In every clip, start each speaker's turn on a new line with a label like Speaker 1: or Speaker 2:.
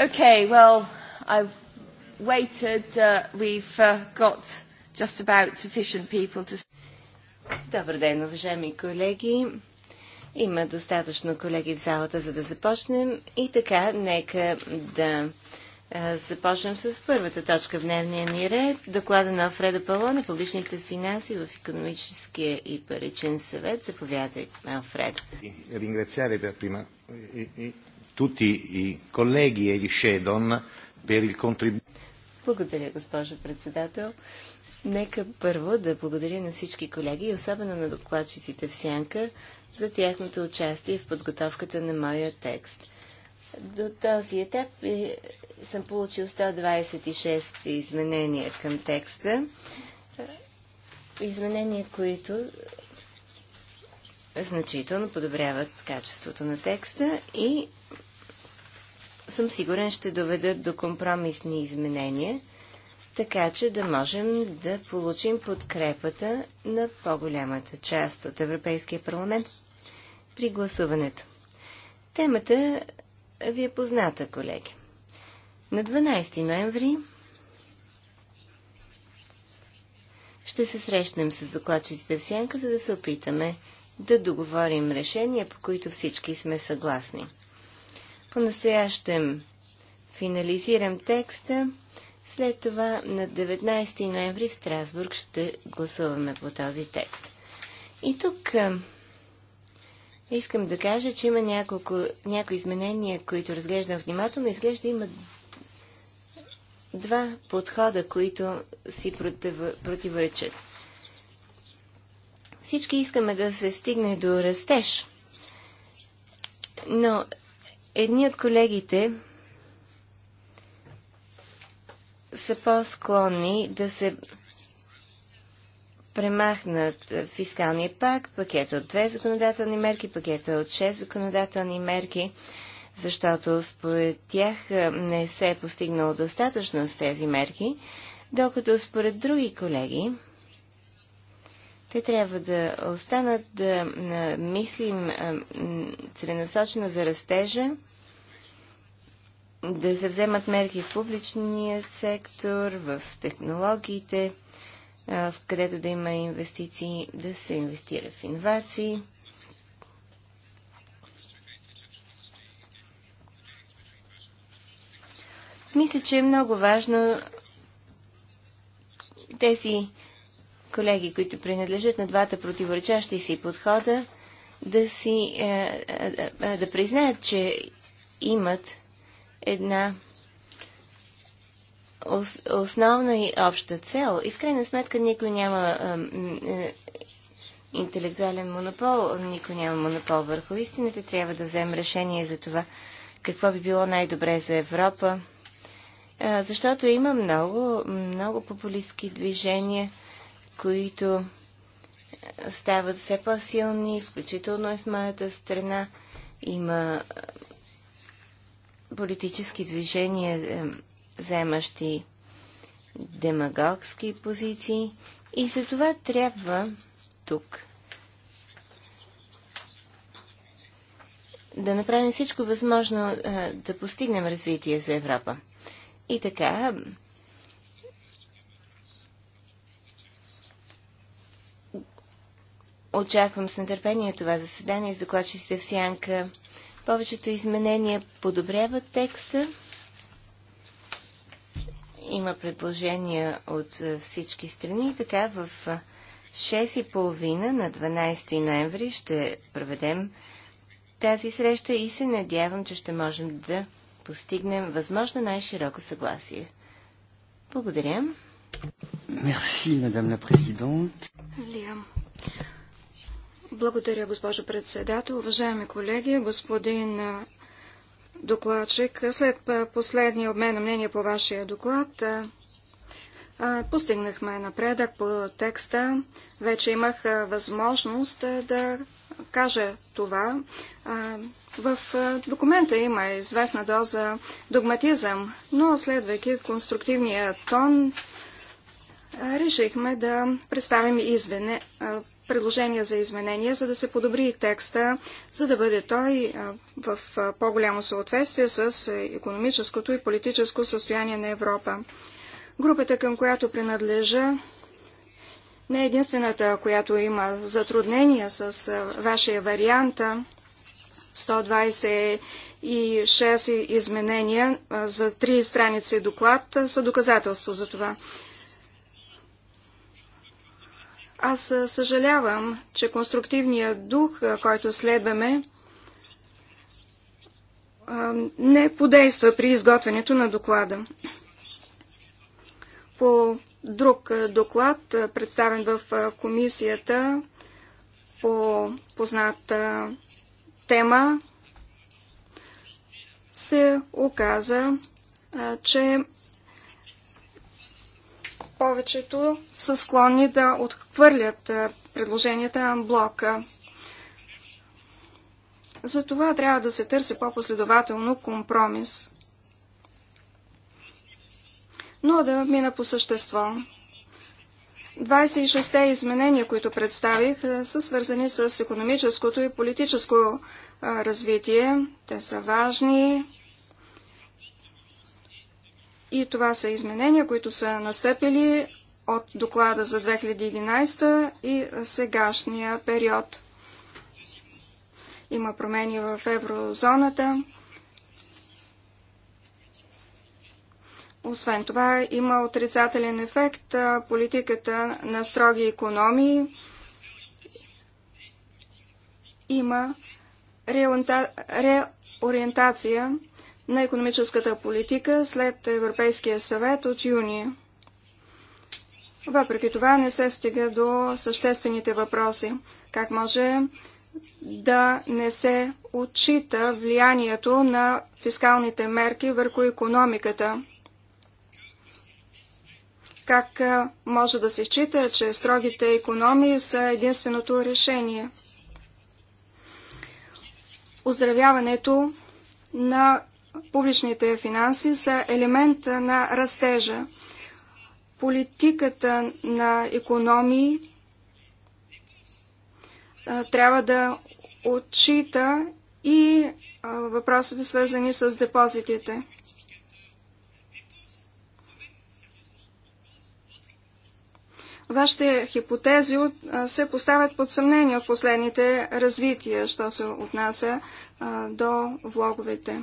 Speaker 1: Okay, well, I've waited. Uh, we've uh, got just about sufficient people to...
Speaker 2: Добър ден, уважаеми колеги. Има достатъчно колеги в залата, за да започнем. И така, нека да а, започнем с първата точка в дневния ни ред. Доклада на Алфреда Пало на публичните финанси в економическия и паричен съвет. Заповядай, Алфред
Speaker 3: tutti i colleghi e i Shedon per il contributo.
Speaker 2: Благодаря, госпожо председател. Нека първо да благодаря на всички колеги, особено на докладчиците в Сянка, за тяхното участие в подготовката на моя текст. До този етап е, съм получил 126 изменения към текста. Изменения, които значително подобряват качеството на текста и съм сигурен, ще доведат до компромисни изменения, така че да можем да получим подкрепата на по-голямата част от Европейския парламент при гласуването. Темата ви е позната, колеги. На 12 ноември ще се срещнем с докладчиците в Сянка, за да се опитаме да договорим решения, по които всички сме съгласни. По-настоящем финализирам текста. След това на 19 ноември в Страсбург ще гласуваме по този текст. И тук искам да кажа, че има няколко, някои изменения, които разглеждам внимателно. Изглежда има два подхода, които си против, противоречат. Всички искаме да се стигне до растеж, но Едни от колегите са по-склонни да се премахнат фискалния пакт, пакета от две законодателни мерки, пакета от шест законодателни мерки, защото според тях не се е постигнало достатъчно с тези мерки, докато според други колеги те трябва да останат да мислим целенасочено за растежа, да се вземат мерки в публичния сектор, в технологиите, в където да има инвестиции, да се инвестира в инновации. Мисля, че е много важно тези колеги, които принадлежат на двата противоречащи си подхода, да, си, е, е, е, да признаят, че имат една основна и обща цел. И в крайна сметка никой няма интелектуален монопол, никой няма монопол върху истината. Трябва да вземем решение за това какво би било най-добре за Европа. Защото има много, много популистски движения – които стават все по-силни, включително и в моята страна. Има е, политически движения, е, заемащи демагогски позиции. И за това трябва тук да направим всичко възможно е, да постигнем развитие за Европа. И така, Очаквам с нетърпение това заседание с докладчиците в Сянка. Повечето изменения подобряват текста. Има предложения от е, всички страни. Така в 6.30 е, на 12 ноември ще проведем тази среща и се надявам, че ще можем да постигнем възможно най-широко съгласие. Благодаря.
Speaker 3: Мерси, мадам ла президент.
Speaker 1: Лиам. Благодаря, госпожо председател. Уважаеми колеги, господин докладчик, след последния обмен на мнение по вашия доклад, постигнахме напредък по текста. Вече имах възможност да кажа това. В документа има известна доза догматизъм, но следвайки конструктивния тон, решихме да представим извене, предложения за изменения, за да се подобри текста, за да бъде той в по-голямо съответствие с економическото и политическо състояние на Европа. Групата, към която принадлежа, не е единствената, която има затруднения с вашия вариант. 126 изменения за три страници доклад са доказателство за това. Аз съжалявам, че конструктивният дух, който следваме, не подейства при изготвянето на доклада. По друг доклад, представен в комисията по позната тема, се оказа, че повечето са склонни да отхвърлят е, предложенията блока. За това трябва да се търси по-последователно компромис. Но да мина по същество. 26-те изменения, които представих, е, са свързани с економическото и политическо развитие. Те са важни и това са изменения, които са настъпили от доклада за 2011 и сегашния период. Има промени в еврозоната. Освен това, има отрицателен ефект политиката на строги економии. Има реориентация на економическата политика след Европейския съвет от юни. Въпреки това не се стига до съществените въпроси. Как може да не се отчита влиянието на фискалните мерки върху економиката? Как може да се счита, че строгите економии са единственото решение? Оздравяването на публичните финанси са елемент на растежа. Политиката на економии трябва да отчита и въпросите свързани с депозитите. Вашите хипотези се поставят под съмнение от последните развития, що се отнася до влоговете.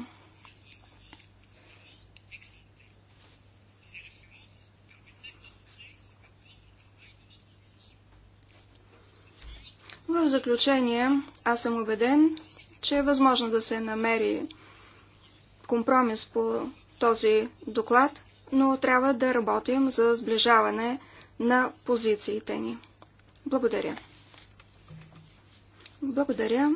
Speaker 1: В заключение, аз съм убеден, че е възможно да се намери компромис по този доклад, но трябва да работим за сближаване на позициите ни. Благодаря. Благодаря.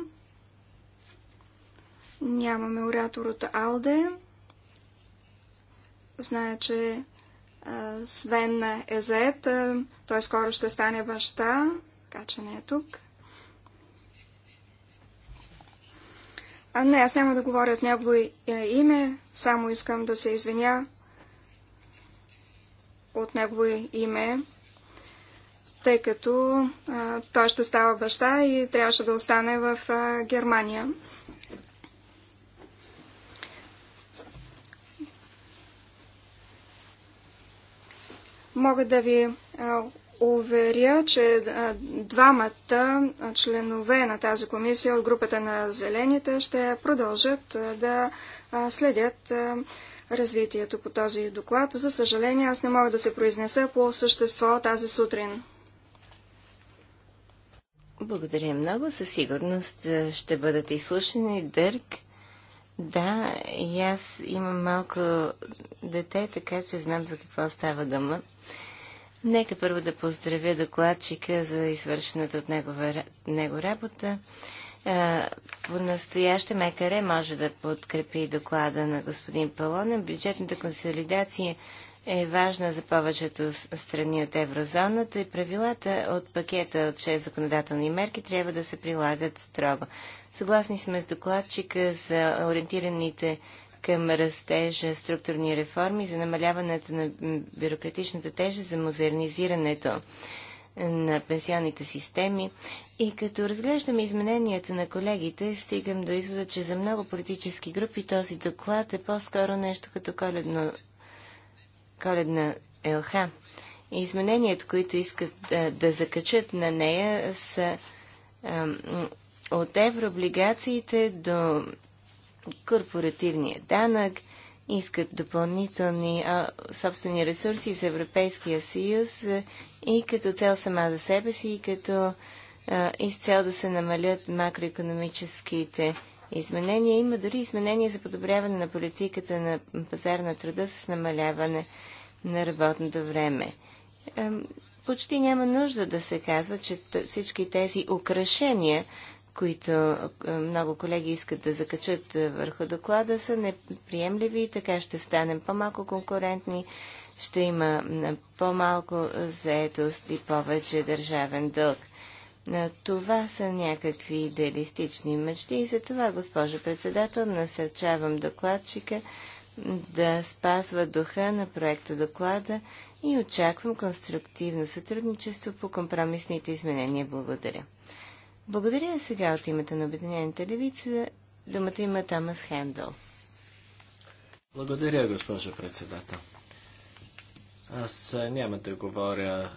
Speaker 1: Нямаме оратор от Алде. Зная, че Свен е заед. Той скоро ще стане баща, така че не е тук. А не, аз няма да говоря от негово е, име, само искам да се извиня от негово име, тъй като а, той ще става баща и трябваше да остане в а, Германия. Мога да ви а, уверя, че двамата членове на тази комисия от групата на Зелените ще продължат да следят развитието по този доклад. За съжаление, аз не мога да се произнеса по същество тази сутрин.
Speaker 2: Благодаря много. Със сигурност ще бъдат изслушани. Дърк, да, и аз имам малко дете, така че знам за какво става гъма. Нека първо да поздравя докладчика за извършената от негова, него работа. По настояще МКР може да подкрепи доклада на господин Палонен. Бюджетната консолидация е важна за повечето страни от еврозоната и правилата от пакета от 6 законодателни мерки трябва да се прилагат строго. Съгласни сме с докладчика за ориентираните към растежа структурни реформи, за намаляването на бюрократичната тежест, за модернизирането на пенсионните системи. И като разглеждам измененията на колегите, стигам до извода, че за много политически групи този доклад е по-скоро нещо като коледно, коледна ЛХ. Измененията, които искат да, да закачат на нея, са ам, от еврооблигациите до корпоративния данък, искат допълнителни а, собствени ресурси за Европейския съюз а, и като цел сама за себе си, и като а, и с цел да се намалят макроекономическите изменения. Има дори изменения за подобряване на политиката на пазар на труда с намаляване на работното време. А, почти няма нужда да се казва, че всички тези украшения които е, много колеги искат да закачат е, върху доклада, са неприемливи и така ще станем по-малко конкурентни, ще има е, по-малко заетост и повече държавен дълг. Това са някакви идеалистични мечти и за това, госпожо председател, насърчавам докладчика да спазва духа на проекта доклада и очаквам конструктивно сътрудничество по компромисните изменения. Благодаря. Благодаря сега от името на Обединените левици. Думата има Томас Хендъл.
Speaker 3: Благодаря, госпожо председател. Аз няма да говоря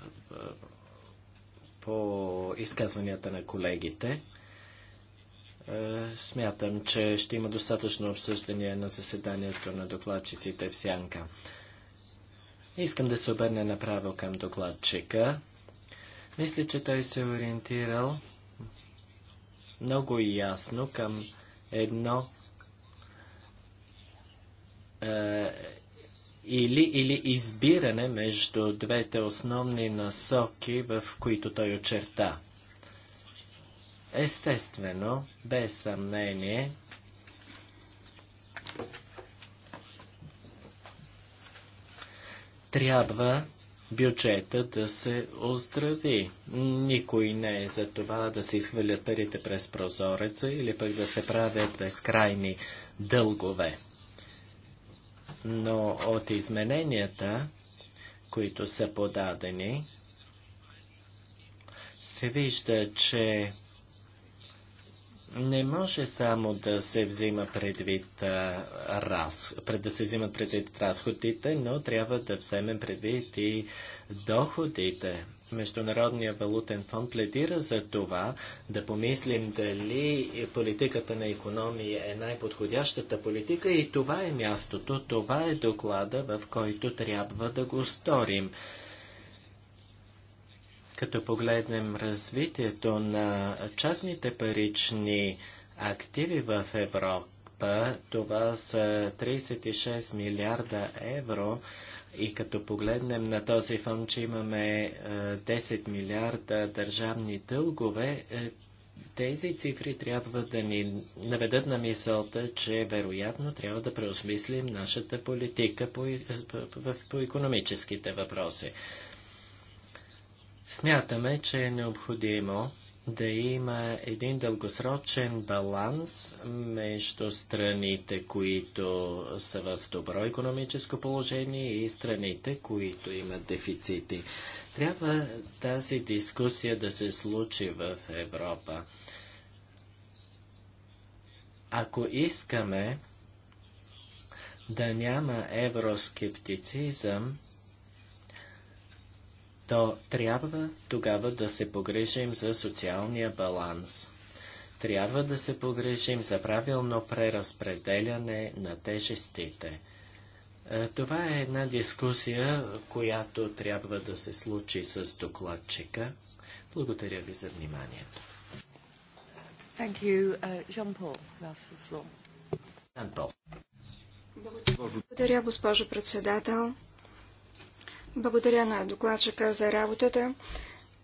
Speaker 3: по изказванията на колегите. Смятам, че ще има достатъчно обсъждане на заседанието на докладчиците в Сянка. Искам да се обърне направо към докладчика. Мисля, че той се е ориентирал много ясно към едно е, или, или избиране между двете основни насоки, в които той очерта. Естествено, без съмнение, трябва бюджета да се оздрави. Никой не е за това да се изхвърлят парите през прозореца или пък да се правят безкрайни дългове. Но от измененията, които са подадени, се вижда, че не може само да се взима предвид, а, раз, пред, да се взимат предвид разходите, но трябва да вземем предвид и доходите. Международния валутен фонд пледира за това да помислим дали политиката на економия е най-подходящата политика и това е мястото, това е доклада, в който трябва да го сторим. Като погледнем развитието на частните парични активи в Европа, това са 36 милиарда евро и като погледнем на този фонд, че имаме 10 е, милиарда държавни дългове, е, тези цифри трябва да ни наведат на мисълта, че вероятно трябва да преосмислим нашата политика по, по, по, по економическите въпроси. Смятаме, че е необходимо да има един дългосрочен баланс между страните, които са в добро економическо положение и страните, които имат дефицити. Трябва тази дискусия да се случи в Европа. Ако искаме да няма евроскептицизъм, то трябва тогава да се погрежим за социалния баланс. Трябва да се погрежим за правилно преразпределяне на тежестите. Е, това е една дискусия, която трябва да се случи с докладчика. Благодаря ви за вниманието.
Speaker 1: Е,
Speaker 3: Благодаря,
Speaker 1: госпожо председател. Благодаря на докладчика за работата,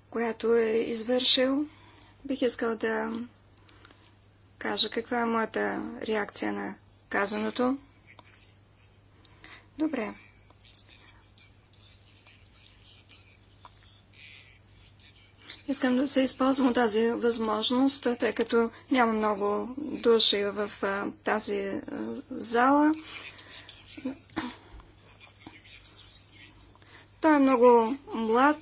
Speaker 1: която е извършил. Бих искал да кажа каква е моята реакция на казаното. Добре. Искам да се използвам тази възможност, тъй като няма много души в тази зала. Той е много млад.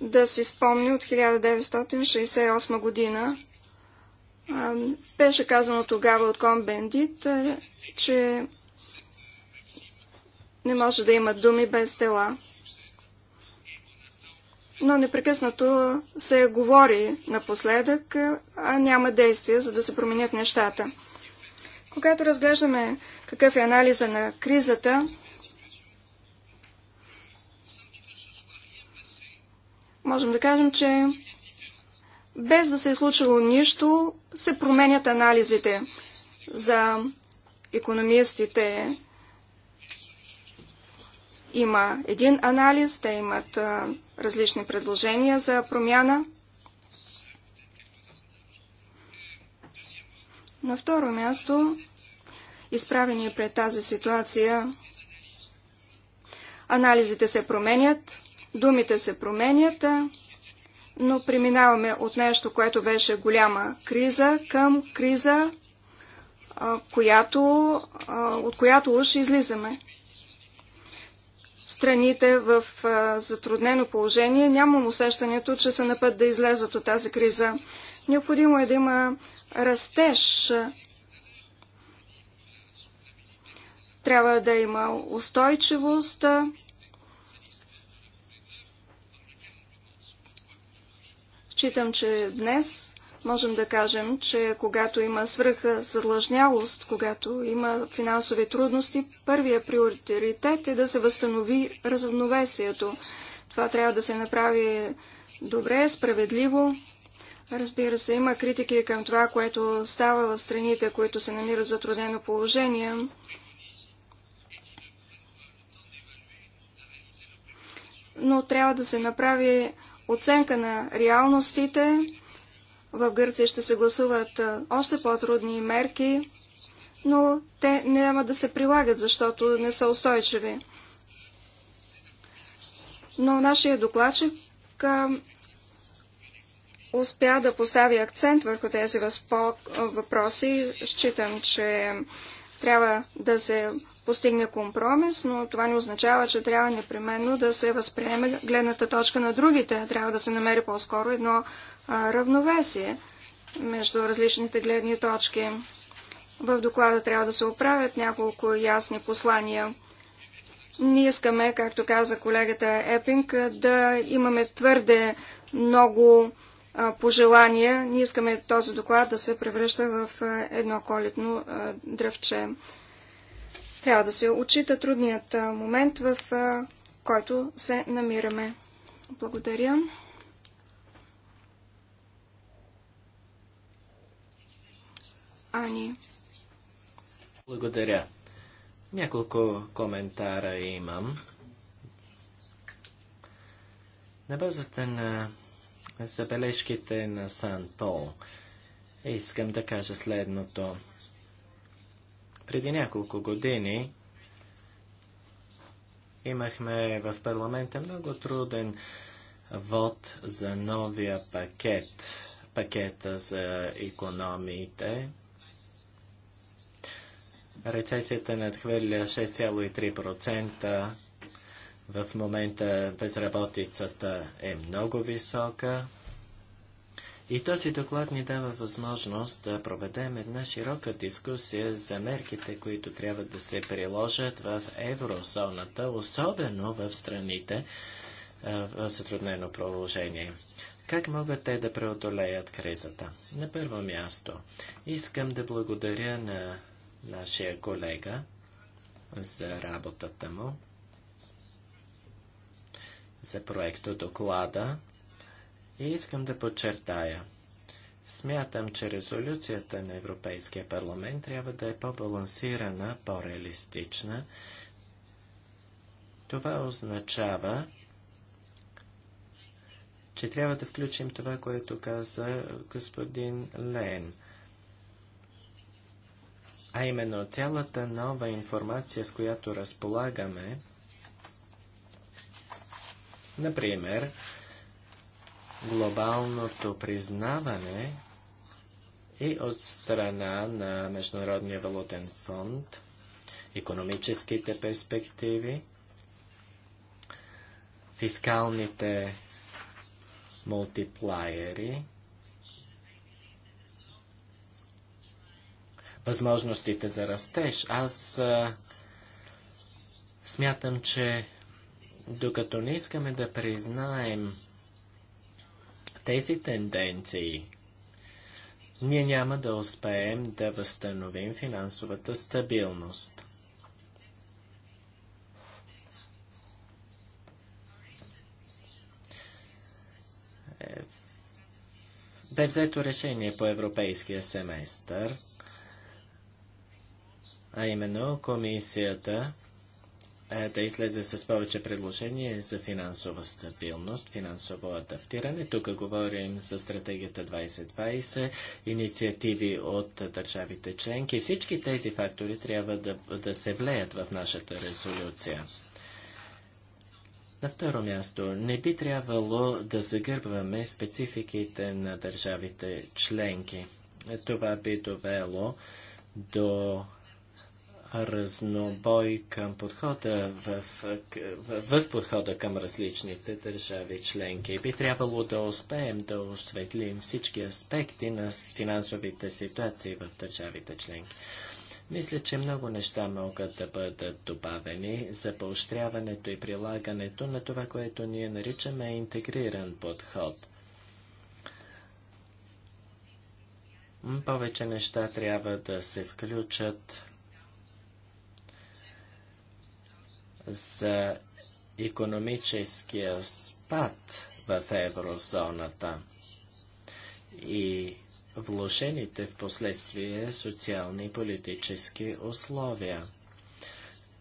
Speaker 1: Да си спомни от 1968 година. Беше казано тогава от Бендит, че не може да има думи без тела. Но непрекъснато се говори напоследък, а няма действия, за да се променят нещата. Когато разглеждаме какъв е анализа на кризата. Можем да кажем, че без да се е случило нищо, се променят анализите за економистите. Има един анализ, те имат различни предложения за промяна. На второ място, изправени пред тази ситуация. Анализите се променят, думите се променят, но преминаваме от нещо, което беше голяма криза, към криза, която, от която уж излизаме. Страните в затруднено положение нямам усещането, че са на път да излезат от тази криза. Необходимо е да има растеж Трябва да има устойчивост. Читам, че днес можем да кажем, че когато има свръха задлъжнялост, когато има финансови трудности, първия приоритет е да се възстанови разновесието. Това трябва да се направи добре, справедливо. Разбира се, има критики към това, което става в страните, които се намират в затруднено положение. но трябва да се направи оценка на реалностите. В Гърция ще се гласуват още по-трудни мерки, но те няма да се прилагат, защото не са устойчиви. Но нашия докладчик успя да постави акцент върху тези въпроси. Считам, че трябва да се постигне компромис, но това не означава, че трябва непременно да се възприеме гледната точка на другите. Трябва да се намери по-скоро едно а, равновесие между различните гледни точки. В доклада трябва да се оправят няколко ясни послания. Ние искаме, както каза колегата Епинг, да имаме твърде много пожелания. Ние искаме този доклад да се превръща в едно колетно дръвче. Трябва да се отчита трудният момент, в който се намираме. Благодаря. Ани.
Speaker 3: Благодаря. Няколко коментара имам. На базата на забележките на Сан Пол. Е, искам да кажа следното. Преди няколко години имахме в парламента много труден вод за новия пакет, пакета за економиите. Рецесията надхвърля 6,3% в момента безработицата е много висока. И този доклад ни дава възможност да проведем една широка дискусия за мерките, които трябва да се приложат в еврозоната, особено в страните в затруднено положение. Как могат те да преодолеят кризата? На първо място, искам да благодаря на нашия колега за работата му за проекто доклада и искам да подчертая. Смятам, че резолюцията на Европейския парламент трябва да е по-балансирана, по-реалистична. Това означава, че трябва да включим това, което каза господин Лен. А именно цялата нова информация, с която разполагаме, Например, глобалното признаване и от страна на Международния валутен фонд, економическите перспективи, фискалните мултиплайери, възможностите за растеж. Аз а, смятам, че докато не искаме да признаем тези тенденции, ние няма да успеем да възстановим финансовата стабилност. Бе взето решение по европейския семестър, а именно комисията е, да излезе с повече предложение за финансова стабилност, финансово адаптиране. Тук говорим за стратегията 2020, инициативи от държавите членки. Всички тези фактори трябва да, да се влеят в нашата резолюция. На второ място, не би трябвало да загърбваме спецификите на държавите членки. Това би довело до разнобой към подхода в, в, подхода към различните държави членки. Би трябвало да успеем да осветлим всички аспекти на финансовите ситуации в държавите членки. Мисля, че много неща могат да бъдат добавени за поощряването и прилагането на това, което ние наричаме интегриран подход. Повече неща трябва да се включат за економическия спад в еврозоната и вложените в последствие социални и политически условия.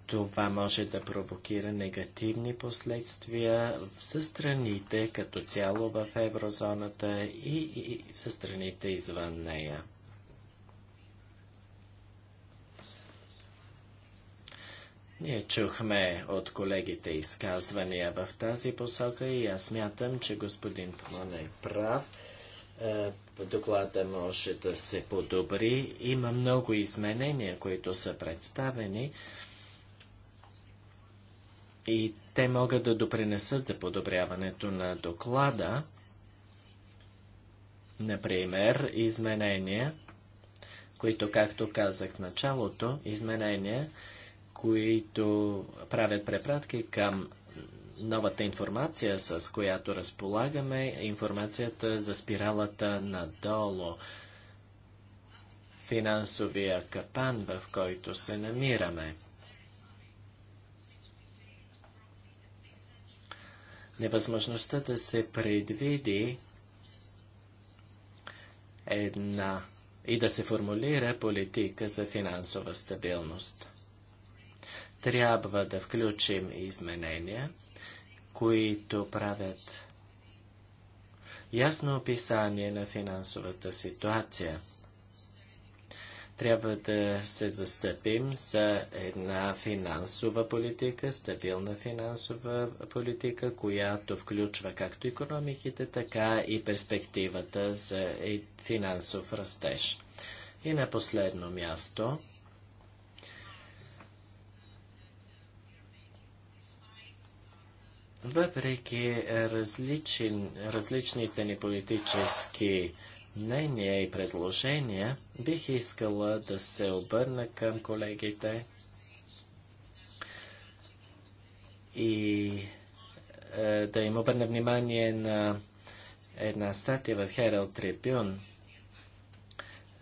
Speaker 3: Това може да провокира негативни последствия за страните като цяло в еврозоната и, в за страните извън нея. Ние чухме от колегите изказвания в тази посока и аз смятам, че господин Плон е прав. Е, доклада може да се подобри. Има много изменения, които са представени и те могат да допринесат за подобряването на доклада. Например, изменения, които, както казах в началото, изменения, които правят препратки към новата информация, с която разполагаме, информацията за спиралата надолу, финансовия капан, в който се намираме. Невъзможността да се предвиди една и да се формулира политика за финансова стабилност трябва да включим изменения, които правят ясно описание на финансовата ситуация. Трябва да се застъпим за една финансова политика, стабилна финансова политика, която включва както економиките, така и перспективата за финансов растеж. И на последно място Въпреки различен, различните ни политически мнения и предложения, бих искала да се обърна към колегите и е, да им обърна внимание на една статия в Herald Tribune.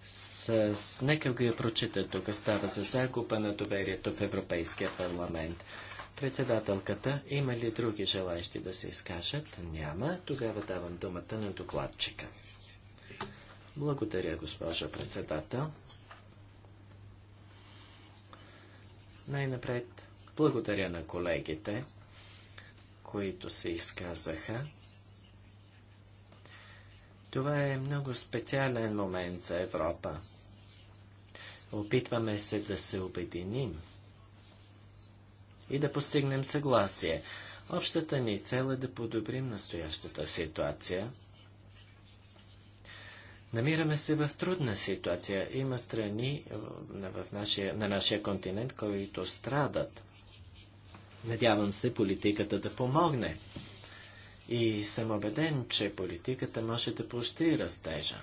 Speaker 3: С, с нека го я прочита. Тук става за загуба на доверието в Европейския парламент. Председателката, има ли други желаещи да се изкажат? Няма. Тогава давам думата на докладчика. Благодаря, госпожа председател. Най-напред, благодаря на колегите, които се изказаха. Това е много специален момент за Европа. Опитваме се да се обединим – и да постигнем съгласие. Общата ни цел е да подобрим настоящата ситуация. Намираме се в трудна ситуация. Има страни е, в нашия, на нашия континент, които страдат. Надявам се политиката да помогне. И съм убеден, че политиката може да пощи растежа.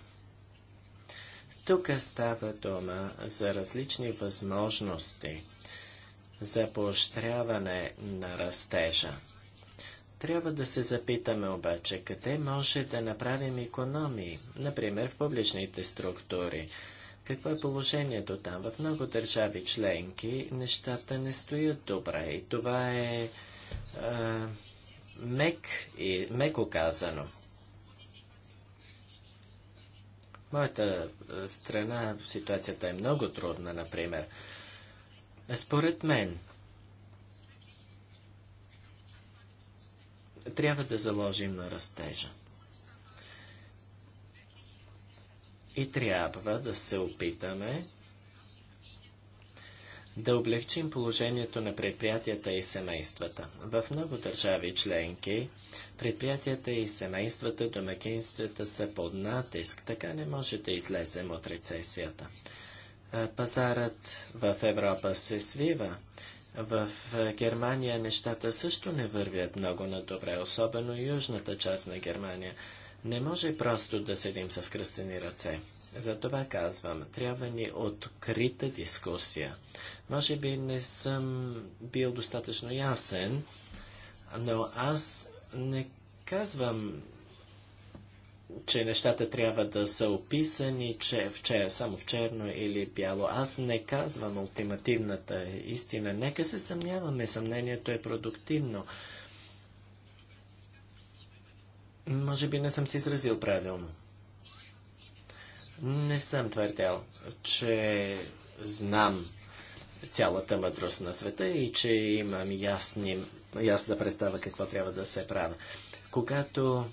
Speaker 3: Тук става дума за различни възможности – за поощряване на растежа. Трябва да се запитаме обаче, къде може да направим економии, например в публичните структури. Какво е положението там? В много държави членки нещата не стоят добре и това е, е мек и меко казано. Моята е, страна ситуацията е много трудна, например. Е, според мен, трябва да заложим на растежа. И трябва да се опитаме да облегчим положението на предприятията и семействата. В много държави членки предприятията и семействата, домакинствата са под натиск, така не може да излезем от рецесията пазарът в Европа се свива. В Германия нещата също не вървят много на добре, особено южната част на Германия. Не може просто да седим с кръстени ръце. Затова казвам, трябва ни открита дискусия. Може би не съм бил достатъчно ясен, но аз не казвам че нещата трябва да са описани, че е вчера, само в черно или бяло. Аз не казвам ултимативната истина. Нека се съмняваме. Съмнението е продуктивно. Може би не съм си изразил правилно. Не съм твърдял, че знам цялата мъдрост на света и че имам ясни, ясна представа какво трябва да се прави. Когато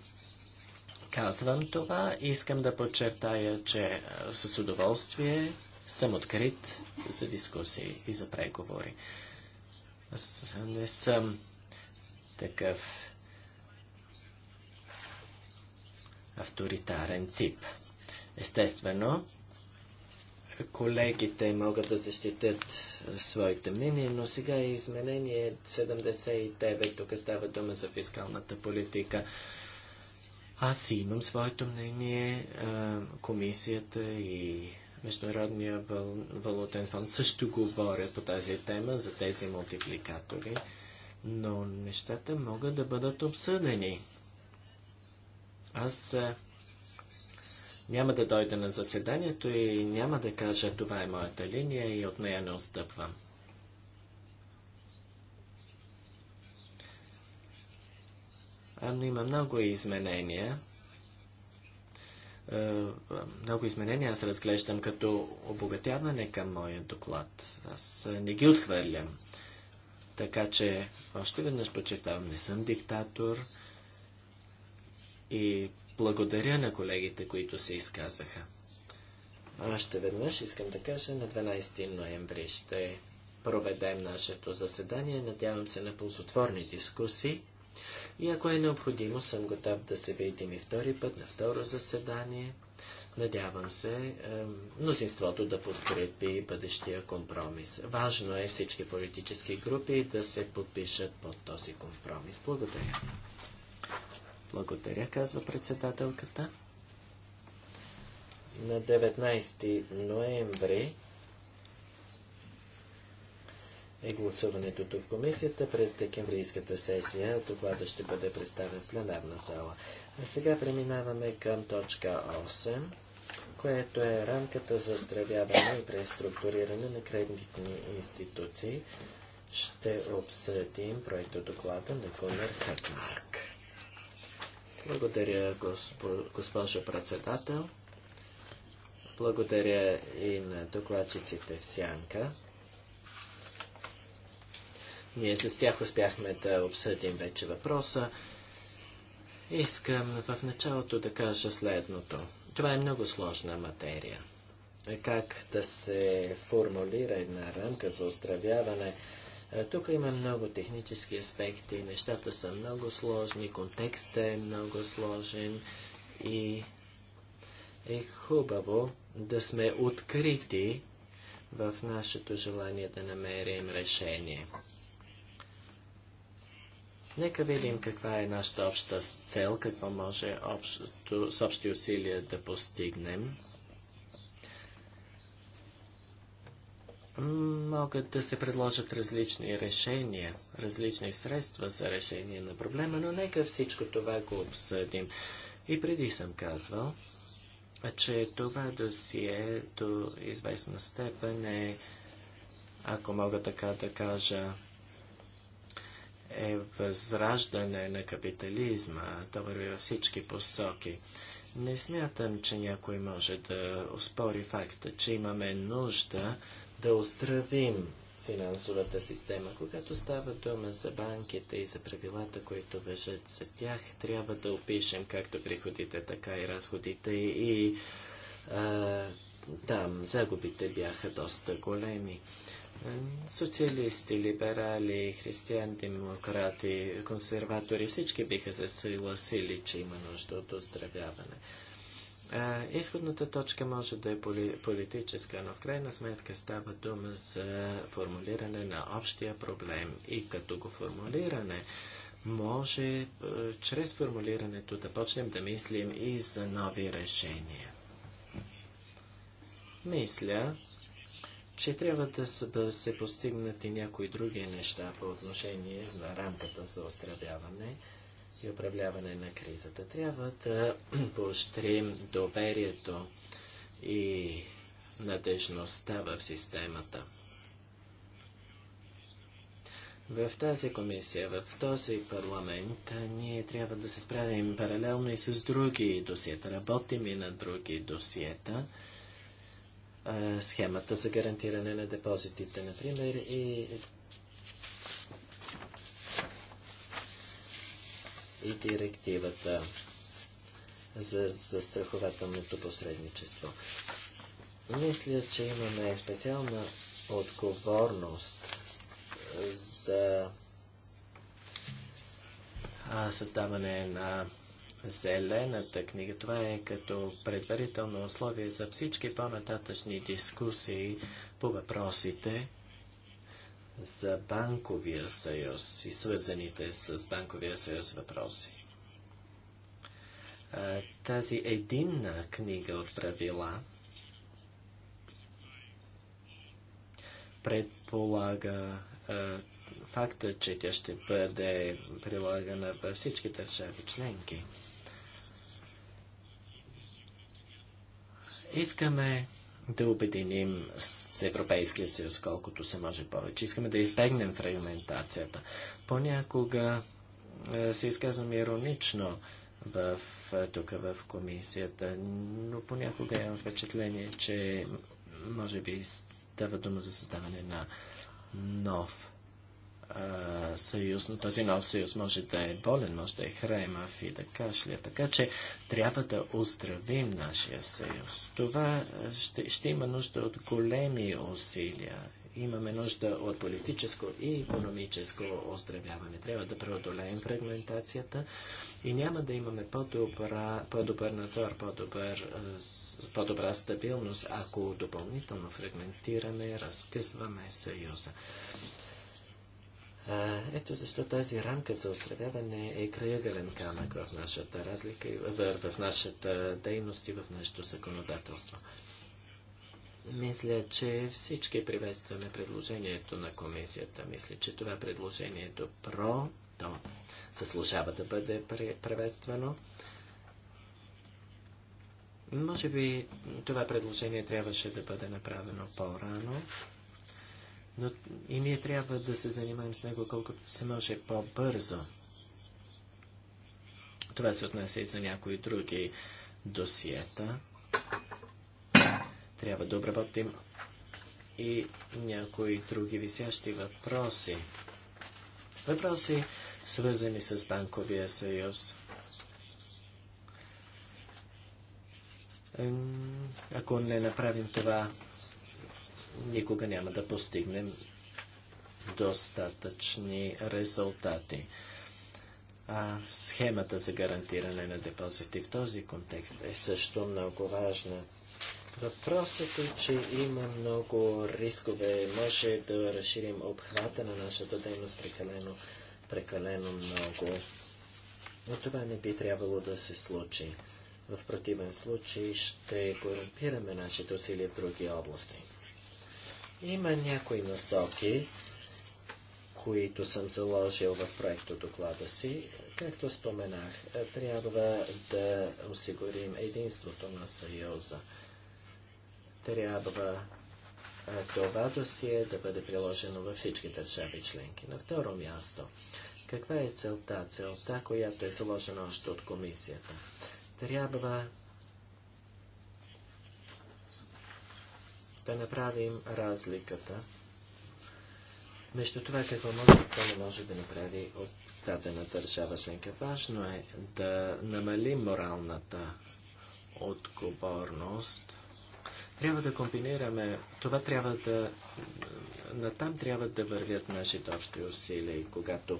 Speaker 3: казвам това. Искам да подчертая, че е, с удоволствие съм открит за дискусии и за преговори. Аз не съм такъв авторитарен тип. Естествено, колегите могат да защитят е, своите мнения, но сега е изменение 79. Тук става дума за фискалната политика. Аз имам своето мнение, комисията и Международния валутен фонд също говорят по тази тема за тези мултипликатори, но нещата могат да бъдат обсъдени. Аз няма да дойда на заседанието и няма да кажа това е моята линия и от нея не отстъпвам. но има много изменения. Е, много изменения аз разглеждам като обогатяване към моя доклад. Аз е, не ги отхвърлям. Така че, още веднъж подчертавам, не съм диктатор и благодаря на колегите, които се изказаха. Още веднъж искам да кажа, на 12 ноември ще проведем нашето заседание. Надявам се на ползотворни дискусии. И ако е необходимо, съм готов да се видим и втори път на второ заседание. Надявам се мнозинството да подкрепи бъдещия компромис. Важно е всички политически групи да се подпишат под този компромис. Благодаря. Благодаря, казва председателката. На 19 ноември е гласуването в комисията през декемврийската сесия. Доклада ще бъде представен в пленарна зала. А сега преминаваме към точка 8, което е рамката за оздравяване и преструктуриране на кредитни институции. Ще обсъдим проекта доклада на Конер Хъкмарк. Благодаря, госпожо председател. Благодаря и на докладчиците в Сянка. Ние с тях успяхме да обсъдим вече въпроса. Искам в началото да кажа следното. Това е много сложна материя. Как да се формулира една рамка за оздравяване? Е, тук има много технически аспекти, нещата са много сложни, контекстът е много сложен и е хубаво да сме открити в нашето желание да намерим решение. Нека видим каква е нашата обща цел, какво може общото, с общи усилия да постигнем. Могат да се предложат различни решения, различни средства за решение на проблема, но нека всичко това го обсъдим. И преди съм казвал, че това досие до известна степен е, ако мога така да кажа, е възраждане на капитализма. То върви във всички посоки. Не смятам, че някой може да оспори факта, че имаме нужда да оздравим финансовата система. Когато става дума за банките и за правилата, които въжат за тях, трябва да опишем както приходите, така и разходите и а, там загубите бяха доста големи. Социалисти, либерали, християн-демократи, консерватори, всички биха се съгласили, че има нужда от оздравяване. Изходната точка може да е политическа, но в крайна сметка става дума за формулиране на общия проблем и като го формулиране, може е, чрез формулирането да почнем да мислим и за нови решения. Мисля, че трябва да се постигнат и някои други неща по отношение на рамката за остравяване и управляване на кризата. Трябва да поощрим доверието и надежността в системата. В тази комисия, в този парламент, ние трябва да се справим паралелно и с други досиета. Работим и на други досиета. Е, схемата за гарантиране на депозитите, например, и и директивата за застрахователното посредничество. Мисля, че имаме специална отговорност за създаване на зелената книга. Това е като предварително условие за всички по-нататъчни дискусии по въпросите за банковия съюз и свързаните с банковия съюз въпроси. Тази единна книга от правила предполага факта, че тя ще бъде прилагана във всички държави членки. Искаме да обединим с Европейския съюз колкото се може повече. Искаме да избегнем фрагментацията. Понякога е, се изказвам иронично в, е, тук в комисията, но понякога имам впечатление, че може би става дума за създаване на нов а, съюз, но този нов съюз може да е болен, може да е хремав и да кашля. Така че трябва да оздравим нашия съюз. Това ще, ще има нужда от големи усилия. Имаме нужда от политическо и економическо оздравяване. Трябва да преодолеем фрагментацията и няма да имаме по-добра, по-добър надзор, по-добър, по-добра стабилност, ако допълнително фрагментираме, разкъсваме съюза. Ето защо тази рамка за оздравяване е крайъгълен камък в нашата разлика, в, в нашата дейност и в нашето законодателство. Мисля, че всички приветстваме предложението на комисията. Мисля, че това предложение е добро, то заслужава да бъде приветствано. Може би това предложение трябваше да бъде направено по-рано но и ние трябва да се занимаем с него колкото се може по-бързо. Това се отнася и за някои други досиета. Трябва да обработим и някои други висящи въпроси. Въпроси, свързани с Банковия съюз. Ако не направим това никога няма да постигнем достатъчни резултати. А схемата за гарантиране на депозити в този контекст е също много важна. Въпросът е, че има много рискове. Може да разширим обхвата на нашата дейност прекалено, прекалено много. Но това не би трябвало да се случи. В противен случай ще корумпираме нашите усилия в други области. Има някои насоки, които съм заложил в проекто доклада си. Както споменах, е, трябва да осигурим единството на Съюза. Трябва е, това досие да бъде приложено във всички държави членки. На второ място, каква е целта? Целта, която е заложена още от комисията. Трябва да направим разликата между това какво може и какво не може да направи от дадена държава членка. Важно е да намалим моралната отговорност. Трябва да комбинираме, това трябва да, натам трябва да вървят нашите общи усилия, когато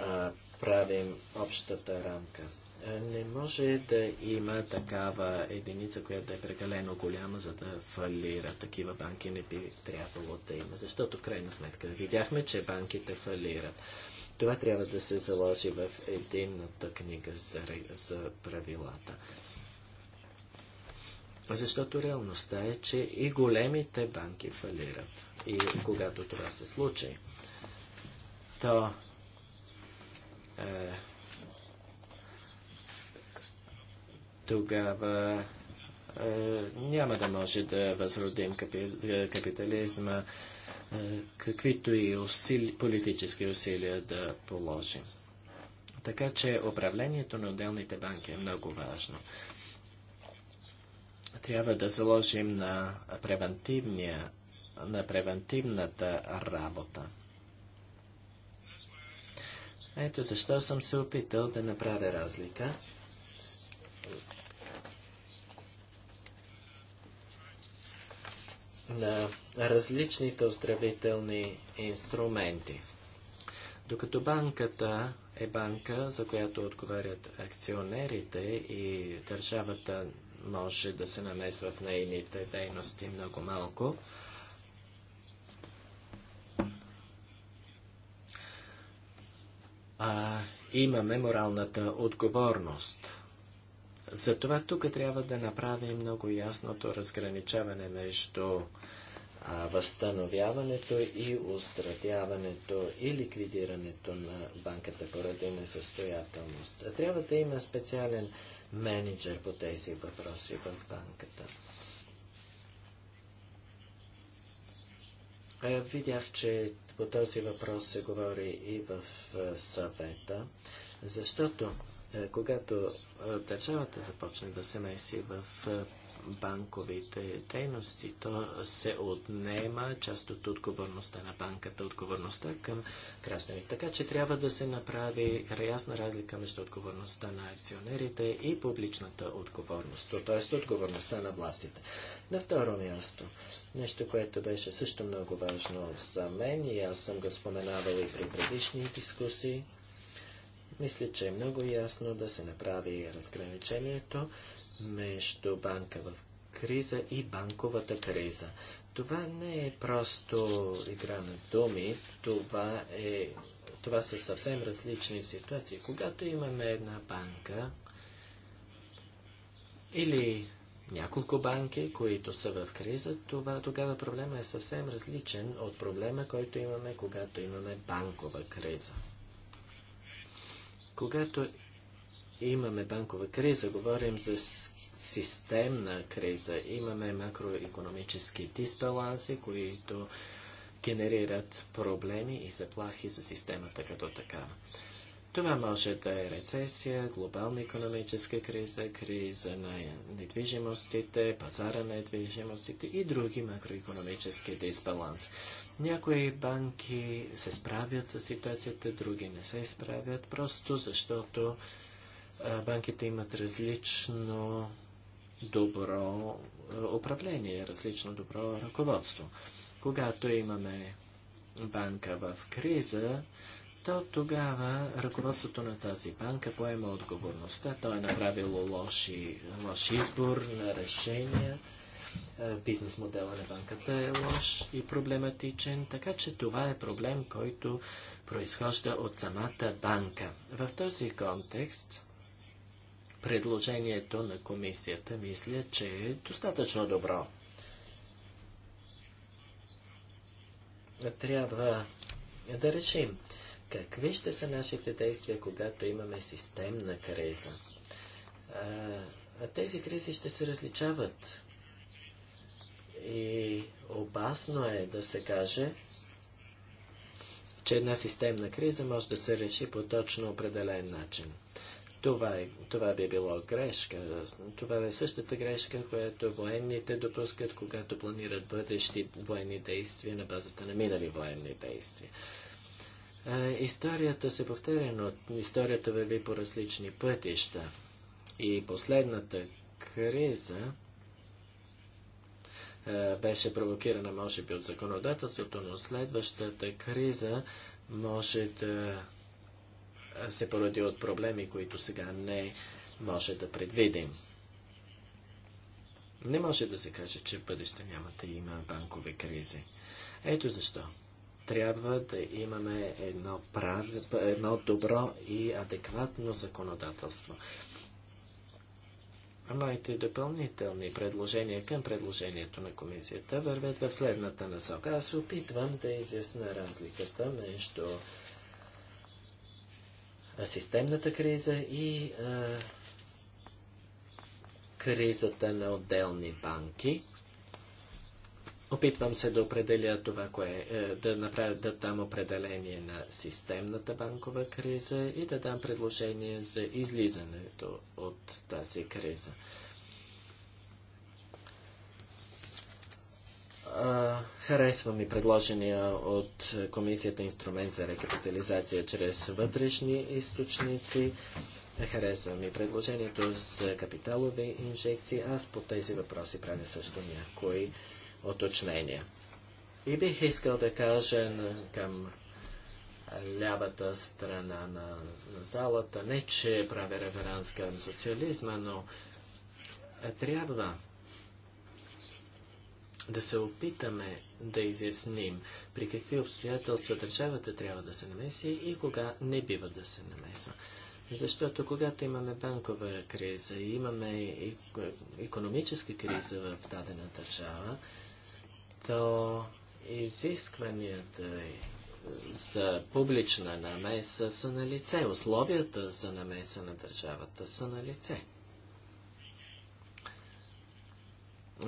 Speaker 3: а, правим общата рамка не може да има такава единица, която е прекалено голяма, за да фалира. Такива банки не би трябвало да има, защото в крайна сметка видяхме, че банките фалират. Това трябва да се заложи в единната книга за, за правилата. Защото реалността е, че и големите банки фалират. И когато това се случи, то е, тогава е, няма да може да възродим капитализма, е, каквито и усили, политически усилия да положим. Така че управлението на отделните банки е много важно. Трябва да заложим на, превентивния, на превентивната работа. Ето защо съм се опитал да направя разлика на различните оздравителни инструменти. Докато банката е банка, за която отговарят акционерите и държавата може да се намесва в нейните дейности много малко, а, имаме моралната отговорност – затова тук трябва да направим много ясното разграничаване между а, възстановяването и оздравяването и ликвидирането на банката поради несъстоятелност. Трябва да има специален менеджер по тези въпроси в банката. Видях, че по този въпрос се говори и в съвета, защото е, когато е, държавата започне да се меси в е, банковите дейности, то се отнема част от отговорността на банката, отговорността към гражданите. Така че трябва да се направи ясна разлика между отговорността на акционерите и публичната отговорност, т.е. отговорността на властите. На второ място, нещо, което беше също много важно за мен и аз съм го споменавал и при предишни дискусии, мисля, че е много ясно да се направи разграничението между банка в криза и банковата криза. Това не е просто игра на думи, това, е, това са съвсем различни ситуации. Когато имаме една банка или няколко банки, които са в криза, това тогава проблема е съвсем различен от проблема, който имаме, когато имаме банкова криза. Когато имаме банкова криза, говорим за системна криза. Имаме макроекономически дисбаланси, които генерират проблеми и заплахи за системата като такава. Това може да е рецесия, глобална економическа криза, криза на недвижимостите, пазара на недвижимостите и други макроекономически дисбаланс. Някои банки се справят с ситуацията, други не се справят, просто защото банките имат различно добро управление, различно добро ръководство. Когато имаме банка в криза, то тогава ръководството на тази банка поема отговорността. Той е направило лоши, лош избор на решения. Е, бизнес модела на банката е лош и проблематичен, така че това е проблем, който произхожда от самата банка. В този контекст предложението на комисията мисля, че е достатъчно добро. Трябва да решим Какви ще са нашите действия, когато имаме системна криза? А, тези кризи ще се различават. И опасно е да се каже, че една системна криза може да се реши по точно определен начин. Това, е, това би било грешка. Това е същата грешка, която военните допускат, когато планират бъдещи военни действия на базата на минали военни действия историята се повтаря, но историята върви по различни пътища. И последната криза беше провокирана, може би, от законодателството, но следващата криза може да се породи от проблеми, които сега не може да предвидим. Не може да се каже, че в бъдеще няма да има банкови кризи. Ето защо трябва да имаме едно, прав... едно добро и адекватно законодателство. Моите допълнителни предложения към предложението на комисията вървят в следната насока. Аз опитвам да изясна разликата между системната криза и а, кризата на отделни банки – Опитвам се да определя това, кое, е, да, направя, да дам определение на системната банкова криза и да дам предложение за излизането от тази криза. харесва ми предложения от комисията инструмент за рекапитализация чрез вътрешни източници. Харесва ми предложението за капиталови инжекции. Аз по тези въпроси правя също някои оточнения. И бих искал да кажа към лявата страна на залата, не че правя реверанс към социализма, но трябва да се опитаме да изясним при какви обстоятелства държавата трябва да се намеси и кога не бива да се намесва. Защото когато имаме банкова криза, и имаме е, економическа криза в дадена държава, то изискванията за публична намеса са на лице, условията за намеса на държавата са на лице.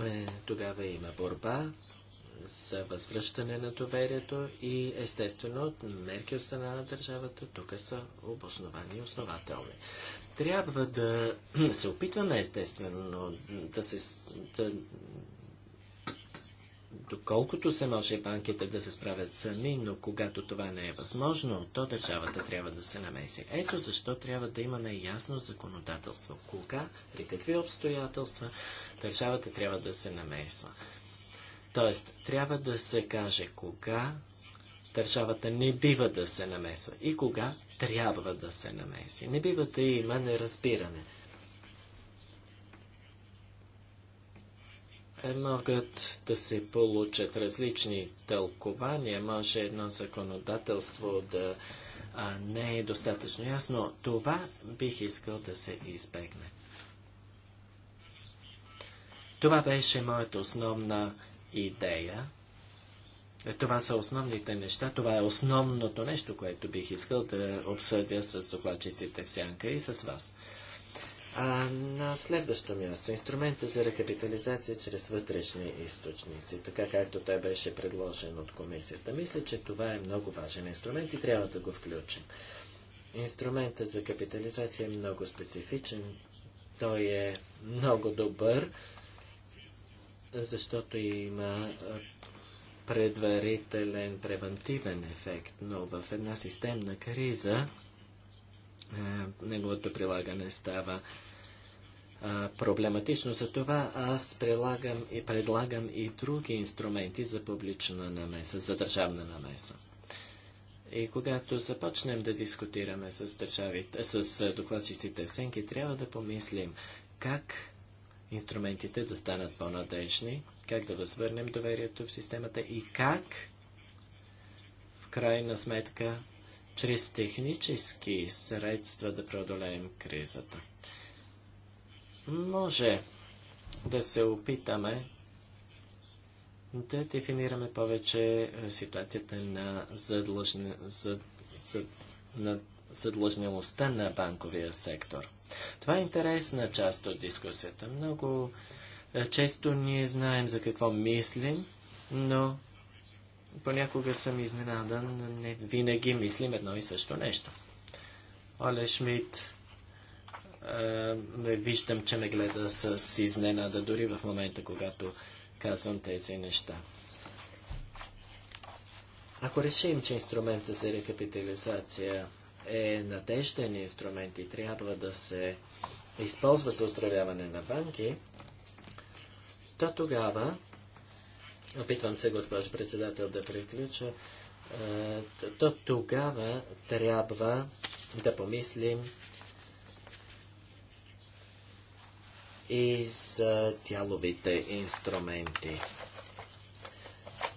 Speaker 3: Е, тогава има борба за възвръщане на доверието и естествено мерки от страна на държавата тук са обосновани и основателни. Трябва да се опитваме естествено да се, да, доколкото се може банките да се справят сами, но когато това не е възможно, то държавата трябва да се намеси. Ето защо трябва да имаме ясно законодателство. Кога, при какви обстоятелства държавата трябва да се намесва. Тоест, трябва да се каже кога държавата не бива да се намесва и кога трябва да се намеси. Не бива да има неразбиране. могат да се получат различни тълкования, може едно законодателство да а, не е достатъчно ясно. Това бих искал да се избегне. Това беше моята основна идея. Това са основните неща, това е основното нещо, което бих искал да обсъдя с докладчиците в Сянка и с вас. А, на следващо място, инструмента за рекапитализация чрез вътрешни източници, така както той беше предложен от комисията. Мисля, че това е много важен инструмент и трябва да го включим. Инструмента за капитализация е много специфичен. Той е много добър, защото има предварителен превентивен ефект, но в една системна криза е, неговото прилагане става проблематично. Затова аз прилагам и предлагам и други инструменти за публична намеса, за държавна намеса. И когато започнем да дискутираме с, държавите, с докладчиците в Сенки, трябва да помислим как инструментите да станат по-надежни, как да възвърнем доверието в системата и как в крайна сметка чрез технически средства да преодолеем кризата. Може да се опитаме да дефинираме повече е, ситуацията на, задлъжне, на на банковия сектор. Това е интересна част от дискусията. Много е, често ние знаем за какво мислим, но понякога съм изненадан, не винаги мислим едно и също нещо. Оле Шмидт, е, виждам, че ме гледа с изненада дори в момента, когато казвам тези неща. Ако решим, че инструмента за рекапитализация е надежден инструмент и трябва да се използва за оздравяване на банки, то тогава Опитвам се, госпожо председател, да приключа. Е, то тогава трябва да помислим и за тяловите инструменти.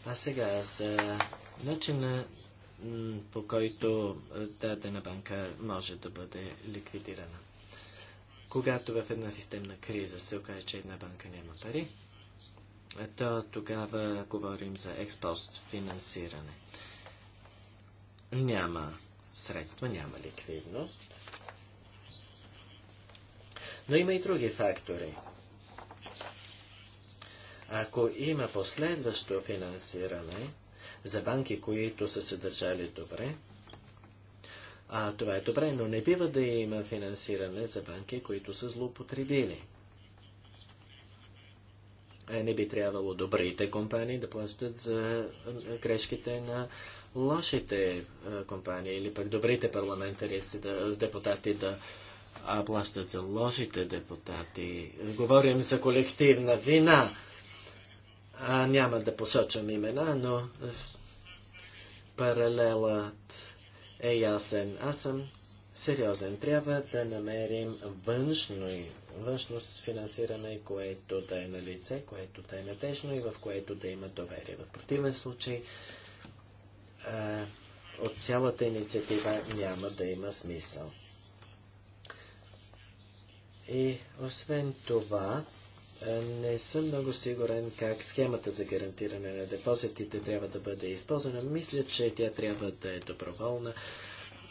Speaker 3: А сега за начина по който е, дадена банка може да бъде ликвидирана. Когато в една системна криза се окаже, че една банка няма пари, то тогава говорим за експост финансиране. Няма средства, няма ликвидност. Но има и други фактори. Ако има последващо финансиране за банки, които са се държали добре, а това е добре, но не бива да има финансиране за банки, които са злоупотребили. Е, не би трябвало добрите компании да плащат за е, грешките на лошите е, компании или пък добрите парламентари да, депутати да а плащат за лошите депутати. Говорим за колективна вина. А, няма да посочам имена, но паралелът е ясен. Аз съм сериозен. Трябва да намерим външни външно финансиране, което да е на лице, което да е надежно и в което да има доверие. В противен случай а, от цялата инициатива няма да има смисъл. И освен това, не съм много сигурен как схемата за гарантиране на депозитите трябва да бъде използвана. Мисля, че тя трябва да е доброволна.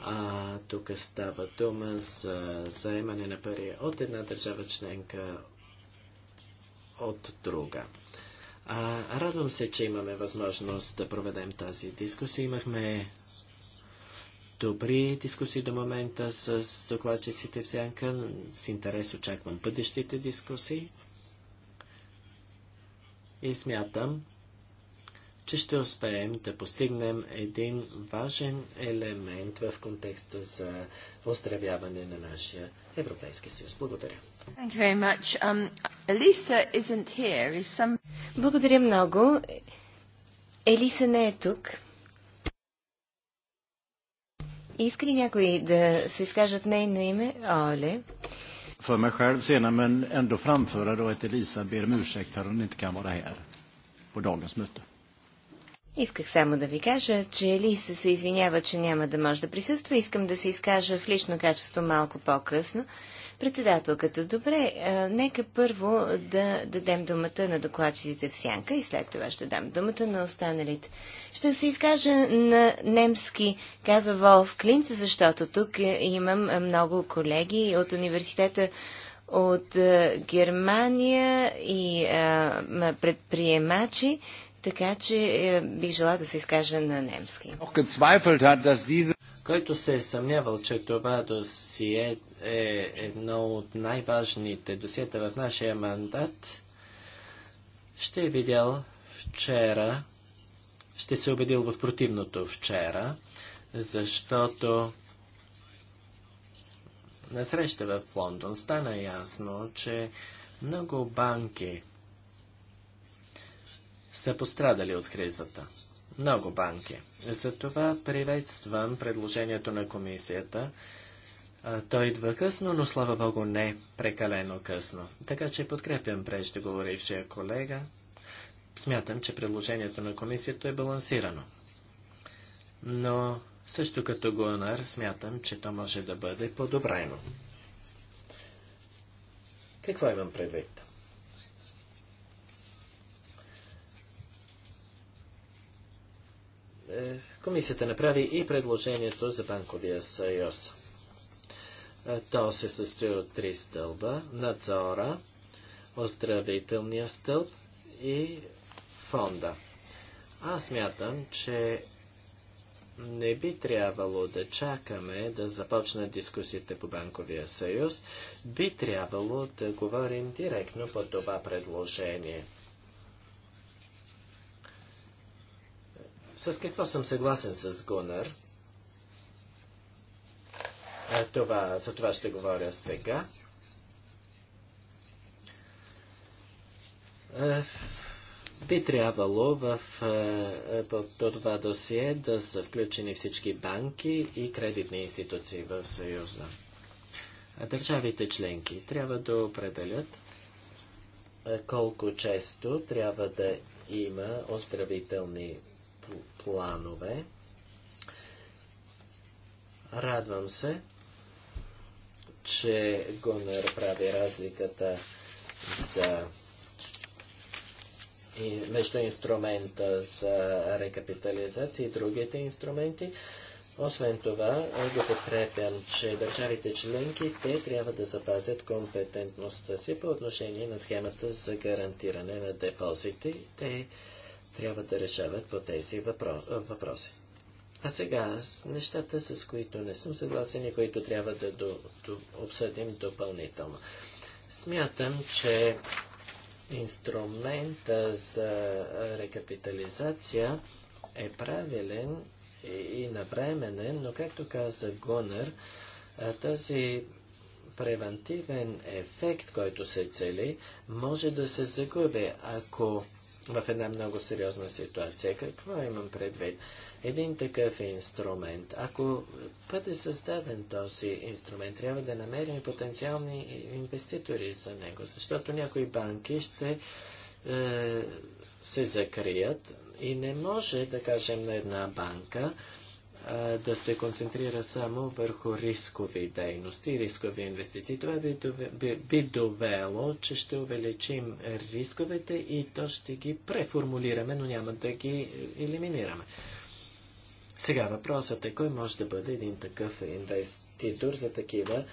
Speaker 3: А, тук става дума за заемане на пари от една държава членка от друга. А, радвам се, че имаме възможност да проведем тази дискусия. Имахме добри дискусии до момента с докладчиците в Сянка. С интерес очаквам бъдещите дискусии. И смятам, че ще успеем да постигнем един важен елемент в контекста за оздравяване на нашия Европейски съюз. Благодаря.
Speaker 2: Um, here, some... Благодаря много. Елиса не е тук. Иска ли някой да се изкаже от нейно име? Оле.
Speaker 1: För mig
Speaker 3: själv senare, men ändå framföra då att Elisa ber om ursäkt för att hon inte kan vara här på dagens möte.
Speaker 2: Исках само да ви кажа, че Елиса се извинява, че няма да може да присъства. Искам да се изкажа в лично качество малко по-късно. Председателката, добре, а, нека първо да дадем думата на докладчиците в сянка и след това ще дам думата на останалите. Ще се изкажа на немски, казва Волф Клинц, защото тук имам много колеги от университета от Германия и а, предприемачи, така че е, бих желала да се изкажа на немски.
Speaker 3: Който се е съмнявал, че това досие е едно от най-важните досиета в нашия мандат, ще е видял вчера, ще се е убедил в противното вчера, защото на среща в Лондон стана ясно, че много банки са пострадали от кризата. Много банки. Затова приветствам предложението на комисията. той идва късно, но слава богу не прекалено късно. Така че подкрепям преждеговорившия колега. Смятам, че предложението на комисията е балансирано. Но също като гонар смятам, че то може да бъде подобрено. Какво имам предвид? Е, комисията направи и предложението за банковия съюз. Е, то се състои от три стълба – надзора, оздравителния стълб и фонда. Аз мятам, че не би трябвало да чакаме да започнат дискусиите по Банковия съюз. Би трябвало да говорим директно по това предложение – С какво съм съгласен с Гунър? Е, това, за това ще говоря сега. Е, би трябвало в, е, това досие да са включени всички банки и кредитни институции в Съюза. Държавите членки трябва да определят колко често трябва да има оздравителни планове. Радвам се, че не прави разликата за и между инструмента за рекапитализация и другите инструменти. Освен това, е, го подкрепям, че държавите членки, те трябва да запазят компетентността си по отношение на схемата за гарантиране на депозити. Те трябва да решават по тези въпроси. А сега с нещата, с които не съм съгласен и които трябва да до, до, обсъдим допълнително. Смятам, че инструмента за рекапитализация е правилен и навременен, но както каза Гонър, този превентивен ефект, който се цели, може да се загуби, ако в една много сериозна ситуация. Какво имам предвид? Един такъв инструмент. Ако бъде създаден този инструмент, трябва да намерим потенциални инвеститори за него, защото някои банки ще е, се закрият и не може да кажем на една банка, да се концентрира само върху рискови дейности, рискови инвестиции. Това би, дове, би, би довело, че ще увеличим рисковете и то ще ги преформулираме, но няма да ги е, елиминираме. Сега въпросът е кой може да бъде един такъв инвеститор за такива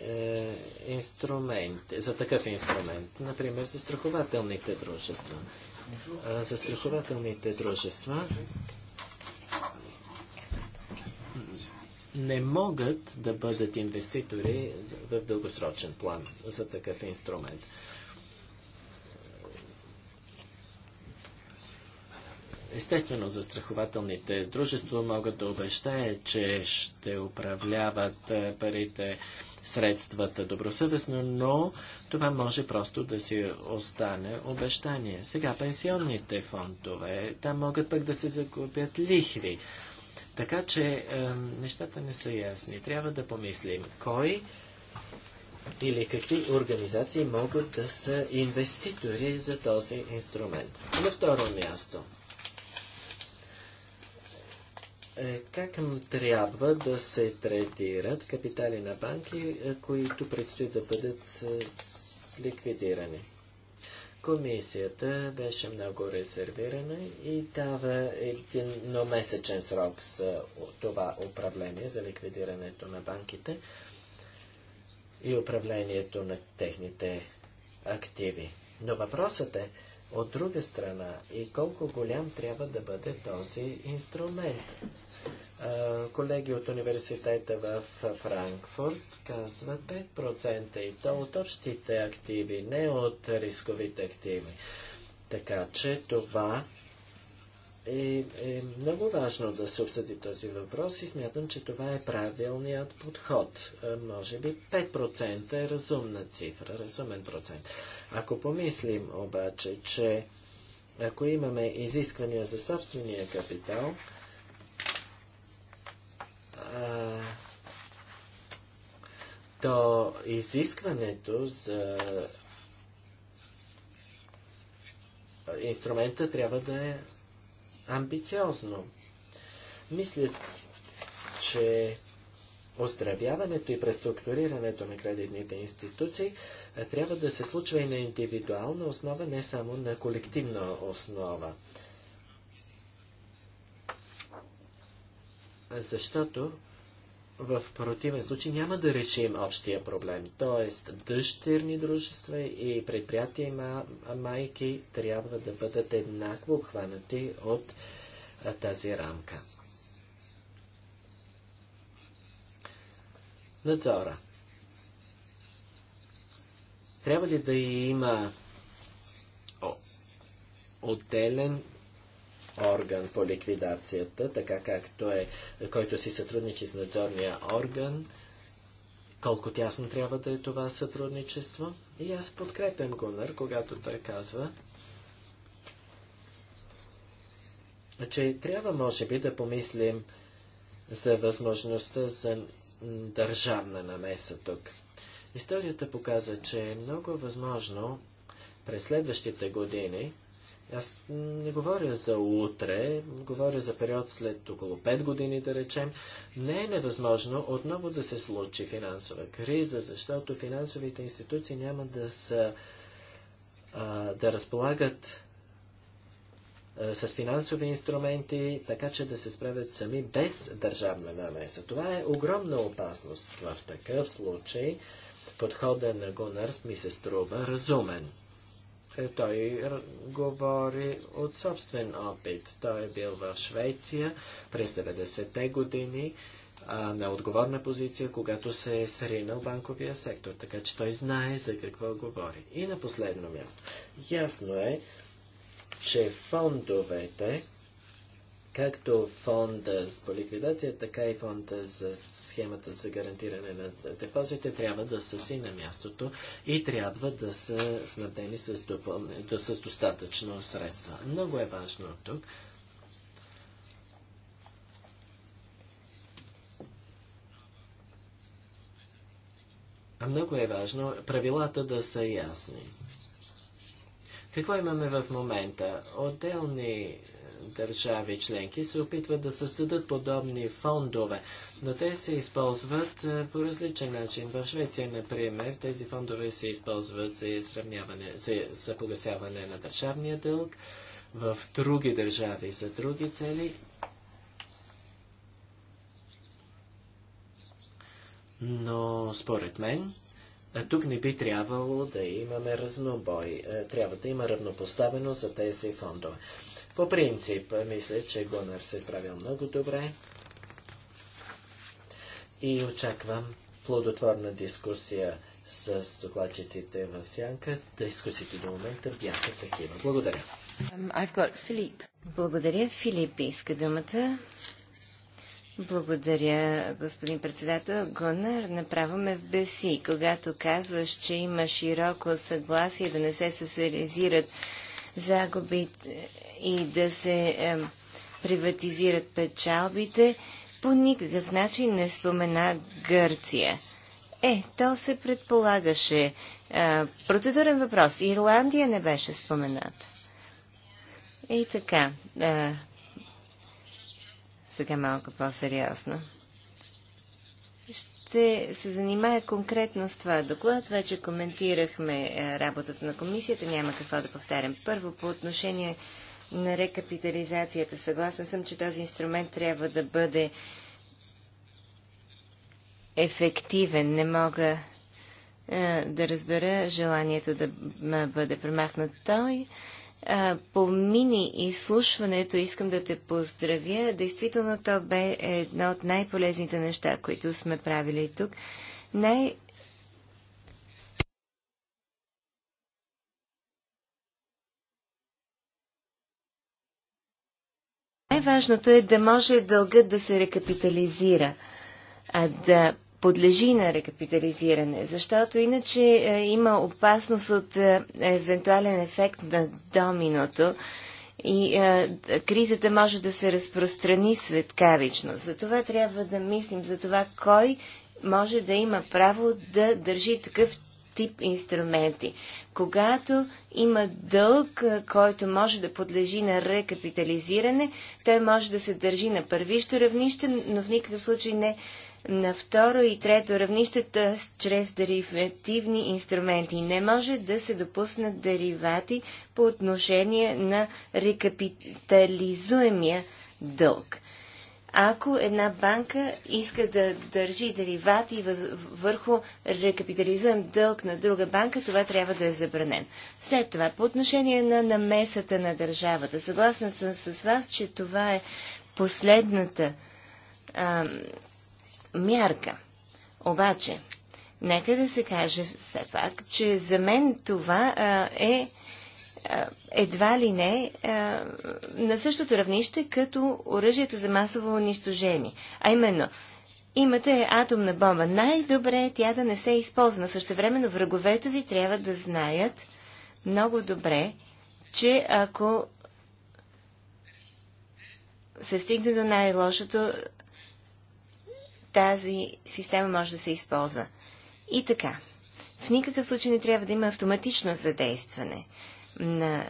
Speaker 3: е, инструмент, за такъв инструмент, например страхователните дружества. страхователните дружества не могат да бъдат инвеститори в дългосрочен план за такъв инструмент. Естествено, застрахователните дружества могат да обещаят, че ще управляват е, парите, средствата добросъвестно, но това може просто да си остане обещание. Сега пенсионните фондове, там могат пък да се закупят лихви. Така че е, нещата не са ясни. Трябва да помислим кой или какви организации могат да са инвеститори за този инструмент. На второ място. Е, как трябва да се третират капитали на банки, е, които предстои да бъдат е, ликвидирани? Комисията беше много резервирана и дава един номесечен срок за това управление, за ликвидирането на банките и управлението на техните активи. Но въпросът е, от друга страна, и колко голям трябва да бъде този инструмент колеги от университета в Франкфурт казват 5% и то от общите активи, не от рисковите активи. Така че това е, е много важно да се обсъди този въпрос и смятам, че това е правилният подход. Може би 5% е разумна цифра, разумен процент. Ако помислим обаче, че ако имаме изисквания за собствения капитал, то изискването за инструмента трябва да е амбициозно. Мисля, че оздравяването и преструктурирането на кредитните институции трябва да се случва и на индивидуална основа, не само на колективна основа. Защото в противен случай няма да решим общия проблем. Тоест, дъщерни дружества и предприятия ма, майки трябва да бъдат еднакво обхванати от а, тази рамка. Надзора. Трябва ли да има отделен орган по ликвидацията, така както е, който си сътрудничи с надзорния орган. Колко тясно трябва да е това сътрудничество? И аз подкрепям Гунър, когато той казва, че трябва, може би, да помислим за възможността за държавна намеса тук. Историята показва, че е много възможно през следващите години аз не говоря за утре, говоря за период след около 5 години, да речем. Не е невъзможно отново да се случи финансова криза, защото финансовите институции няма да са а, да разполагат а, с финансови инструменти, така че да се справят сами без държавна намеса. Това е огромна опасност. В такъв случай подхода на Гонърс ми се струва разумен. Е, той говори от собствен опит. Той е бил в Швеция през 90-те години на отговорна позиция, когато се е сринал банковия сектор, така че той знае за какво говори. И на последно място. Ясно е, че фондовете както фонда по ликвидация, така и фонда за схемата за гарантиране на депозите трябва да са си на мястото и трябва да са снабдени с, допъл... да, с достатъчно средства. Много е важно тук А много е важно правилата да са ясни. Какво имаме в момента? Отделни държави членки се опитват да създадат подобни фондове, но те се използват е, по различен начин. В Швеция, например, тези фондове се използват за, изравняване, за, за погасяване на държавния дълг, в други държави за други цели. Но според мен, е, тук не би трябвало да имаме разнобой. Е, трябва да има равнопоставено за тези фондове. По принцип, мисля, че Гонър се е справил много добре и очаквам плодотворна дискусия с докладчиците в Сянка. Дискусиите до момента бяха такива. Благодаря.
Speaker 2: I've got Филип. Благодаря. Филип иска думата. Благодаря, господин председател. Гонар, направо ме в беси, когато казваш, че има широко съгласие да не се социализират загубите и да се приватизират печалбите, по никакъв начин не спомена Гърция. Е, то се предполагаше. Е, процедурен въпрос. Ирландия не беше спомената. И така. Е, сега малко по-сериозно. Ще се занимая конкретно с това доклад. Вече коментирахме е, работата на комисията. Няма какво да повтарям. Първо, по отношение на рекапитализацията. Съгласен съм, че този инструмент трябва да бъде ефективен. Не мога а, е, да разбера желанието да бъде премахнат той. А, по мини изслушването искам да те поздравя. Действително то бе едно от най-полезните неща, които сме правили тук. Най- Най-важното е да може дългът да се рекапитализира, а да подлежи на рекапитализиране, защото иначе е, има опасност от е, евентуален ефект на доминото и е, кризата може да се разпространи светкавично. Затова трябва да мислим за това кой може да има право да държи такъв тип инструменти. Когато има дълг, който може да подлежи на рекапитализиране, той може да се държи на първищо равнище, но в никакъв случай не на второ и трето равнище, т.е. чрез деривативни инструменти. Не може да се допуснат деривати по отношение на рекапитализуемия дълг ако една банка иска да държи деривати върху рекапитализуем дълг на друга банка, това трябва да е забранено. След това, по отношение на намесата на държавата, съгласна съм с вас, че това е последната а, мярка. Обаче, нека да се каже все пак, че за мен това а, е е, едва ли не е, на същото равнище като оръжието за масово унищожение. А именно, имате атомна бомба. Най-добре е тя да не се използва. Същевременно враговете ви трябва да знаят много добре, че ако се стигне до най-лошото, тази система може да се използва. И така. В никакъв случай не трябва да има автоматично задействане на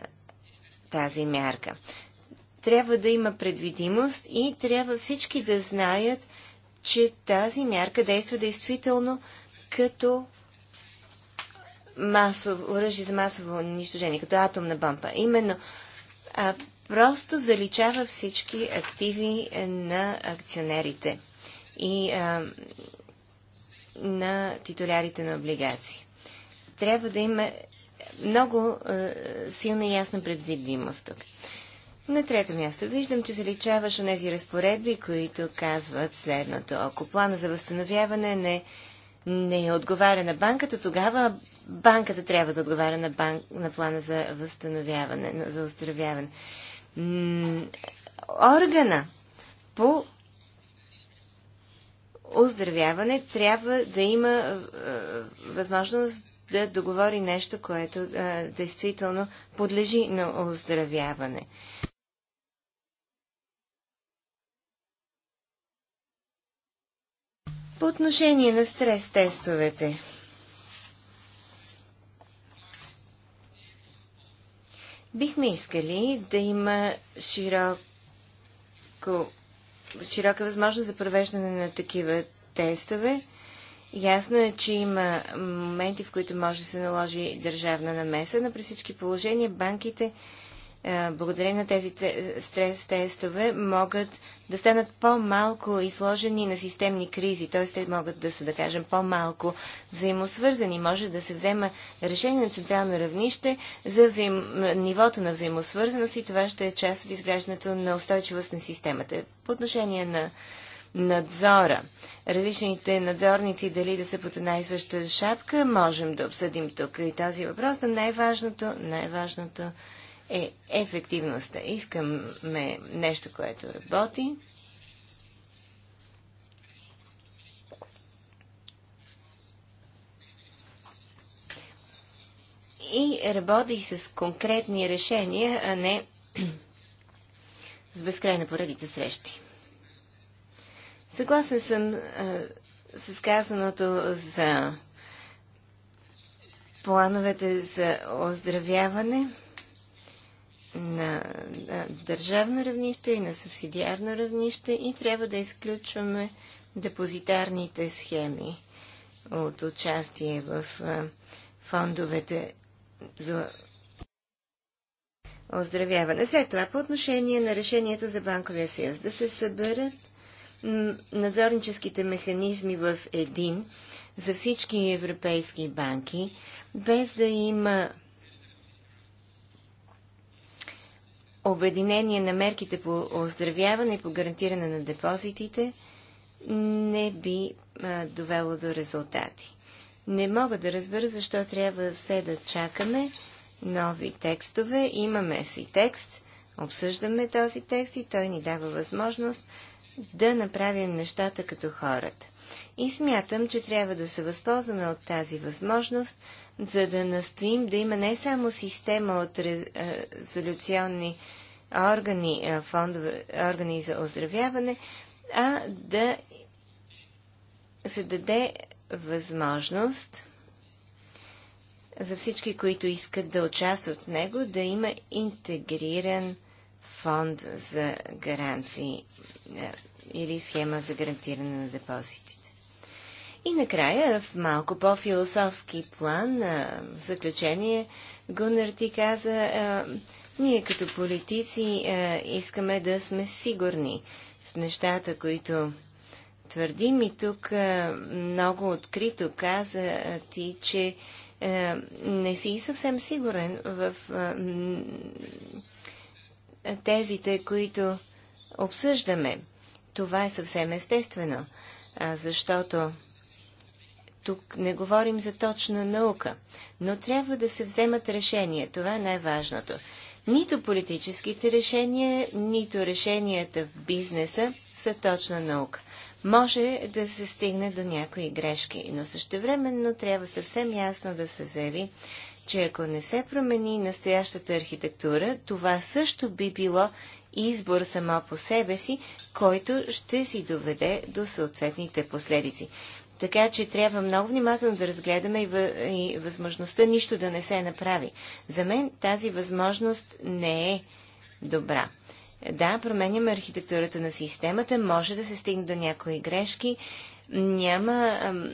Speaker 2: тази мярка. Трябва да има предвидимост и трябва всички да знаят, че тази мярка действа действително като масово, оръжие за масово унищожение, като атомна бомба. Именно а, просто заличава всички активи е, на акционерите и а, на титулярите на облигации. Трябва да има много е, силна и ясна предвидимост тук. На трето място виждам, че заличаваш тези разпоредби, които казват следното. Ако плана за възстановяване не, не отговаря на банката, тогава банката трябва да отговаря на, банк, на плана за възстановяване, на, за оздравяване. органа по оздравяване трябва да има е, възможност да договори нещо, което а, действително подлежи на оздравяване. По отношение на стрес тестовете. Бихме искали да има широко, широка възможност за провеждане на такива тестове Ясно е, че има моменти, в които може да се наложи държавна намеса, но при всички положения банките, благодарение на тези стрес тестове, могат да станат по-малко изложени на системни кризи, т.е. те могат да са, да кажем, по-малко взаимосвързани. Може да се взема решение на централно равнище за взаим... нивото на взаимосвързаност и това ще е част от изграждането на устойчивост на системата. По отношение на надзора. Различните надзорници, дали да са под една и съща шапка, можем да обсъдим тук и този въпрос, но най-важното, най-важното е ефективността. Искаме нещо, което работи. И работи с конкретни решения, а не с безкрайна поредица срещи. Съгласен съм а, с казаното за плановете за оздравяване на, на държавно равнище и на субсидиарно равнище и трябва да изключваме депозитарните схеми от участие в а, фондовете за оздравяване. След това по отношение на решението за банковия съюз да се съберат надзорническите механизми в един за всички европейски банки, без да има обединение на мерките по оздравяване и по гарантиране на депозитите, не би довело до резултати. Не мога да разбера защо трябва все да чакаме нови текстове. Имаме си текст, обсъждаме този текст и той ни дава възможност да направим нещата като хората. И смятам, че трябва да се възползваме от тази възможност, за да настоим да има не само система от резолюционни органи, фондове, органи за оздравяване, а да се даде възможност за всички, които искат да участват в него, да има интегриран фонд за гаранции е, или схема за гарантиране на депозитите. И накрая, в малко по-философски план, е, в заключение, Гунър ти каза, е, ние като политици искаме да сме сигурни в нещата, които твърдим и тук много открито каза ти, че не си съвсем сигурен в тезите, които обсъждаме. Това е съвсем естествено, защото тук не говорим за точна наука, но трябва да се вземат решения. Това е най-важното. Нито политическите решения, нито решенията в бизнеса са точна наука. Може да се стигне до някои грешки, но същевременно трябва съвсем ясно да се заяви, че ако не се промени настоящата архитектура, това също би било избор само по себе си, който ще си доведе до съответните последици. Така че трябва много внимателно да разгледаме и, възможността нищо да не се направи. За мен тази възможност не е добра. Да, променяме архитектурата на системата, може да се стигне до някои грешки, няма ам,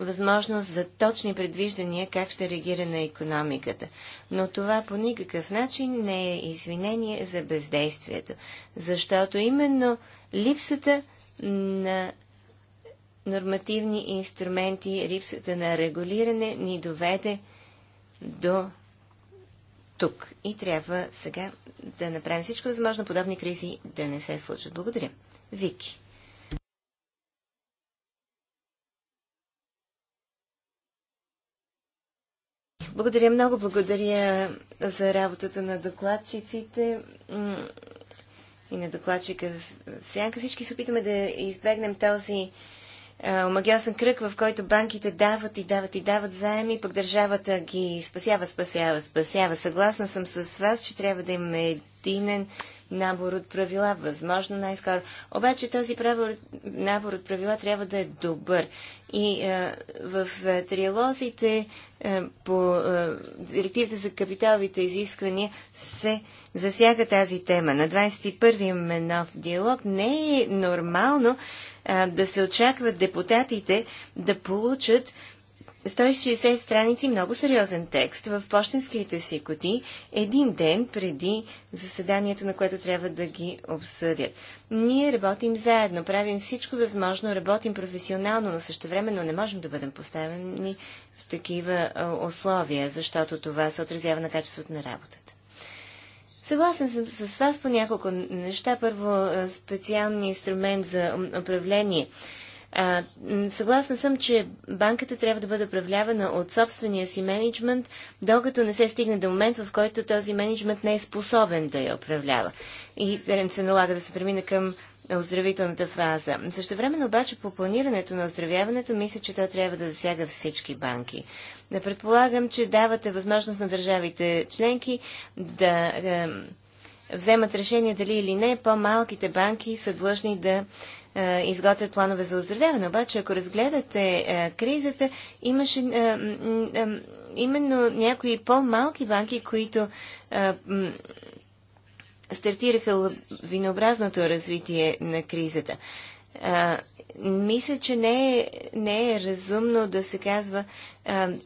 Speaker 2: възможност за точни предвиждания как ще реагира на економиката. Но това по никакъв начин не е извинение за бездействието, защото именно липсата на нормативни инструменти, липсата на регулиране ни доведе до тук. И трябва сега да направим всичко възможно подобни кризи да не се случат. Благодаря. Вики. Благодаря много, благодаря за работата на докладчиците и на докладчика. Сянка всички се опитаме да избегнем този магиосен кръг, в който банките дават и дават и дават заеми, пък държавата ги спасява, спасява, спасява. Съгласна съм с вас, че трябва да имаме единен набор от правила, възможно най-скоро. Обаче този набор от правила трябва да е добър. И а, е, в а, е, триалозите а, е, по а, директивата за капиталовите изисквания се засяга тази тема. На 21 имаме нов диалог. Не е нормално а, да се очакват депутатите да получат 160 страници, много сериозен текст в почтенските си коти, един ден преди заседанието, на което трябва да ги обсъдят. Ние работим заедно, правим всичко възможно, работим професионално, но но не можем да бъдем поставени в такива условия, защото това се отразява на качеството на работата. Съгласен съм с вас по няколко неща. Първо, специалния инструмент за управление – а, съгласна съм, че банката трябва да бъде управлявана от собствения си менеджмент, докато не се стигне до момент, в който този менеджмент не е способен да я управлява. И да се налага да се премина към оздравителната фаза. Също време, обаче по планирането на оздравяването мисля, че то трябва да засяга всички банки. Да предполагам, че давате възможност на държавите членки да е, вземат решение дали или не по-малките банки са длъжни да е, изготвят планове за оздравяване. Обаче, ако разгледате е, кризата, имаше е, именно някои по-малки банки, които стартираха винообразното развитие на кризата. Мисля, че не е, не е разумно да се казва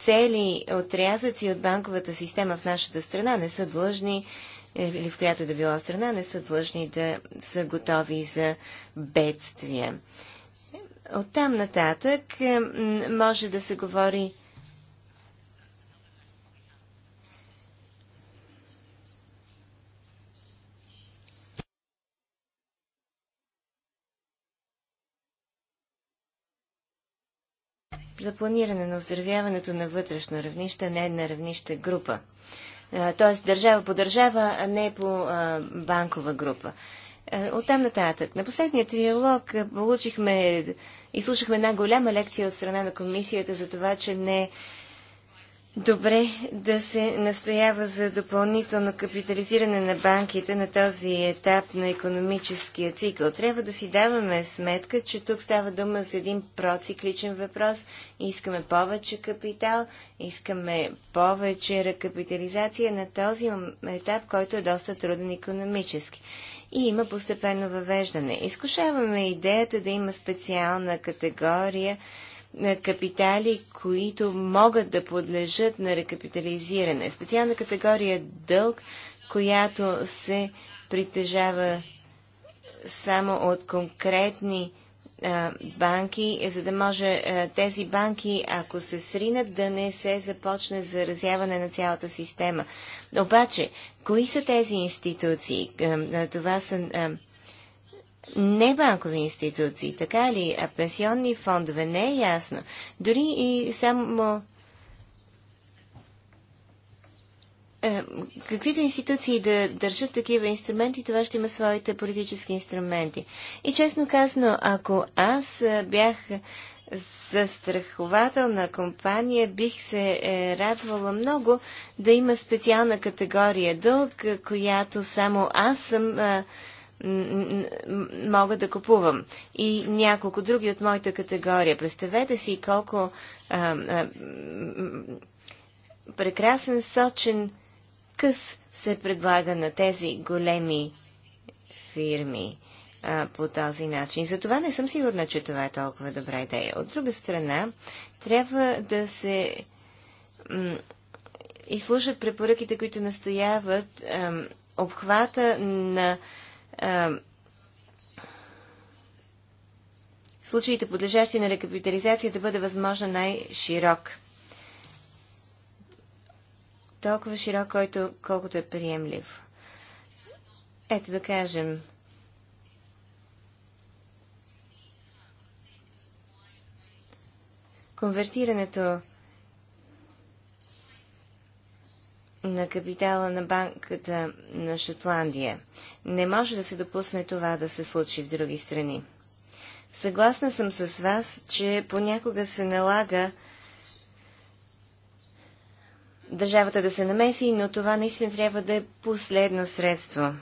Speaker 2: цели отрязъци от банковата система в нашата страна не са длъжни е, или в която да била страна, не са длъжни да са готови за бедствия. От там нататък е, може да се говори за планиране на оздравяването на вътрешно равнище, не на равнище група. Е, т.е. държава по държава, а не по банкова група. Е, от там нататък. На последния триалог е, получихме и слушахме една голяма лекция от страна на комисията за това, че не добре да се настоява за допълнително капитализиране на банките на този етап на економическия цикъл. Трябва да си даваме сметка, че тук става дума за един процикличен въпрос. Искаме повече капитал, искаме повече рекапитализация на този етап, който е доста труден економически. И има постепенно въвеждане. Изкушаваме идеята да има специална категория на капитали, които могат да подлежат на рекапитализиране. Специална категория дълг, която се притежава само от конкретни а, банки, за да може а, тези банки, ако се сринат, да не се започне заразяване на цялата система. Обаче, кои са тези институции? А, това са небанкови институции, така ли? А пенсионни фондове не е ясно. Дори и само е, каквито институции да държат такива инструменти, това ще има своите политически инструменти. И честно казано, ако аз е, бях застрахователна компания, бих се е, радвала много да има специална категория дълг, която само аз съм а, мога да купувам. И няколко други от моята категория. Представете си колко а, а, прекрасен, сочен къс се предлага на тези големи фирми а, по този начин. Затова не съм сигурна, че това е толкова добра идея. От друга страна, трябва да се изслушат препоръките, които настояват а, обхвата на а, е, случаите, подлежащи на рекапитализация, да бъде възможно най-широк. Толкова широк, който, колкото е приемлив. Ето да кажем, конвертирането на капитала на банката на Шотландия – не може да се допусне това да се случи в други страни. Съгласна съм с вас, че понякога се налага държавата да се намеси, но това наистина трябва да е последно средство.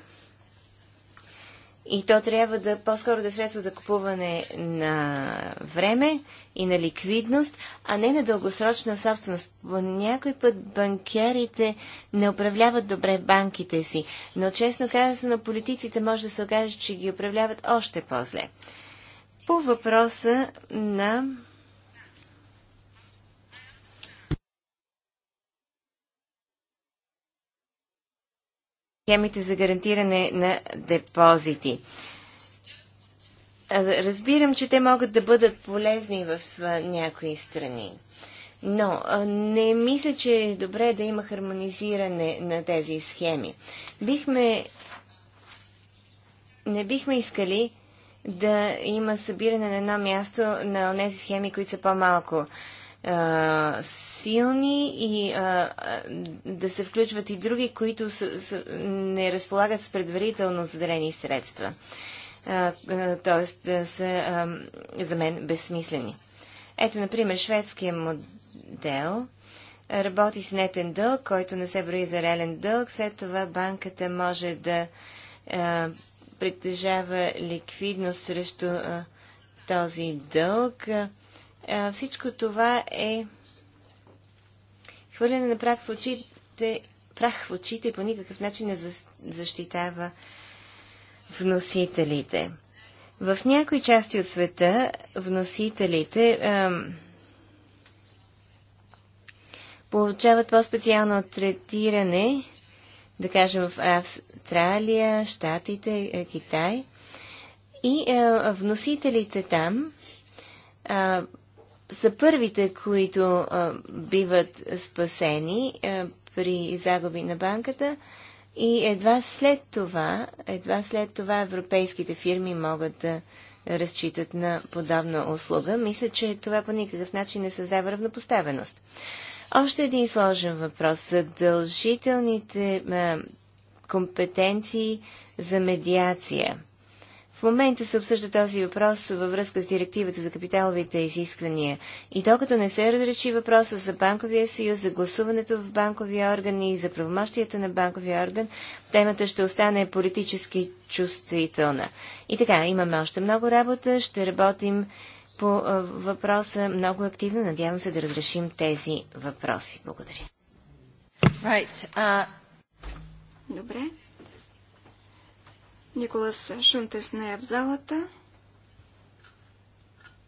Speaker 2: И то трябва да по-скоро да е средство за купуване на време и на ликвидност, а не на дългосрочна собственост. Някой път банкерите не управляват добре банките си, но честно казано политиците може да се окаже, че ги управляват още по-зле. По въпроса на схемите за гарантиране на депозити. Разбирам, че те могат да бъдат полезни в някои страни. Но не мисля, че е добре да има хармонизиране на тези схеми. Бихме, не бихме искали да има събиране на едно място на тези схеми, които са по-малко силни и а, да се включват и други, които с, с, не разполагат с предварително заделени средства. Тоест са а, за мен безсмислени. Ето, например, шведския модел работи с нетен дълг, който не се брои за реален дълг. След това банката може да а, притежава ликвидност срещу а, този дълг. А, всичко това е хвърляне на прах в очите, прах в очите и по никакъв начин не защитава вносителите. В някои части от света вносителите ам, получават по-специално третиране, да кажем в Австралия, Штатите, е, Китай. И а, вносителите там а, са първите, които а, биват спасени а, при загуби на банката и едва след това, едва след това европейските фирми могат да разчитат на подобна услуга. Мисля, че това по никакъв начин не създава равнопоставеност. Още един сложен въпрос. Задължителните а, компетенции за медиация. В момента се обсъжда този въпрос във връзка с директивата за капиталовите изисквания. И докато не се разреши въпроса за банковия съюз, за гласуването в банковия орган и за правомощията на банковия орган, темата ще остане политически чувствителна. И така, имаме още много работа, ще работим по въпроса много активно. Надявам се да разрешим тези въпроси. Благодаря.
Speaker 1: Right. Uh... Добре. Николас Шунтес не е в залата.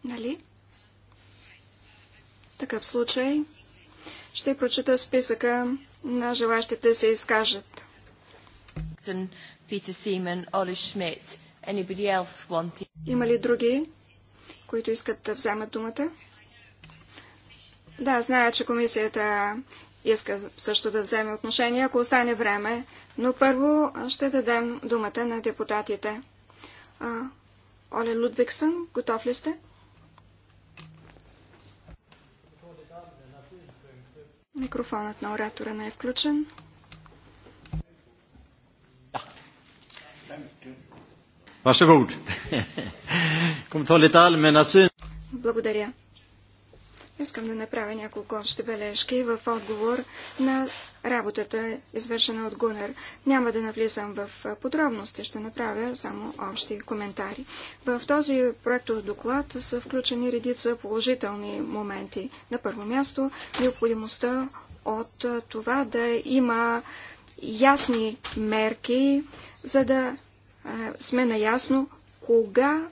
Speaker 1: Нали? Такъв случай ще прочета списъка на желащите се изкажат. Има ли други, които искат да вземат думата? Да, зная, че комисията иска също да вземе отношение, ако остане време. Но първо ще дадем думата на депутатите. А, Оле Лудвиксън, готов ли сте? Микрофонът на оратора не е включен. Благодаря. Искам да направя няколко общи бележки в отговор на работата, извършена от Гунър. Няма да навлизам в подробности, ще направя само общи коментари. В този проектов доклад са включени редица положителни моменти. На първо място необходимостта от това да има ясни мерки, за да сме наясно кога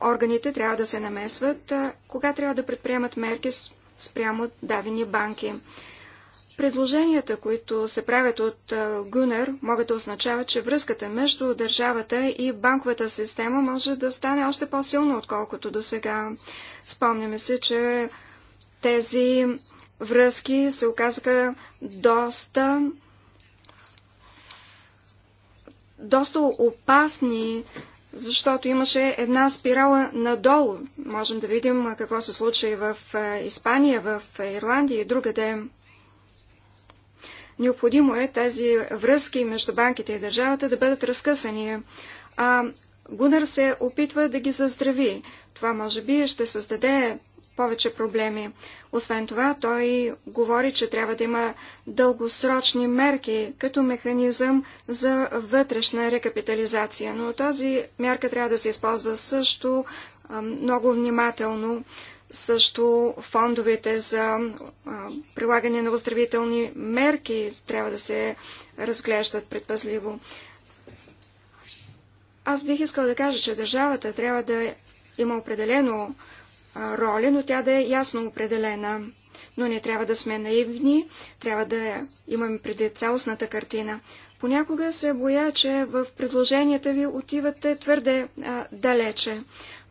Speaker 1: органите трябва да се намесват, кога трябва да предприемат мерки спрямо дадени банки. Предложенията, които се правят от Гунер, могат да означават, че връзката между държавата и банковата система може да стане още по-силна, отколкото до сега. Спомняме се, че тези връзки се оказаха доста доста опасни защото имаше една спирала надолу. Можем да видим какво се случи в Испания, в Ирландия и другаде. Необходимо е тези връзки между банките и държавата да бъдат разкъсани. А Гунър се опитва да ги заздрави. Това може би ще създаде повече проблеми. Освен това, той говори, че трябва да има дългосрочни мерки като механизъм за вътрешна рекапитализация. Но тази мярка трябва да се използва също много внимателно. Също фондовете за прилагане на оздравителни мерки трябва да се разглеждат предпазливо. Аз бих искал да кажа, че държавата трябва да има определено роля, но тя да е ясно определена. Но не трябва да сме наивни, трябва да имаме преди цялостната картина. Понякога се боя, че в предложенията ви отивате твърде а, далече.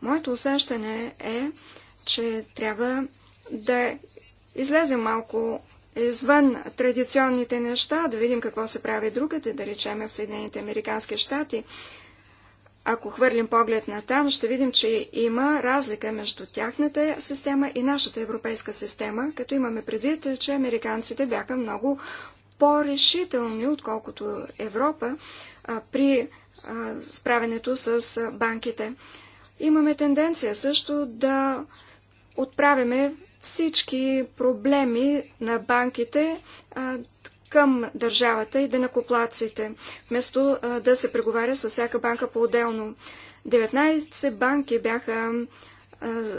Speaker 1: Моето усещане е, че трябва да излезем малко извън традиционните неща, да видим какво се прави другата, да речеме в Съединените Американски щати. Ако хвърлим поглед на там, ще видим, че има разлика между тяхната система и нашата европейска система, като имаме предвид, че американците бяха много по-решителни, отколкото Европа, а, при а, справенето с банките. Имаме тенденция също да отправяме всички проблеми на банките а, към държавата и денакоплаците, вместо да се преговаря с всяка банка по-отделно. 19 банки бяха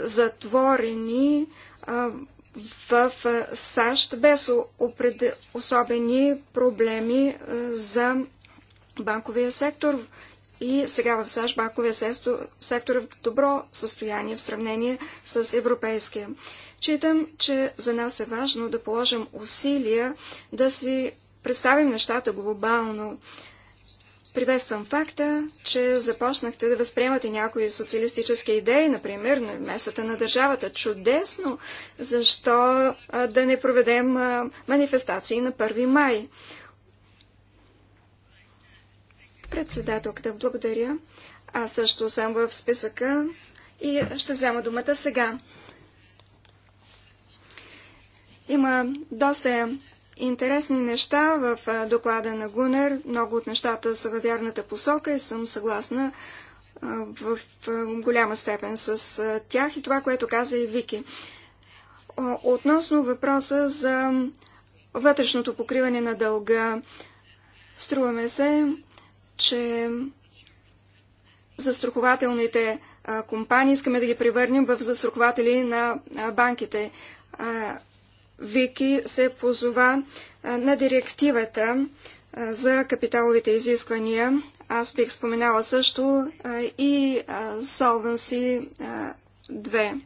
Speaker 1: затворени в САЩ без особени проблеми за банковия сектор. И сега в САЩ банковия сектор е в добро състояние в сравнение с европейския. Читам, че за нас е важно да положим усилия да си представим нещата глобално. Приветствам факта, че започнахте да възприемате някои социалистически идеи, например, на месата на държавата. Чудесно! Защо да не проведем манифестации на 1 май? Председателката, благодаря. Аз също съм в списъка и ще взема думата сега. Има доста интересни неща в доклада на Гунер. Много от нещата са във вярната посока и съм съгласна в голяма степен с тях и това, което каза и Вики. Относно въпроса за вътрешното покриване на дълга, струваме се, че застрахователните компании искаме да ги превърнем в застрахователи на банките. Вики се позова на директивата за капиталовите изисквания. Аз бих споменала също и Solvency 2.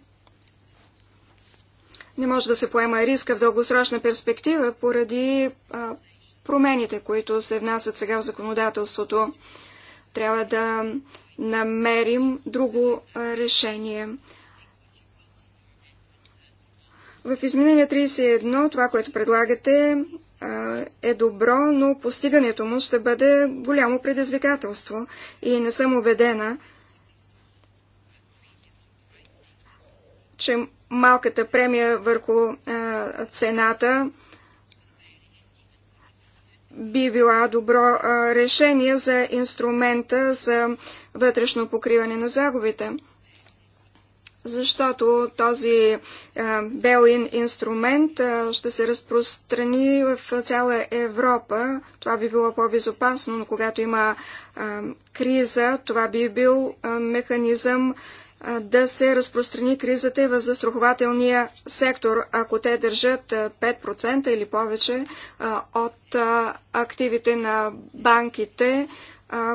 Speaker 1: Не може да се поема риска в дългосрочна перспектива поради промените, които се внасят сега в законодателството. Трябва да намерим друго решение. В изменение 31 това, което предлагате, е добро, но постигането му ще бъде голямо предизвикателство и не съм убедена, че малката премия върху цената би била добро решение за инструмента за вътрешно покриване на загубите защото този е, белин инструмент е, ще се разпространи в цяла Европа. Това би било по-безопасно, но когато има е, криза, това би бил механизъм да се разпространи кризата и в застрахователния сектор, ако те държат 5% или повече от активите на банките,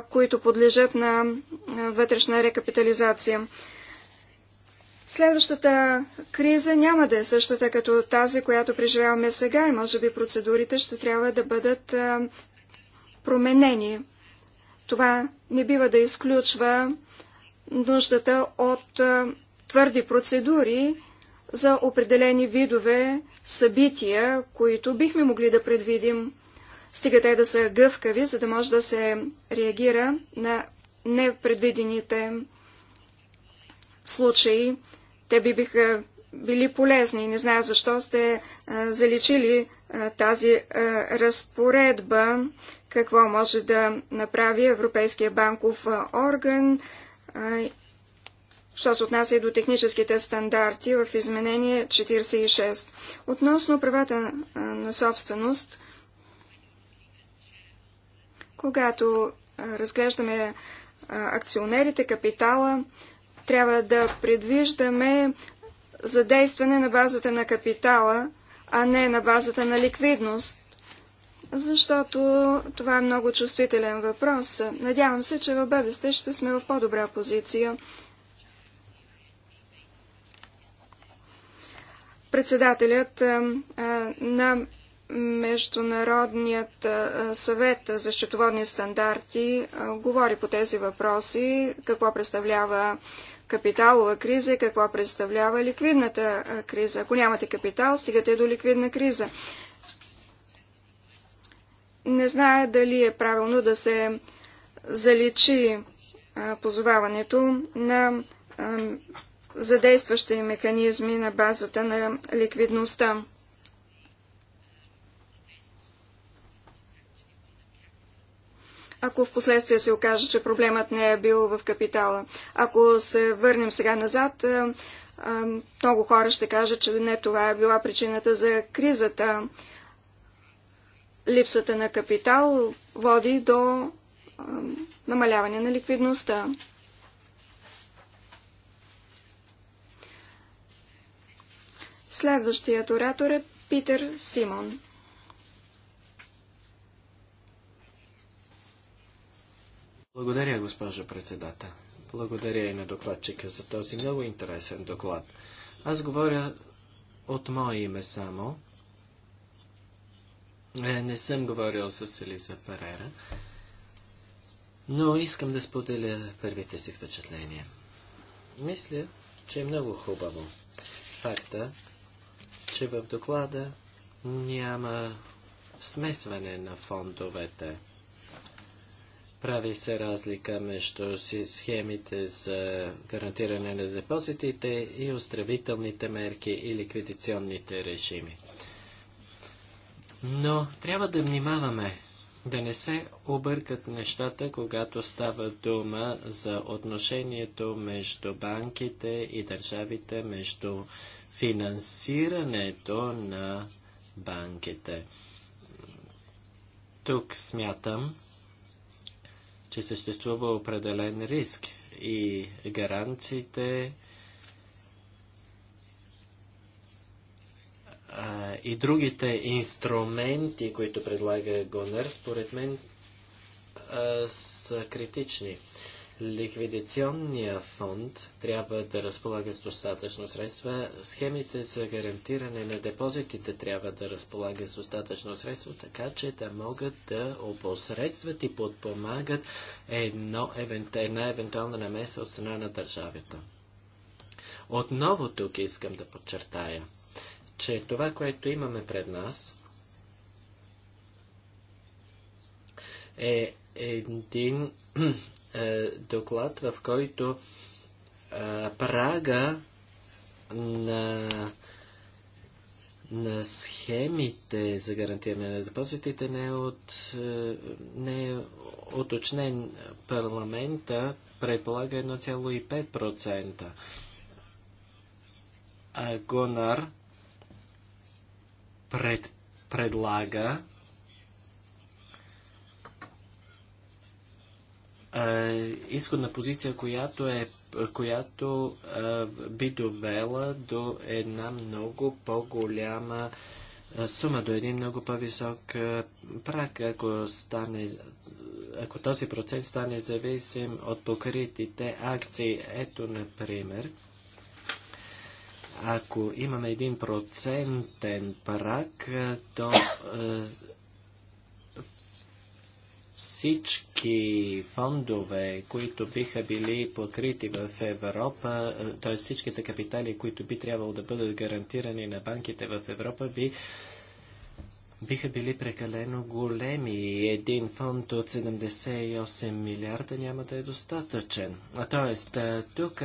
Speaker 1: които подлежат на вътрешна рекапитализация. Следващата криза няма да е същата като тази, която преживяваме сега и може би процедурите ще трябва да бъдат променени. Това не бива да изключва нуждата от твърди процедури за определени видове събития, които бихме могли да предвидим. Стига те да са гъвкави, за да може да се реагира на непредвидените случаи те би биха били полезни. Не знам защо сте а, заличили а, тази а, разпоредба, какво може да направи Европейския банков а, орган, а, що се отнася и до техническите стандарти в изменение 46. Относно правата на, собственост, когато разглеждаме акционерите, капитала, трябва да предвиждаме задействане на базата на капитала, а не на базата на ликвидност, защото това е много чувствителен въпрос. Надявам се, че в бъдеще ще сме в по-добра позиция. Председателят на Международният съвет за счетоводни стандарти говори по тези въпроси, какво представлява капиталова криза и какво представлява ликвидната криза. Ако нямате капитал, стигате до ликвидна криза. Не зная дали е правилно да се заличи позоваването на задействащи механизми на базата на ликвидността. ако в последствие се окаже, че проблемът не е бил в капитала. Ако се върнем сега назад, много хора ще кажат, че не това е била причината за кризата. Липсата на капитал води до намаляване на ликвидността. Следващият оратор е Питер Симон.
Speaker 3: Благодаря, госпожо председател. Благодаря и на докладчика за този много интересен доклад. Аз говоря от мое име само. Е, не съм говорил с Елиза Парера, но искам да споделя първите си впечатления. Мисля, че е много хубаво факта, че в доклада няма смесване на фондовете – прави се разлика между схемите за гарантиране на депозитите и оздравителните мерки и ликвидационните режими. Но трябва да внимаваме да не се объркат нещата, когато става дума за отношението между банките и държавите, между финансирането на банките. Тук смятам, че съществува определен риск и гаранциите и другите инструменти, които предлага Гонер, според мен са критични. Ликвидационния фонд трябва да разполага с достатъчно средства. Схемите за гарантиране на депозитите трябва да разполага с достатъчно средства, така че да могат да опосредстват и подпомагат едно, една евентуална намеса от страна на държавата. Отново тук искам да подчертая, че това, което имаме пред нас, е един е, доклад, в който е, прага на, на схемите за гарантиране на депозитите не е, от, е, не е уточнен парламента, предполага 1,5%. А Гонар пред, предлага е, изходна позиция, която, е, която е, би довела до една много по-голяма е, сума, до един много по-висок е, прак, ако, стане, ако този процент стане зависим от покритите акции. Ето, например, ако имаме един процентен прак, то всички фондове, които биха били покрити в Европа, т.е. всичките капитали, които би трябвало да бъдат гарантирани на банките в Европа, би биха били прекалено големи. Един фонд от 78 милиарда няма да е достатъчен. А т.е. тук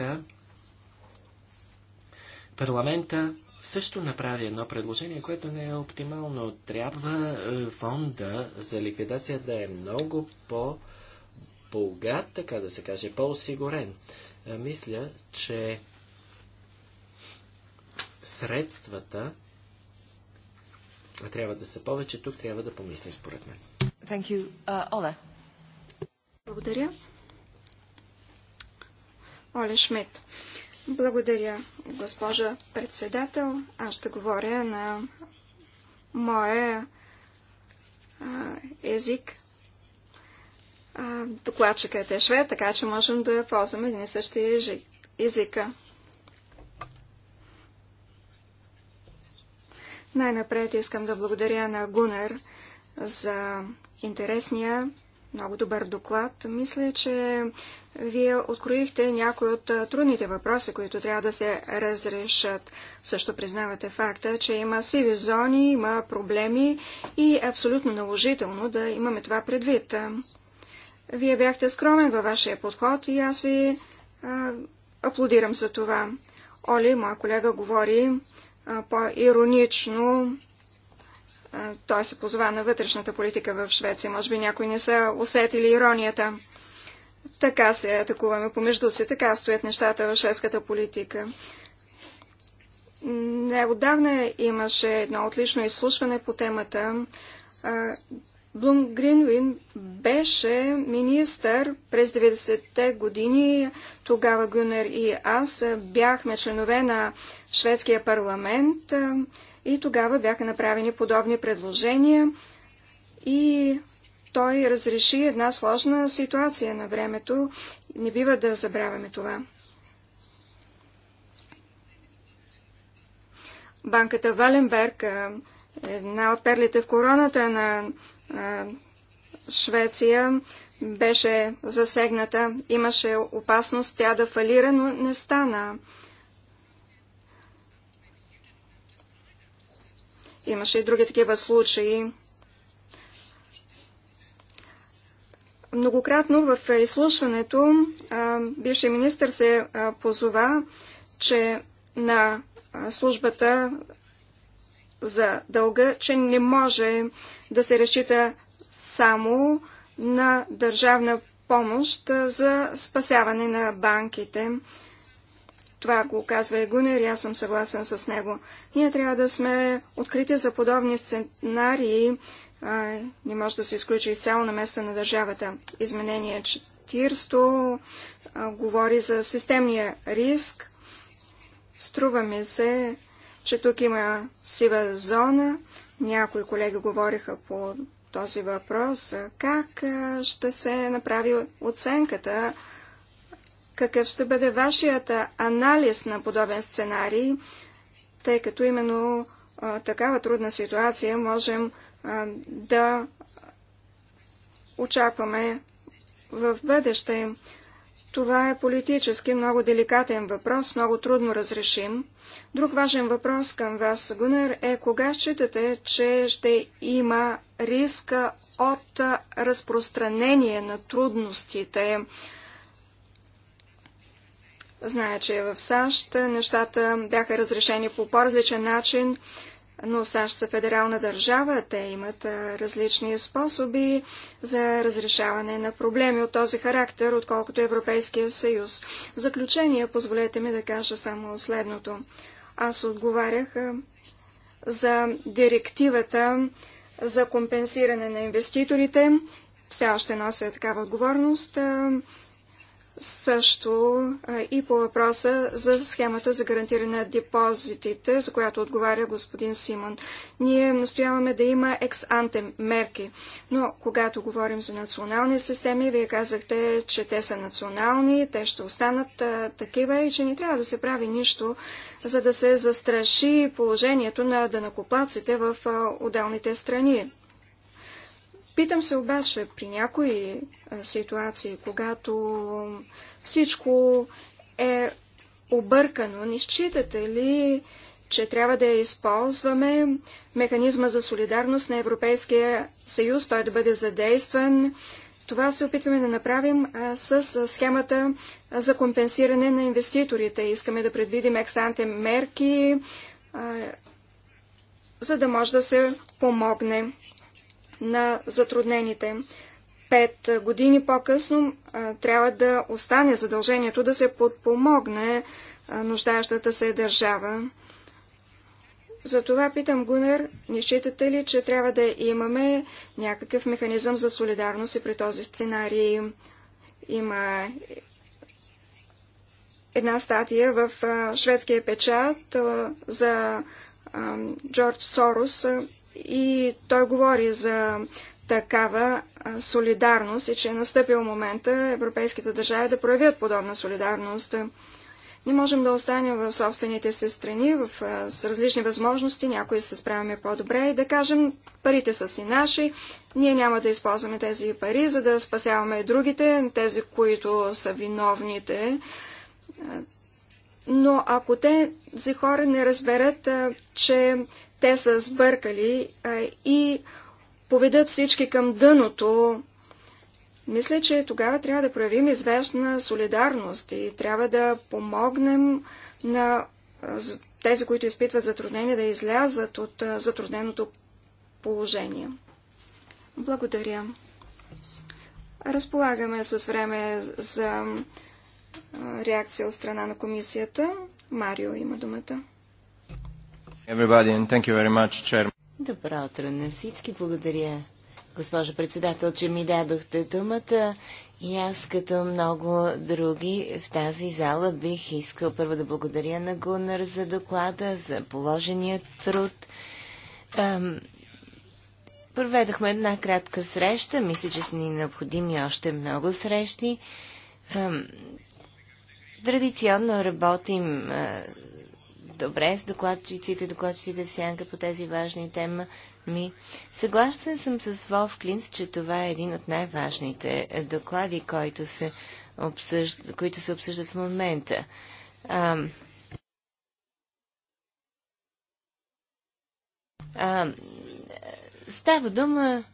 Speaker 3: парламента също направи едно предложение, което не е оптимално. Трябва е, фонда за ликвидация да е много по-богат, така да се каже, по-осигурен. Е, мисля, че средствата трябва да са повече. Тук трябва да помислим, според мен.
Speaker 1: Thank you. Uh, Ола. Благодаря. Оле Шмидт. Благодаря, госпожа председател. Аз ще говоря на моя език. докладчикът е швед, така че можем да ползваме един и същи езика. Най-напред искам да благодаря на Гунер за интересния много добър доклад. Мисля, че вие откроихте някои от трудните въпроси, които трябва да се разрешат. Също признавате факта, че има сиви зони, има проблеми и е абсолютно наложително да имаме това предвид. Вие бяхте скромен във вашия подход и аз ви а, аплодирам за това. Оли, моя колега, говори по-иронично той се позова на вътрешната политика в Швеция. Може би някои не са усетили иронията. Така се атакуваме помежду си, така стоят нещата в шведската политика. Неодавна имаше едно отлично изслушване по темата. Блум Гринвин беше министър през 90-те години. Тогава Гюнер и аз бяхме членове на шведския парламент. И тогава бяха направени подобни предложения и той разреши една сложна ситуация на времето. Не бива да забравяме това. Банката Валенберг, една от перлите в короната на Швеция, беше засегната. Имаше опасност тя да фалира, но не стана. Имаше и други такива случаи. Многократно в изслушването бившия министр се позова, че на службата за дълга, че не може да се разчита само на държавна помощ за спасяване на банките. Това го казва и Гунер аз съм съгласен с него. Ние трябва да сме открити за подобни сценарии. А, не може да се изключи цяло на места на държавата. Изменение 40 а, говори за системния риск. Струва ми се, че тук има сива зона. Някои колеги говориха по този въпрос. Как ще се направи оценката какъв ще бъде вашият анализ на подобен сценарий, тъй като именно а, такава трудна ситуация можем а, да очакваме в бъдеще. Това е политически много деликатен въпрос, много трудно разрешим. Друг важен въпрос към вас, Гунер, е кога считате, че ще има риска от разпространение на трудностите Зная, че е в САЩ нещата бяха разрешени по по-различен начин, но САЩ са федерална държава, те имат различни способи за разрешаване на проблеми от този характер, отколкото Европейския съюз. В заключение, позволете ми да кажа само следното. Аз отговарях за директивата за компенсиране на инвеститорите. Все още нося такава отговорност също и по въпроса за схемата за гарантиране на депозитите, за която отговаря господин Симон. Ние настояваме да има екс антем мерки, но когато говорим за национални системи, вие казахте, че те са национални, те ще останат а, такива и че не трябва да се прави нищо, за да се застраши положението на данакоплаците в а, отделните страни. Питам се обаче, при някои ситуации, когато всичко е объркано, не считате ли, че трябва да използваме механизма за солидарност на Европейския съюз, той да бъде задействан. Това се опитваме да направим а, с схемата за компенсиране на инвеститорите. Искаме да предвидим ексанте мерки, а, за да може да се помогне на затруднените. Пет години по-късно трябва да остане задължението да се подпомогне нуждащата се държава. Затова питам Гунер, не считате ли, че трябва да имаме някакъв механизъм за солидарност и при този сценарий? Има една статия в шведския печат за Джордж Сорос, и той говори за такава солидарност и че е настъпил момента европейските държави да проявят подобна солидарност. Не можем да останем в собствените си страни, в, с различни възможности, някои се справяме по-добре и да кажем, парите са си наши, ние няма да използваме тези пари, за да спасяваме другите, тези, които са виновните. Но ако тези хора не разберат, че те са сбъркали а, и поведат всички към дъното. Мисля, че тогава трябва да проявим известна солидарност и трябва да помогнем на а, тези, които изпитват затруднение, да излязат от а, затрудненото положение. Благодаря. Разполагаме с време за реакция от страна на комисията. Марио има думата.
Speaker 2: Much,
Speaker 1: Добро утро на
Speaker 2: всички. Благодаря, госпожо председател, че ми дадохте думата. И аз, като много други в тази зала, бих искал първо да благодаря на Гунър за доклада, за положения труд. Ам... Проведохме една кратка среща. Мисля, че са ни необходими още много срещи. Ам... Традиционно работим а, добре с докладчиците, докладчиците в сянка по тези важни теми. Ми, съгласен съм с Вов Клинц, че това е един от най-важните е, доклади, който се обсъжда, които се обсъждат в момента. А, а, става дума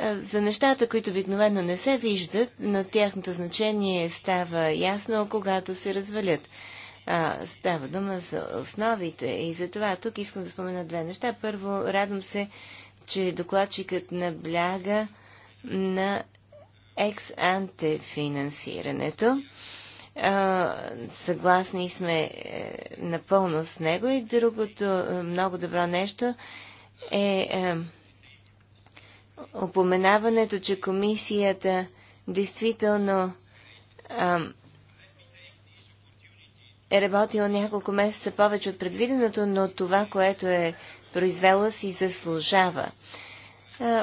Speaker 2: е, за нещата, които обикновено не се виждат, но тяхното значение става ясно, когато се развалят. А, става дума за основите и за това тук искам да спомена две неща. Първо, радвам се, че докладчикът набляга на екс-анте финансирането. съгласни сме е, напълно с него и другото е, много добро нещо е, е опоменаването, че комисията действително е работила няколко месеца повече от предвиденото, но това, което е произвела, си заслужава.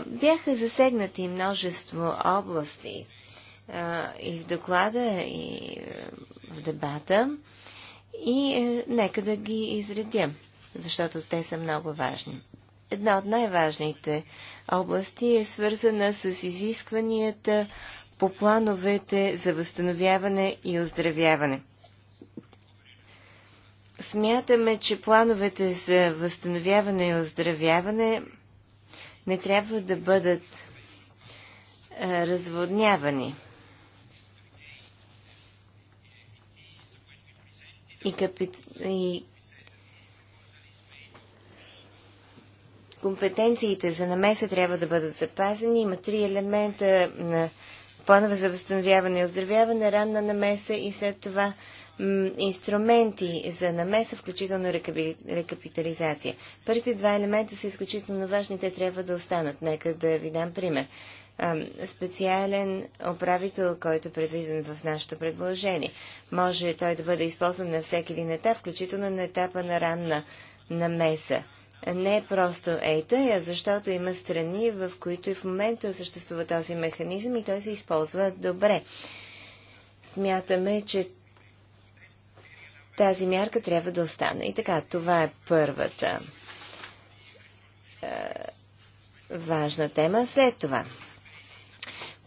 Speaker 2: Бяха засегнати множество области и в доклада, и в дебата. И нека да ги изредя, защото те са много важни. Една от най-важните области е свързана с изискванията по плановете за възстановяване и оздравяване – Смятаме, че плановете за възстановяване и оздравяване не трябва да бъдат а, разводнявани. И, капит... и компетенциите за намеса трябва да бъдат запазени. Има три елемента на планове за възстановяване и оздравяване, ранна намеса и след това инструменти за намеса, включително рекапитализация. Първите два елемента са изключително важни, те трябва да останат. Нека да ви дам пример. Специален управител, който е предвиден в нашето предложение. Може той да бъде използван на всеки един етап, включително на етапа на ранна намеса. Не просто ейта, а защото има страни, в които и в момента съществува този механизъм и той се използва добре. Смятаме, че тази мярка трябва да остане. И така, това е първата е, важна тема. След това,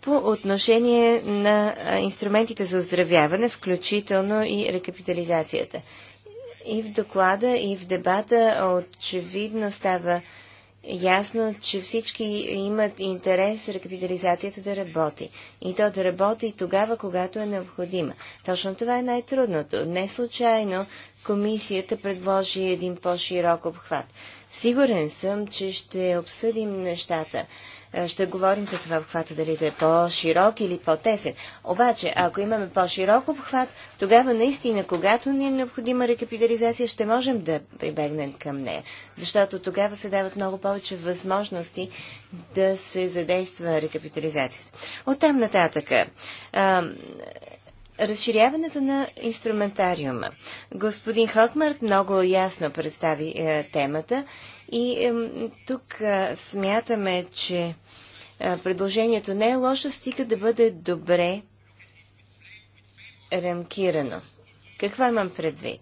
Speaker 2: по отношение на е, инструментите за оздравяване, включително и рекапитализацията. И в доклада, и в дебата очевидно става ясно, че всички имат интерес рекапитализацията да работи. И то да работи тогава, когато е необходима. Точно това е най-трудното. Не случайно комисията предложи един по-широк обхват. Сигурен съм, че ще обсъдим нещата е, ще говорим за това обхвата, дали да е по-широк или по-тесен. Обаче, ако имаме по-широк обхват, тогава наистина, когато ни е необходима рекапитализация, ще можем да прибегнем към нея. Защото тогава се дават много повече възможности да се задейства рекапитализацията. Оттам нататък. А, е, разширяването на инструментариума. Господин Хокмарт много ясно представи е, темата и е, тук е, смятаме, че предложението не е лошо, стига да бъде добре рамкирано. Какво имам предвид?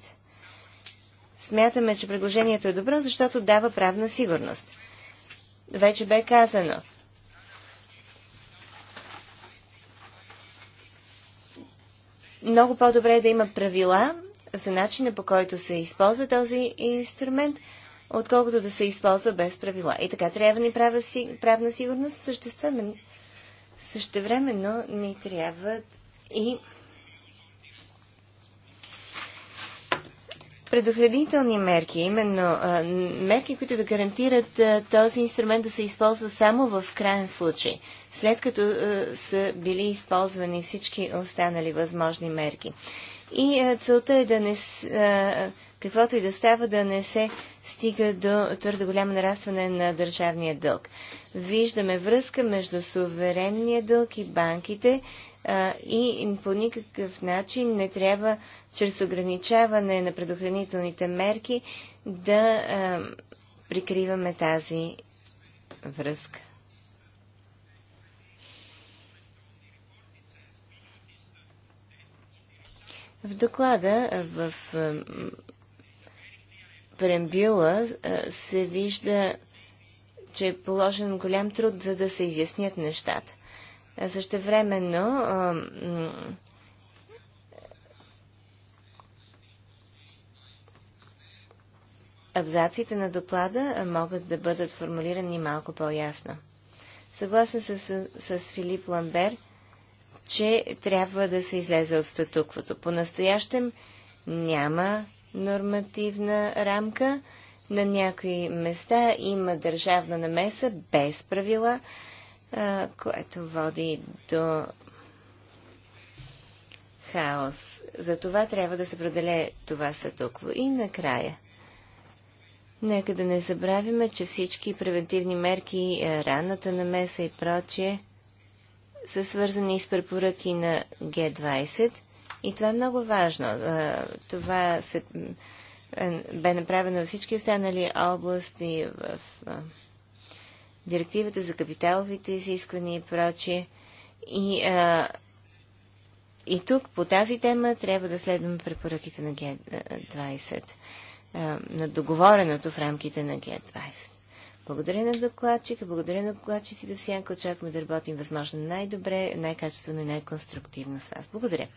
Speaker 2: Смятаме, че предложението е добро, защото дава правна сигурност. Вече бе казано. Много по-добре е да има правила за начина по който се използва този инструмент – отколкото да се използва без правила. И така трябва ни правна сигурност, съществено, същевременно ни трябва и предохранителни мерки, именно а, мерки, които да гарантират а, този инструмент да се използва само в крайен случай, след като а, са били използвани всички останали възможни мерки. И е, целта е да не, е, каквото и да става, да не се стига до твърде голямо нарастване на държавния дълг. Виждаме връзка между суверенния дълг и банките а, е, и по никакъв начин не трябва чрез ограничаване на предохранителните мерки да а, прикриваме тази връзка. В доклада в прембюла се вижда, че е положен голям труд, за да се изяснят нещата. Същевременно абзаците на доклада могат да бъдат формулирани малко по-ясно. Съгласен с, с, с Филип Ламбер – че трябва да се излезе от статуквото. По-настоящем няма нормативна рамка. На някои места има държавна намеса без правила, което води до хаос. За това трябва да се проделе това сътукво. И накрая. Нека да не забравяме, че всички превентивни мерки, е, ранната намеса и прочие са свързани с препоръки на Г-20 и това е много важно. Това се, е, бе направено във всички останали области в директивата за капиталовите изисквания и прочие. И, и тук по тази тема трябва да следваме препоръките на Г-20, на договореното в рамките на Г-20. Благодаря на докладчика, благодаря на докладчиците. Всяка очакваме да работим възможно най-добре, най-качествено и най-конструктивно с вас. Благодаря.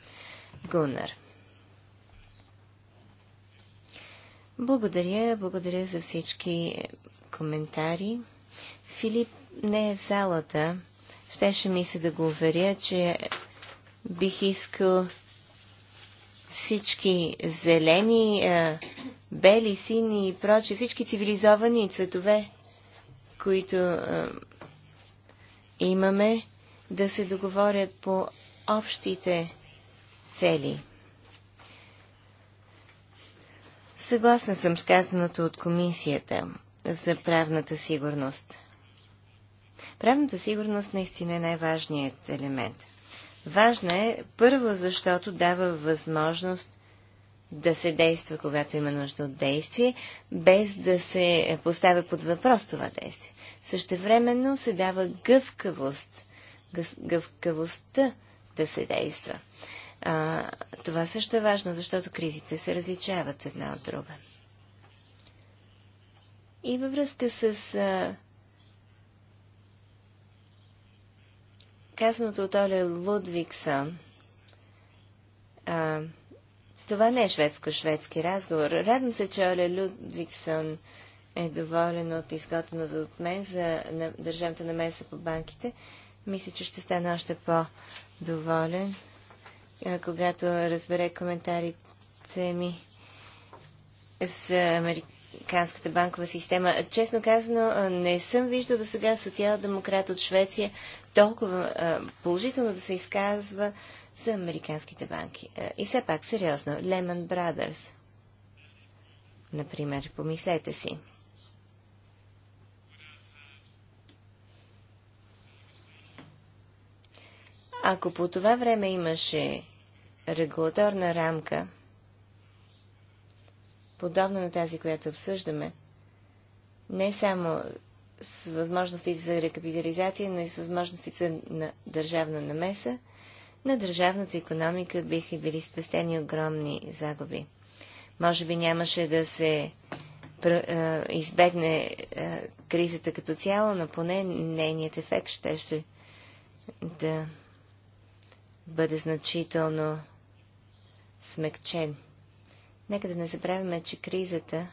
Speaker 2: Гунър. Благодаря, благодаря за всички коментари. Филип не е в залата. Щеше ми се да го уверя, че бих искал всички зелени, бели, сини и прочи, всички цивилизовани цветове които а, имаме, да се договорят по общите цели. Съгласна съм с казаното от комисията за правната сигурност. Правната сигурност наистина е най-важният елемент. Важна е първо, защото дава възможност да се действа, когато има нужда от действие, без да се поставя под въпрос това действие. Същевременно се дава гъвкавост, гъвкавостта да се действа. А, това също е важно, защото кризите се различават една от друга. И във връзка с а, казаното от Оля Лудвикса. а, това не е шведско-шведски разговор. Радвам се, че Оля Людвигсън е доволен от изготвеното от мен за на, държавната намеса по банките. Мисля, че ще стане още по-доволен, когато разбере коментарите ми с американската банкова система. Честно казано, не съм виждал до сега социал-демократ от Швеция толкова положително да се изказва за американските банки. Е, и все пак, сериозно, Lehman Brothers, например, помислете си. Ако по това време имаше регулаторна рамка, подобна на тази, която обсъждаме, не само с възможностите за рекапитализация, но и с възможностите на държавна намеса, на държавната економика биха били спестени огромни загуби. Може би нямаше да се избегне кризата като цяло, но поне нейният ефект ще, ще да бъде значително смекчен. Нека да не забравяме, че кризата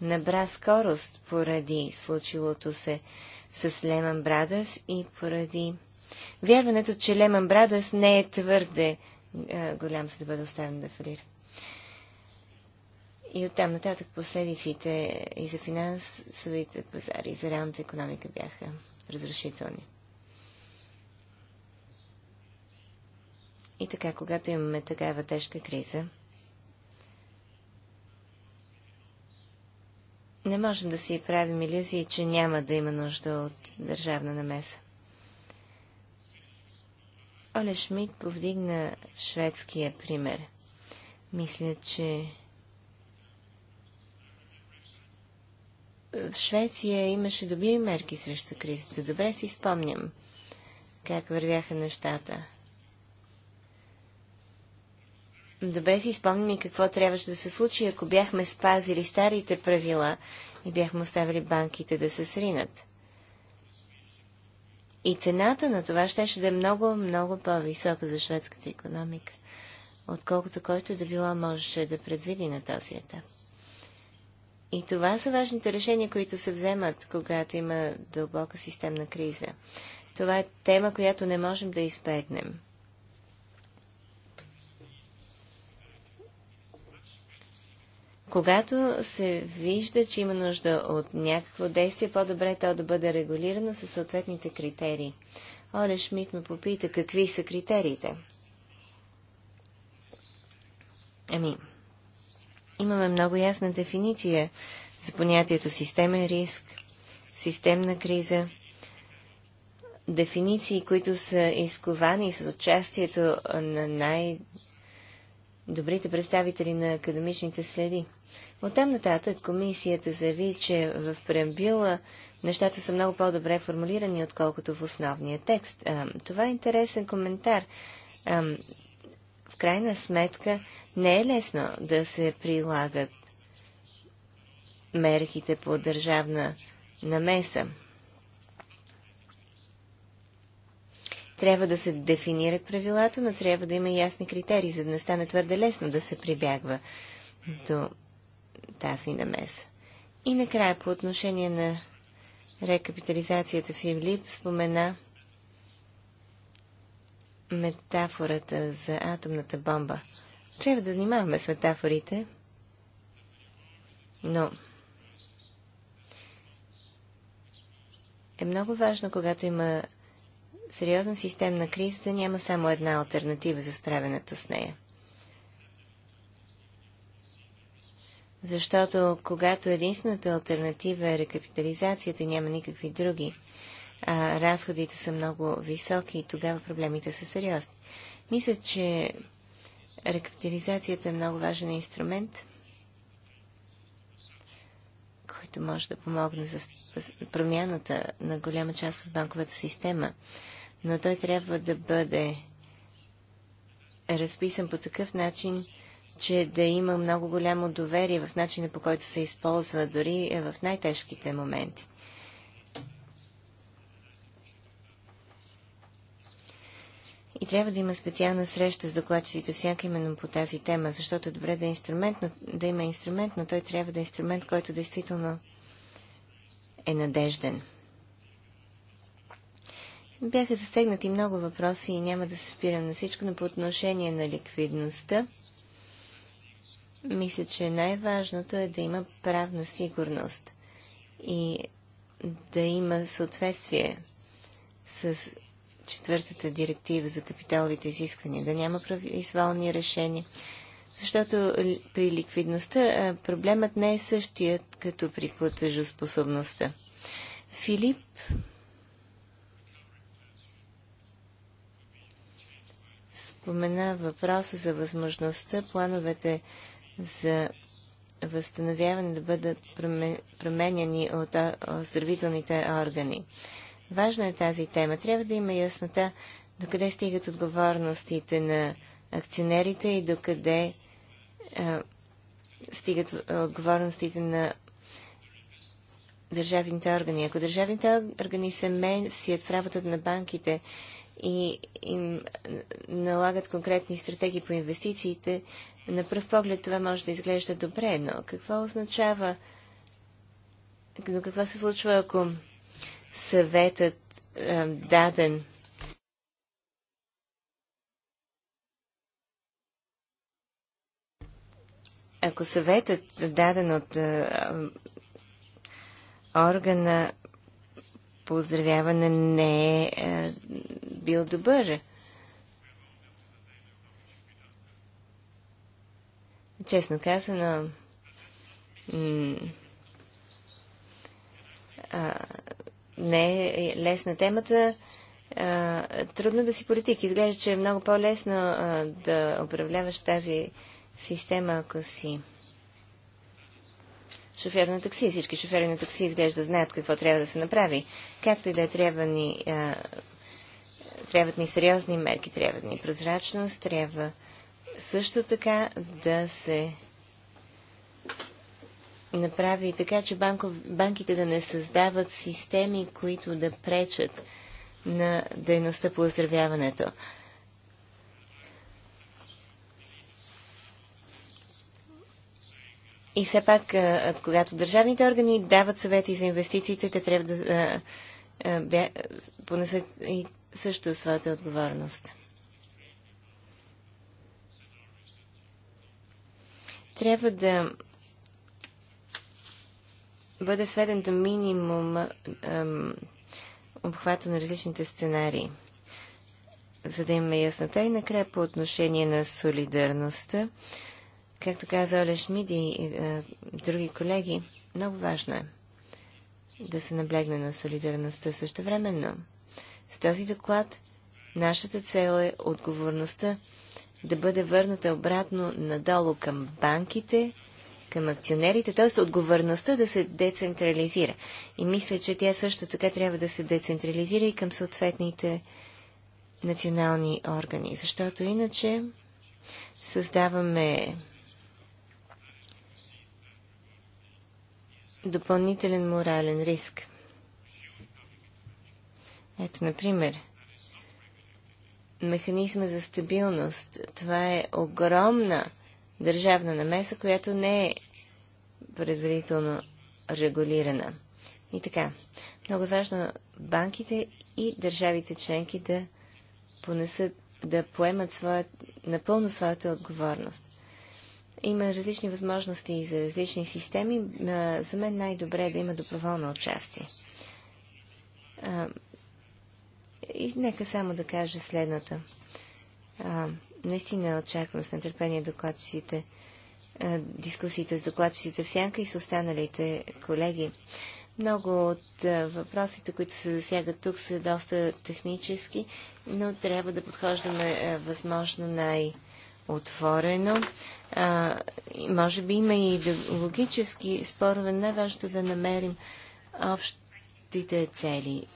Speaker 2: набра скорост поради случилото се с Леман Brothers и поради вярването, че Леман Brothers не е твърде е, голям, за да бъде оставен да фалира. И оттам нататък последиците и за финансовите пазари, и за реалната економика бяха разрушителни. И така, когато имаме такава тежка криза, не можем да си правим иллюзии, че няма да има нужда от държавна намеса. Оле Шмидт повдигна шведския пример. Мисля, че в Швеция имаше добри мерки срещу кризата. Добре си спомням как вървяха нещата. добре си спомням и какво трябваше да се случи, ако бяхме спазили старите правила и бяхме оставили банките да се сринат. И цената на това щеше да е много, много по-висока за шведската економика, отколкото който да било можеше да предвиди на този етап. И това са важните решения, които се вземат, когато има дълбока системна криза. Това е тема, която не можем да избегнем. Когато се вижда, че има нужда от някакво действие, по-добре е то да бъде регулирано със съответните критерии. Оле Шмидт ме попита какви са критериите. Ами, имаме много ясна дефиниция за понятието системен риск, системна криза, дефиниции, които са изковани с участието на най- добрите представители на академичните следи. Оттам нататък комисията заяви, че в преамбила нещата са много по-добре формулирани, отколкото в основния текст. А, това е интересен коментар. А, в крайна сметка не е лесно да се прилагат мерките по държавна намеса. Трябва да се дефинират правилата, но трябва да има ясни критерии, за да не стане твърде лесно да се прибягва до тази намеса. И накрая по отношение на рекапитализацията Филип спомена метафората за атомната бомба. Трябва да внимаваме с метафорите, но е много важно, когато има сериозна системна криза да няма само една альтернатива за справянето с нея. Защото когато единствената альтернатива е рекапитализацията, няма никакви други, а разходите са много високи и тогава проблемите са сериозни. Мисля, че рекапитализацията е много важен инструмент, който може да помогне за промяната на голяма част от банковата система но той трябва да бъде разписан по такъв начин, че да има много голямо доверие в начина по който се използва дори е в най-тежките моменти. И трябва да има специална среща с докладчиците всяка именно по тази тема, защото е добре да, е инструмент, но, да има инструмент, но той трябва да е инструмент, който действително е надежден. Бяха засегнати много въпроси и няма да се спирам на всичко, но по отношение на ликвидността, мисля, че най-важното е да има правна сигурност и да има съответствие с четвъртата директива за капиталовите изисквания, да няма извални решения. Защото при ликвидността проблемът не е същият като при платежоспособността. Филип спомена въпроса за възможността плановете за възстановяване да бъдат променяни от оздравителните органи. Важна е тази тема. Трябва да има яснота докъде стигат отговорностите на акционерите и докъде а, стигат отговорностите на държавните органи. Ако държавните органи се месят в работата на банките и им налагат конкретни стратегии по инвестициите, на пръв поглед това може да изглежда добре, но какво означава, но какво се случва, ако съветът е, даден ако съветът даден от е, органа поздравяване не е, е бил добър. Честно казано, не е лесна темата. Трудно да си политик. Изглежда, че е много по-лесно да управляваш тази система, ако си шофьор на такси. Всички шофьори на такси изглежда знаят какво трябва да се направи. Както и да е, трябва ни, а, трябват ни сериозни мерки, трябва ни прозрачност, трябва също така да се направи така, че банков, банките да не създават системи, които да пречат на дейността по оздравяването. И все пак, когато държавните органи дават съвети за инвестициите, те трябва да понесат и също своята отговорност. Трябва да бъде сведен до минимум обхвата на различните сценарии, за да имаме яснота и накрая по отношение на солидарността както каза Оля Шмиди и а, други колеги, много важно е да се наблегне на солидарността същевременно. С този доклад нашата цел е отговорността да бъде върната обратно надолу към банките, към акционерите, т.е. отговорността да се децентрализира. И мисля, че тя също така трябва да се децентрализира и към съответните национални органи, защото иначе създаваме допълнителен морален риск. Ето, например, механизма за стабилност. Това е огромна държавна намеса, която не е предварително регулирана. И така, много е важно банките и държавите членки да понесат, да поемат своят, напълно своята отговорност. Има различни възможности за различни системи. За мен най-добре е да има доброволно участие. И нека само да кажа следното. Наистина очаквам с нетърпение докладчиците, дискусиите с докладчиците в сянка и с останалите колеги. Много от въпросите, които се засягат тук, са доста технически, но трябва да подхождаме възможно най- отворено. А, може би има и идеологически спорове. Най-важното е да намерим общите цели.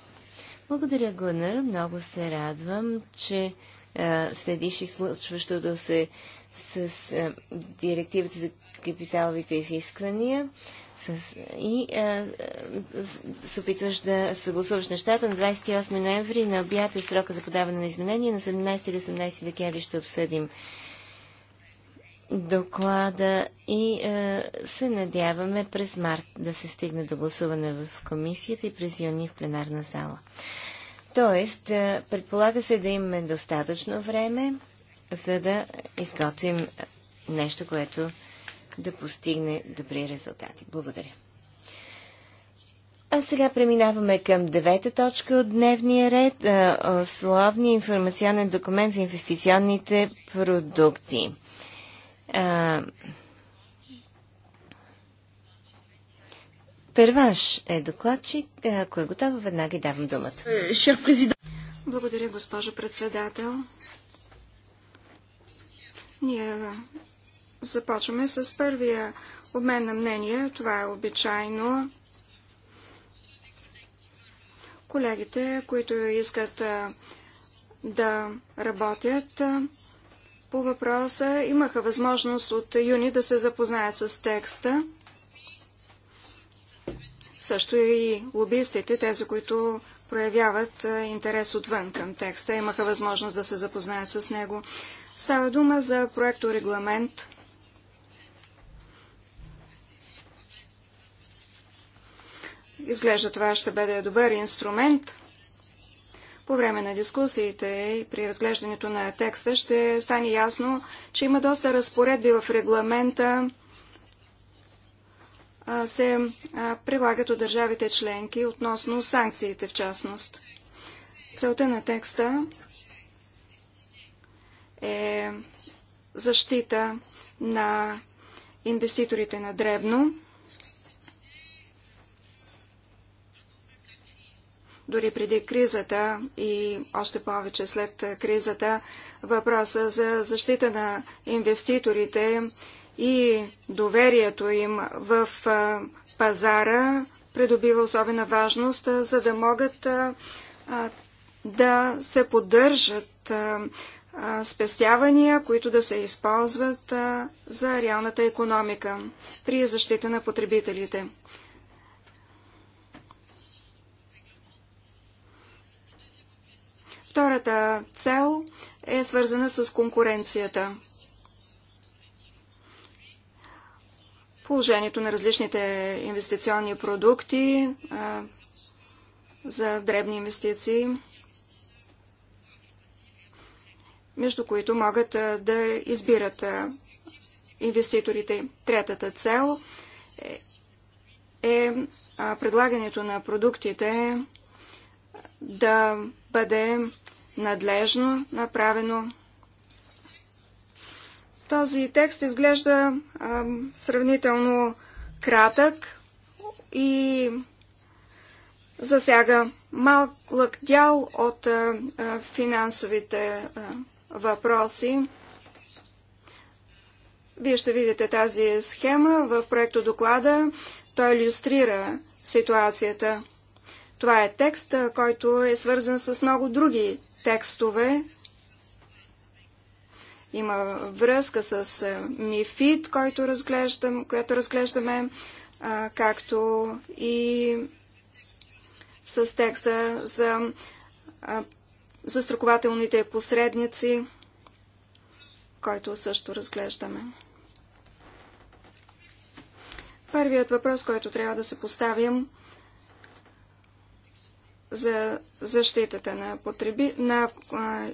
Speaker 2: Благодаря, Гунър. Много се радвам, че а, следиш и случващото се с а, директивата за капиталовите изисквания с, и а, се опитваш да съгласуваш нещата. На 28 ноември на обяд е срока за подаване на изменения. На 17 или 18 декември ще обсъдим доклада и е, се надяваме през март да се стигне до гласуване в комисията и през юни в пленарна зала. Тоест, е, предполага се да имаме достатъчно време, за да изготвим нещо, което да постигне добри резултати. Благодаря. А сега преминаваме към девета точка от дневния ред. Е, Словния информационен документ за инвестиционните продукти. Перванш е докладчик. Ако е готова, веднага давам думата. Е,
Speaker 1: Благодаря, госпожо председател. Ние започваме с първия обмен на мнение. Това е обичайно. Колегите, които искат да работят, по въпроса имаха възможност от юни да се запознаят с текста. Също и лобистите, тези, които проявяват интерес отвън към текста, имаха възможност да се запознаят с него. Става дума за проекто регламент. Изглежда това ще бъде добър инструмент – по време на дискусиите и при разглеждането на текста ще стане ясно, че има доста разпоредби в регламента, се прилагат от държавите членки относно санкциите в частност. Целта на текста е защита на инвеститорите на дребно, дори преди кризата и още повече след кризата, въпроса за защита на инвеститорите и доверието им в пазара придобива особена важност, за да могат да се поддържат спестявания, които да се използват за реалната економика при защита на потребителите. Втората цел е свързана с конкуренцията. Положението на различните инвестиционни продукти а, за дребни инвестиции, между които могат а, да избират а, инвеститорите. Третата цел е, е предлагането на продуктите да бъде надлежно направено. Този текст изглежда а, сравнително кратък и засяга малък дял от а, финансовите а, въпроси. Вие ще видите тази схема в проекто доклада. Той иллюстрира ситуацията. Това е текст, който е свързан с много други текстове. Има връзка с е, МИФИД, който разглеждам, която разглеждаме, както и с текста за застрахователните посредници, който също разглеждаме. Първият въпрос, който трябва да се поставим за защитата на, потреби, на а,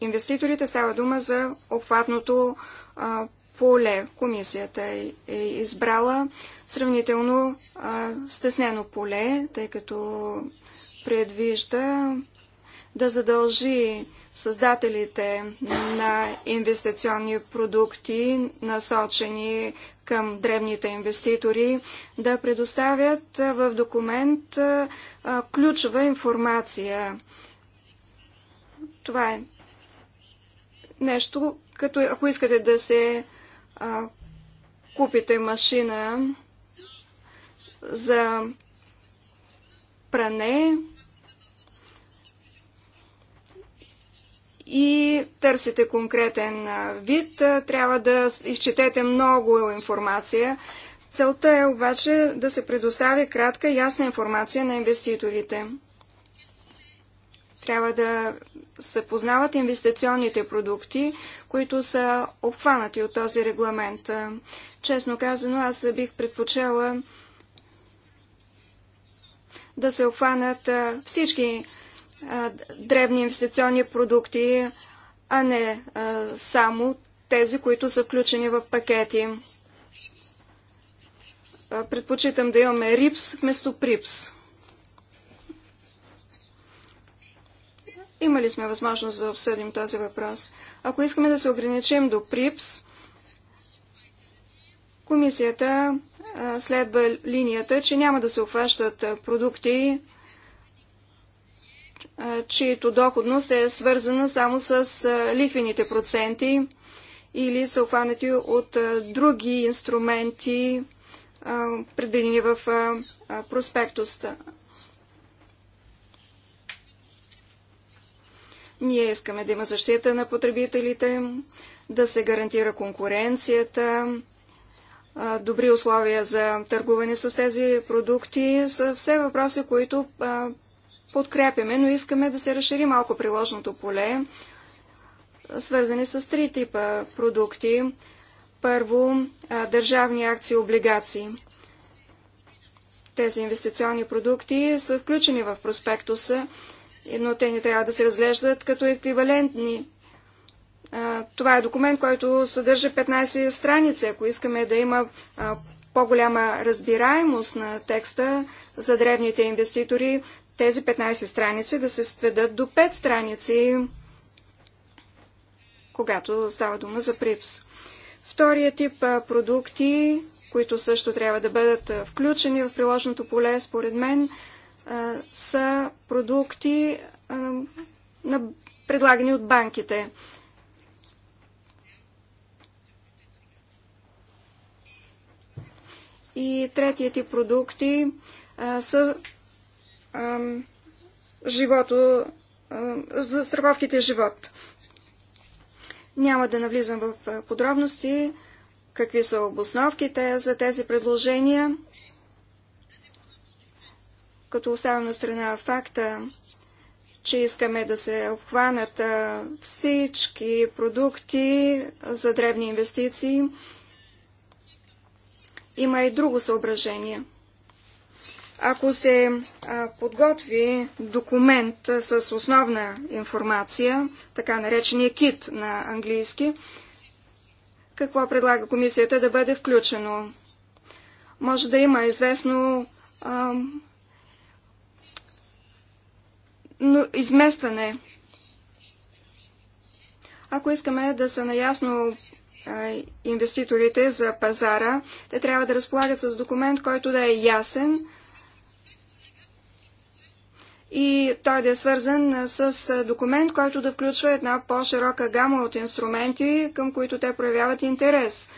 Speaker 1: инвеститорите. Става дума за обхватното а, поле. Комисията е, е, избрала сравнително а, стеснено поле, тъй като предвижда да задължи създателите на инвестиционни продукти, насочени към древните инвеститори да предоставят в документ ключова информация. Това е нещо, като ако искате да се а, купите машина за пране, и търсите конкретен вид, трябва да изчетете много информация. Целта е обаче да се предостави кратка и ясна информация на инвеститорите. Трябва да се познават инвестиционните продукти, които са обхванати от този регламент. Честно казано, аз бих предпочела да се обхванат всички древни инвестиционни продукти, а не само тези, които са включени в пакети. Предпочитам да имаме РИПС вместо ПРИПС. Имали сме възможност да обсъдим този въпрос. Ако искаме да се ограничим до ПРИПС, комисията следва линията, че няма да се обхващат продукти, чието доходност е свързана само с лихвените проценти или са обхванати от други инструменти, предвидени в проспектуста. Ние искаме да има защита на потребителите, да се гарантира конкуренцията, добри условия за търгуване с тези продукти. Са все въпроси, които подкрепяме, но искаме да се разшири малко приложното поле, свързани с три типа продукти. Първо, държавни акции и облигации. Тези инвестиционни продукти са включени в проспектуса, но те не трябва да се разглеждат като еквивалентни. Това е документ, който съдържа 15 страници. Ако искаме да има по-голяма разбираемост на текста за древните инвеститори, тези 15 страници да се сведат до 5 страници, когато става дума за припс. Втория тип продукти, които също трябва да бъдат включени в приложното поле, според мен, са продукти, предлагани от банките. И третия тип продукти са живото, за страховките живот. Няма да навлизам в подробности какви са обосновките за тези предложения, като оставям на страна факта, че искаме да се обхванат всички продукти за древни инвестиции. Има и друго съображение – ако се подготви документ с основна информация, така наречения кит на английски, какво предлага комисията да бъде включено? Може да има известно а, но изместване. Ако искаме да са наясно инвеститорите за пазара, те трябва да разполагат с документ, който да е ясен, и той да е свързан с документ, който да включва една по-широка гама от инструменти, към които те проявяват интерес.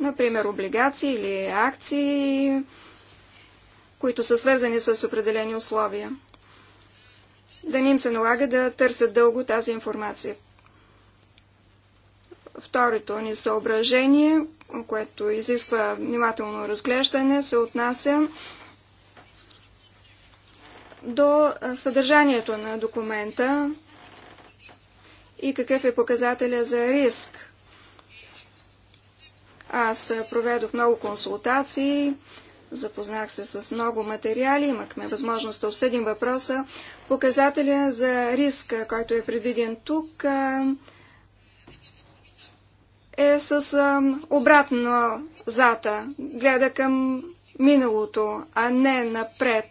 Speaker 1: Например, облигации или акции, които са свързани с определени условия. Да не им се налага да търсят дълго тази информация. Второто ни съображение, което изисква внимателно разглеждане, се отнася до съдържанието на документа и какъв е показателя за риск. Аз проведох много консултации, запознах се с много материали, имахме възможност да обсъдим въпроса. Показателя за риск, който е предвиден тук, е с обратно зата. Гледа към миналото, а не напред.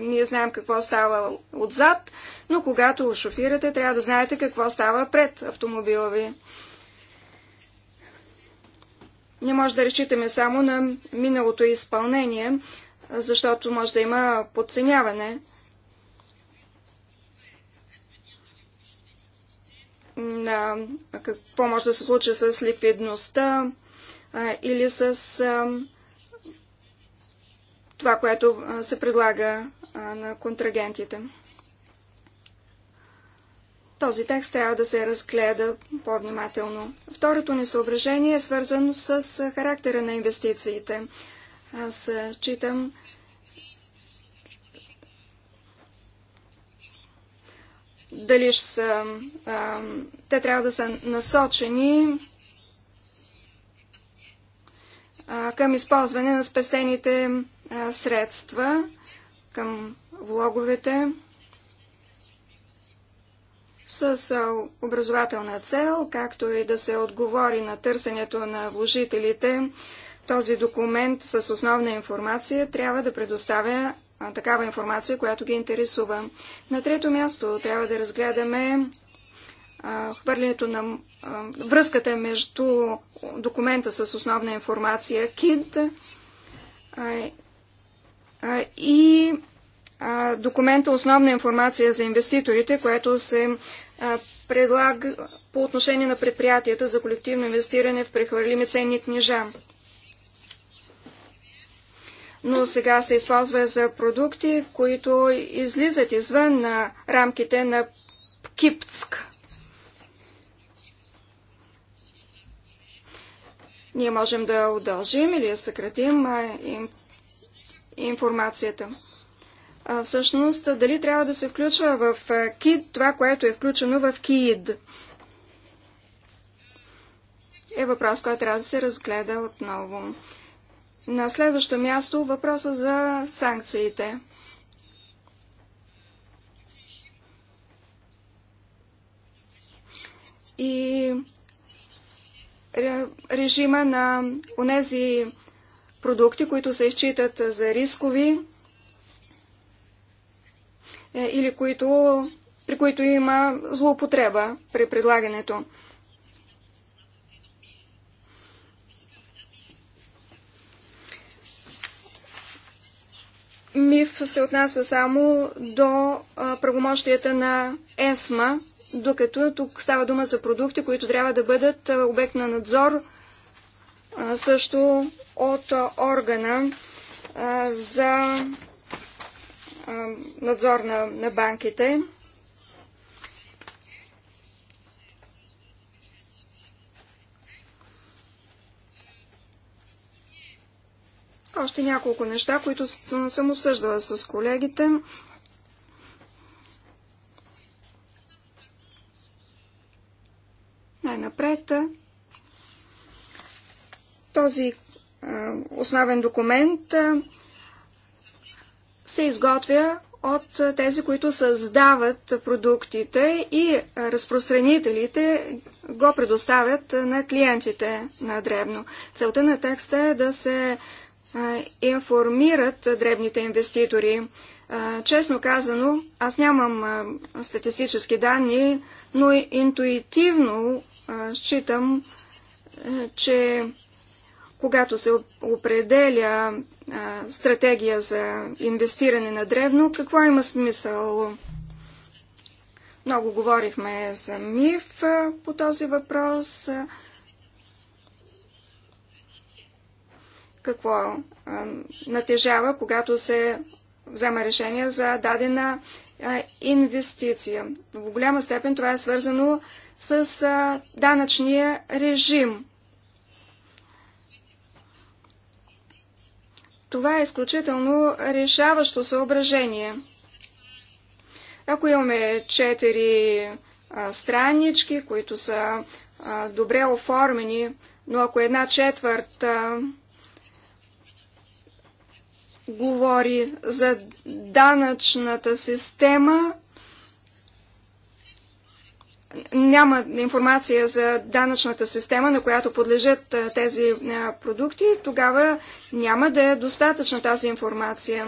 Speaker 1: Ние знаем какво става отзад, но когато шофирате, трябва да знаете какво става пред автомобила ви. Не може да разчитаме само на миналото изпълнение, защото може да има подценяване. на какво може да се случи с ликвидността а, или с а, това, което се предлага на контрагентите. Този текст трябва да се разгледа по-внимателно. Второто ни съображение е свързано с характера на инвестициите. Аз читам, дали ще са, те трябва да са насочени към използване на спестените средства към влоговете с образователна цел, както и да се отговори на търсенето на вложителите. Този документ с основна информация трябва да предоставя такава информация, която ги интересува. На трето място трябва да разгледаме хвърлянето на връзката между документа с основна информация КИД и документа основна информация за инвеститорите, което се предлага по отношение на предприятията за колективно инвестиране в прехвърлими ценни книжа. Но сега се използва за продукти, които излизат извън на рамките на КИПЦК. Ние можем да удължим или съкратим информацията. А, всъщност, дали трябва да се включва в КИД това, което е включено в КИД? Е въпрос, който трябва да се разгледа отново. На следващо място въпроса за санкциите. И режима на онези продукти, които се изчитат за рискови е, или които, при които има злоупотреба при предлагането. МИФ се отнася само до правомощията на ЕСМА, докато тук става дума за продукти, които трябва да бъдат обект на надзор също от органа за надзор на, на банките. Още няколко неща, които съм обсъждала с колегите. Най-напред този основен документ се изготвя от тези, които създават продуктите и разпространителите го предоставят на клиентите на дребно. Целта на текста е да се информират дребните инвеститори. Честно казано, аз нямам статистически данни, но интуитивно считам, че когато се определя а, стратегия за инвестиране на древно, какво има смисъл? Много говорихме за миф а, по този въпрос. Какво а, натежава, когато се взема решение за дадена а, инвестиция? В голяма степен това е свързано с а, данъчния режим Това е изключително решаващо съображение. Ако имаме четири странички, които са добре оформени, но ако една четвърт говори за данъчната система, няма информация за данъчната система, на която подлежат тези продукти, тогава няма да е достатъчна тази информация.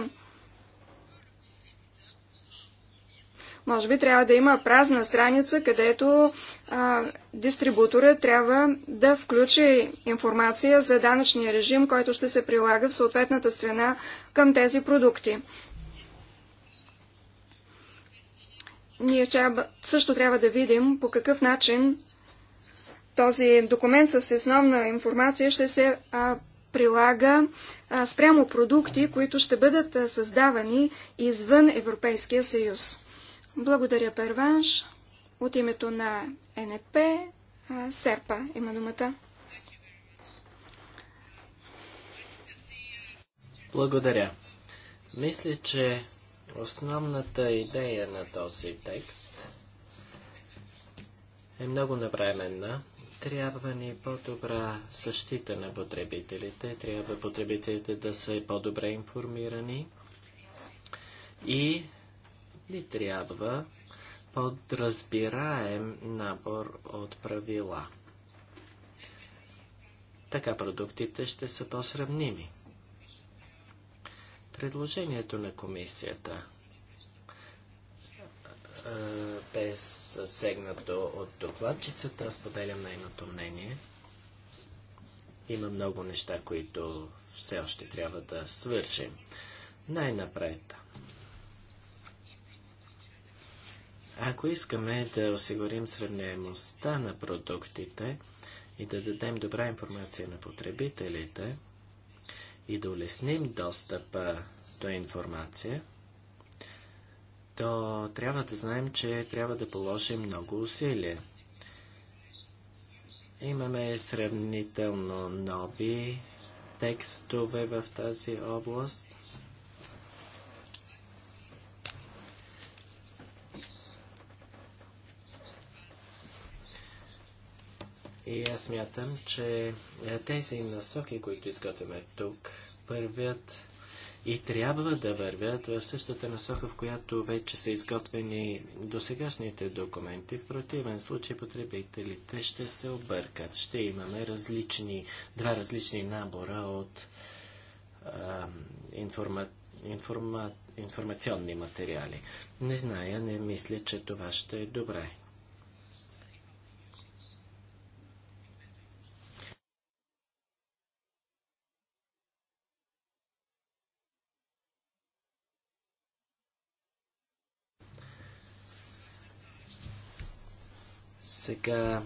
Speaker 1: Може би трябва да има празна страница, където а, дистрибутора трябва да включи информация за данъчния режим, който ще се прилага в съответната страна към тези продукти. ние също трябва да видим по какъв начин този документ с основна информация ще се а, прилага а, спрямо продукти, които ще бъдат а, създавани извън Европейския съюз. Благодаря, Перванш. От името на НП а, Серпа има думата.
Speaker 3: Благодаря. Мисля, че Основната идея на този текст е много навременна. Трябва ни по-добра защита на потребителите, трябва потребителите да са по-добре информирани и ни трябва подразбираем набор от правила. Така продуктите ще са по-сравними. Предложението на комисията без сегнато от докладчицата, аз споделям нейното мнение. Има много неща, които все още трябва да свършим. Най-напред. Ако искаме да осигурим сравняемостта на продуктите и да дадем добра информация на потребителите, и да улесним достъпа до информация, то трябва да знаем, че трябва да положим много усилия. Имаме сравнително нови текстове в тази област – И аз смятам, че е, тези насоки, които изготвяме тук, вървят и трябва да вървят в същата насока, в която вече са изготвени досегашните документи. В противен случай потребителите ще се объркат. Ще имаме различни, два различни набора от а, информа, информа, информационни материали. Не зная, не мисля, че това ще е добре. Сега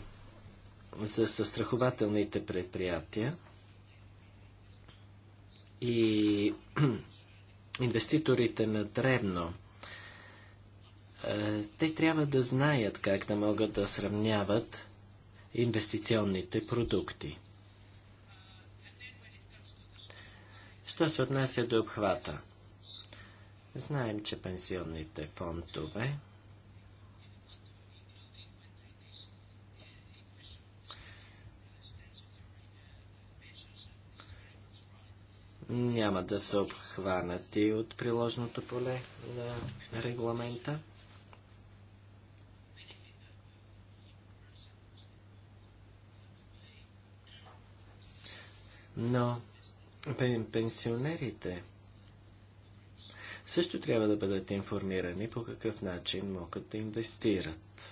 Speaker 3: за състрахователните предприятия и инвеститорите на древно, е, Те трябва да знаят как да могат да сравняват инвестиционните продукти. Що се отнася до обхвата? Знаем, че пенсионните фондове няма да са обхванати от приложното поле на регламента. Но пенсионерите също трябва да бъдат информирани по какъв начин могат да инвестират.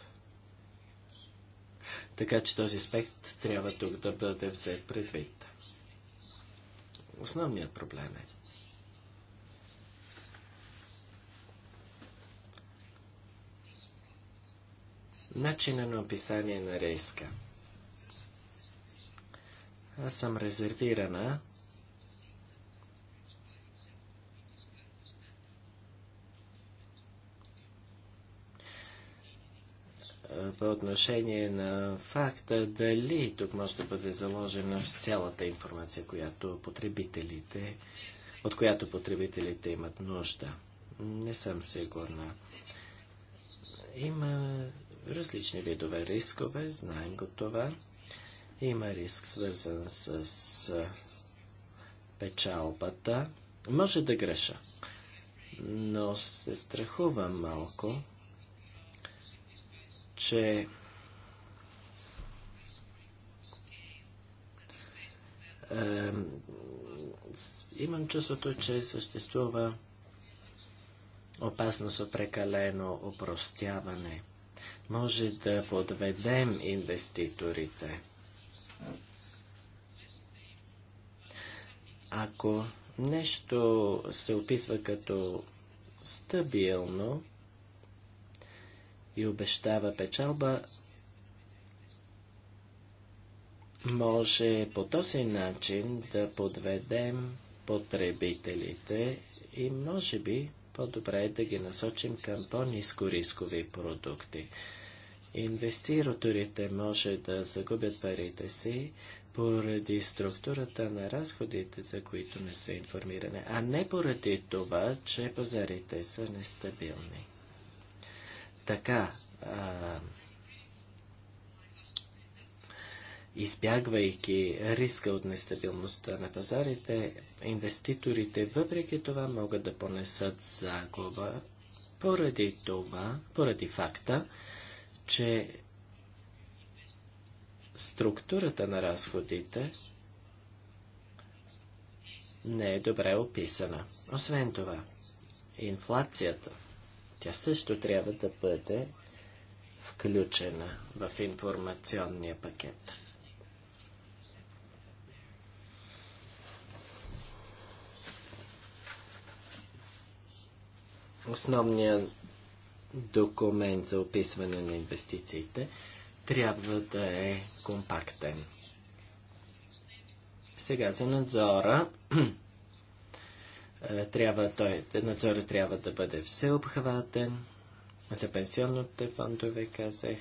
Speaker 3: Така че този аспект трябва тук да бъде взет предвид. Основният проблем е. Начина на описание на рейска. Аз съм резервирана по отношение на факта дали тук може да бъде заложена в цялата информация, която потребителите, от която потребителите имат нужда. Не съм сигурна. Има различни видове рискове, знаем го това. Има риск свързан с печалбата. Може да греша, но се страхувам малко, че е, имам чувството, че съществува опасност от прекалено опростяване. Може да подведем инвеститорите. Ако нещо се описва като стабилно, и обещава печалба, може по този начин да подведем потребителите и може би по-добре е да ги насочим към по-низко рискови продукти. Инвеститорите може да загубят парите си поради структурата на разходите, за които не са информирани, а не поради това, че пазарите са нестабилни така, а, избягвайки риска от нестабилността на пазарите, инвеститорите въпреки това могат да понесат загуба поради това, поради факта, че структурата на разходите не е добре описана. Освен това, инфлацията – тя също трябва да бъде включена в информационния пакет. Основният документ за описване на инвестициите трябва да е компактен. Сега за надзора Е, трябва, той, надзорът трябва да бъде всеобхватен. За пенсионните фондове казах,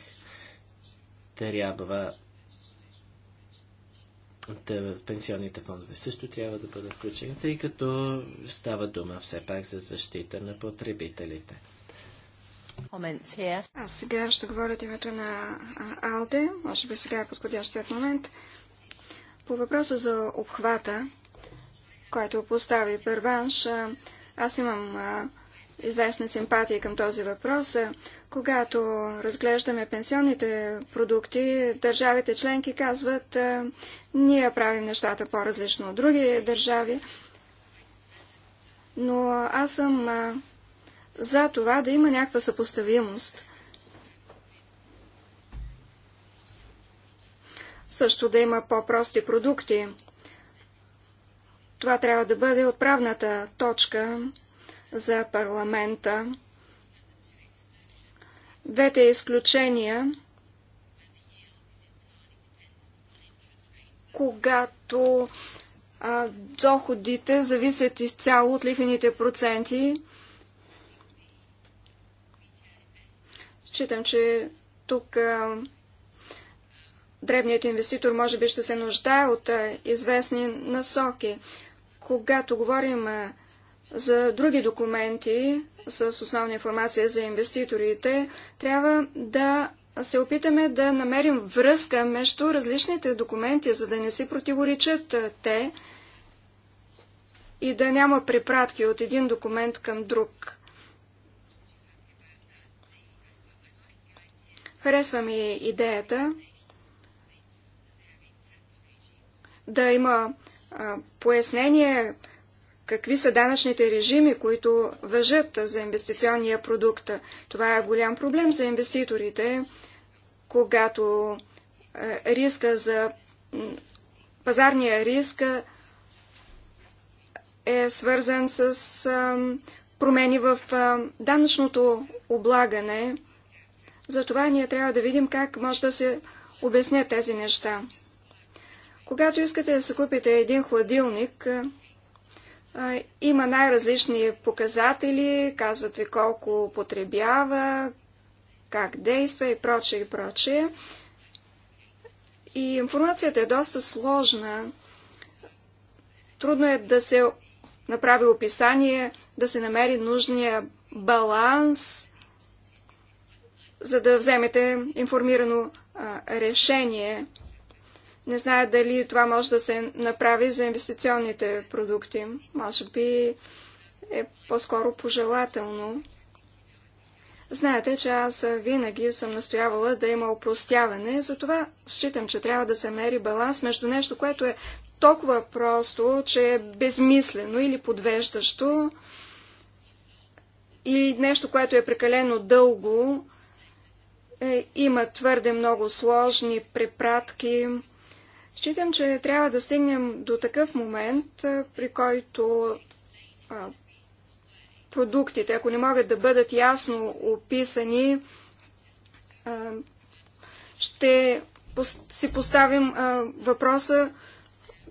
Speaker 3: трябва да, пенсионните фондове също трябва да бъдат включени, тъй като става дума все пак за защита на потребителите.
Speaker 1: Аз сега ще говоря от името на Алде. Може би сега е подходящият момент. По въпроса за обхвата, който постави перванш. Аз имам известна симпатия към този въпрос. Когато разглеждаме пенсионните продукти, държавите членки казват, ние правим нещата по-различно от други държави. Но аз съм за това да има някаква съпоставимост. Също да има по-прости продукти. Това трябва да бъде отправната точка за парламента. Двете изключения, когато а, доходите зависят изцяло от лихвените проценти, считам, че тук а, дребният инвеститор може би ще се нуждае от а, известни насоки. Когато говорим за други документи с основна информация за инвеститорите, трябва да се опитаме да намерим връзка между различните документи, за да не си противоречат те и да няма препратки от един документ към друг. Харесва ми идеята да има пояснение какви са данъчните режими, които въжат за инвестиционния продукт. Това е голям проблем за инвеститорите, когато риска за пазарния риск е свързан с промени в данъчното облагане. Затова ние трябва да видим как може да се обяснят тези неща. Когато искате да се купите един хладилник, има най-различни показатели, казват ви колко потребява, как действа и прочее и прочее. И информацията е доста сложна. Трудно е да се направи описание, да се намери нужния баланс, за да вземете информирано а, решение. Не зная дали това може да се направи за инвестиционните продукти. Може би е по-скоро пожелателно. Знаете, че аз винаги съм настоявала да има опростяване, затова считам, че трябва да се мери баланс между нещо, което е толкова просто, че е безмислено или подвеждащо, и нещо, което е прекалено дълго, е, има твърде много сложни препратки, Считам, че трябва да стигнем до такъв момент, при който а, продуктите, ако не могат да бъдат ясно описани, а, ще си поставим а, въпроса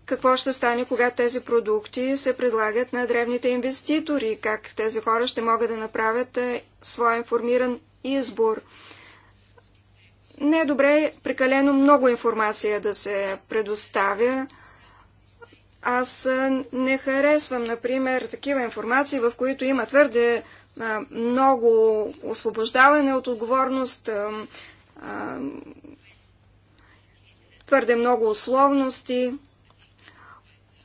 Speaker 1: какво ще стане, когато тези продукти се предлагат на древните инвеститори, как тези хора ще могат да направят своя информиран избор. Не е добре прекалено много информация да се предоставя. Аз не харесвам, например, такива информации, в които има твърде много освобождаване от отговорност, твърде много условности.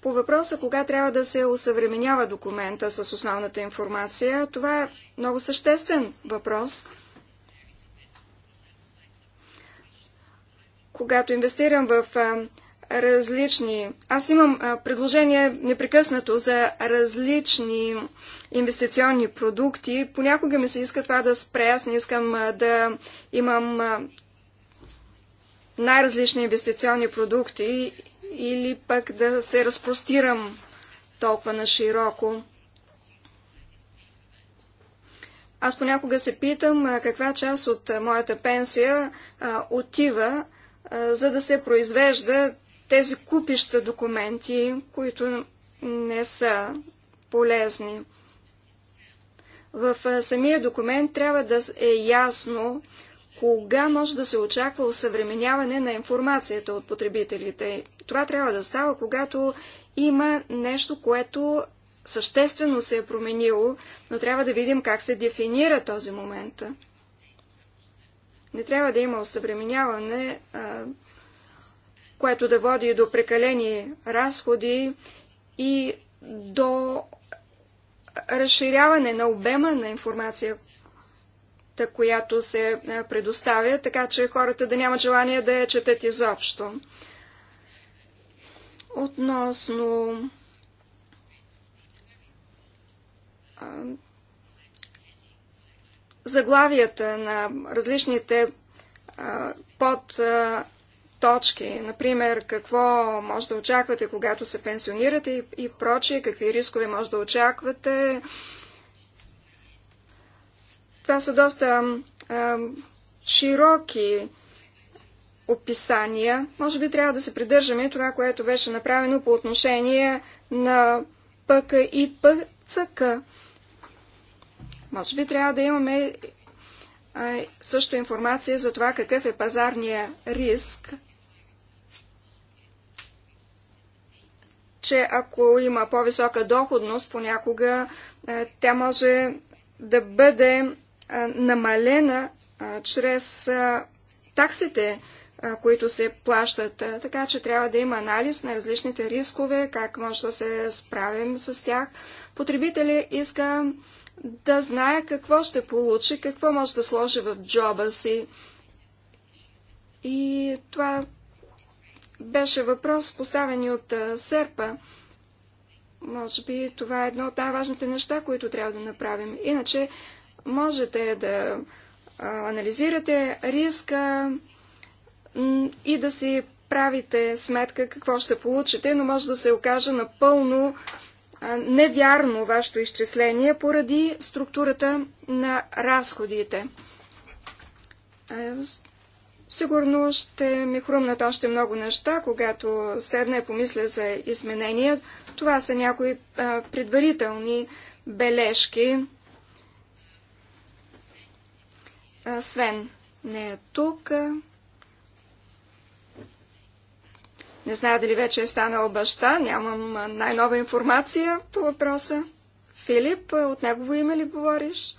Speaker 1: По въпроса кога трябва да се осъвременява документа с основната информация, това е много съществен въпрос. когато инвестирам в различни... Аз имам предложение непрекъснато за различни инвестиционни продукти. Понякога ми се иска това да спре. Аз не искам да имам най-различни инвестиционни продукти или пък да се разпростирам толкова на широко. Аз понякога се питам каква част от моята пенсия а, отива за да се произвежда тези купища документи, които не са полезни. В самия документ трябва да е ясно кога може да се очаква усъвременяване на информацията от потребителите. Това трябва да става, когато има нещо, което съществено се е променило, но трябва да видим как се дефинира този момент. Не трябва да има осъвременяване, което да води до прекалени разходи и до разширяване на обема на информацията, която се предоставя, така че хората да нямат желание да я четат изобщо. Относно заглавията на различните под точки, например, какво може да очаквате, когато се пенсионирате и, и прочие, какви рискове може да очаквате. Това са доста а, широки описания. Може би трябва да се придържаме това, което беше направено по отношение на ПК и ПЦК. Може би трябва да имаме а, също информация за това какъв е пазарния риск, че ако има по-висока доходност, понякога а, тя може да бъде а, намалена а, чрез таксите, които се плащат. Така че трябва да има анализ на различните рискове, как може да се справим с тях. Потребители иска да знае какво ще получи, какво може да сложи в джоба си. И това беше въпрос поставен от Серпа. Може би това е едно от най-важните неща, които трябва да направим. Иначе можете да анализирате риска и да си правите сметка какво ще получите, но може да се окаже напълно невярно вашето изчисление поради структурата на разходите. Сигурно ще ми хрумнат още много неща, когато седна и помисля за изменения. Това са някои предварителни бележки. Свен не е тук. Не зная дали вече е станал баща, нямам най-нова информация по въпроса. Филип, от негово име ли говориш?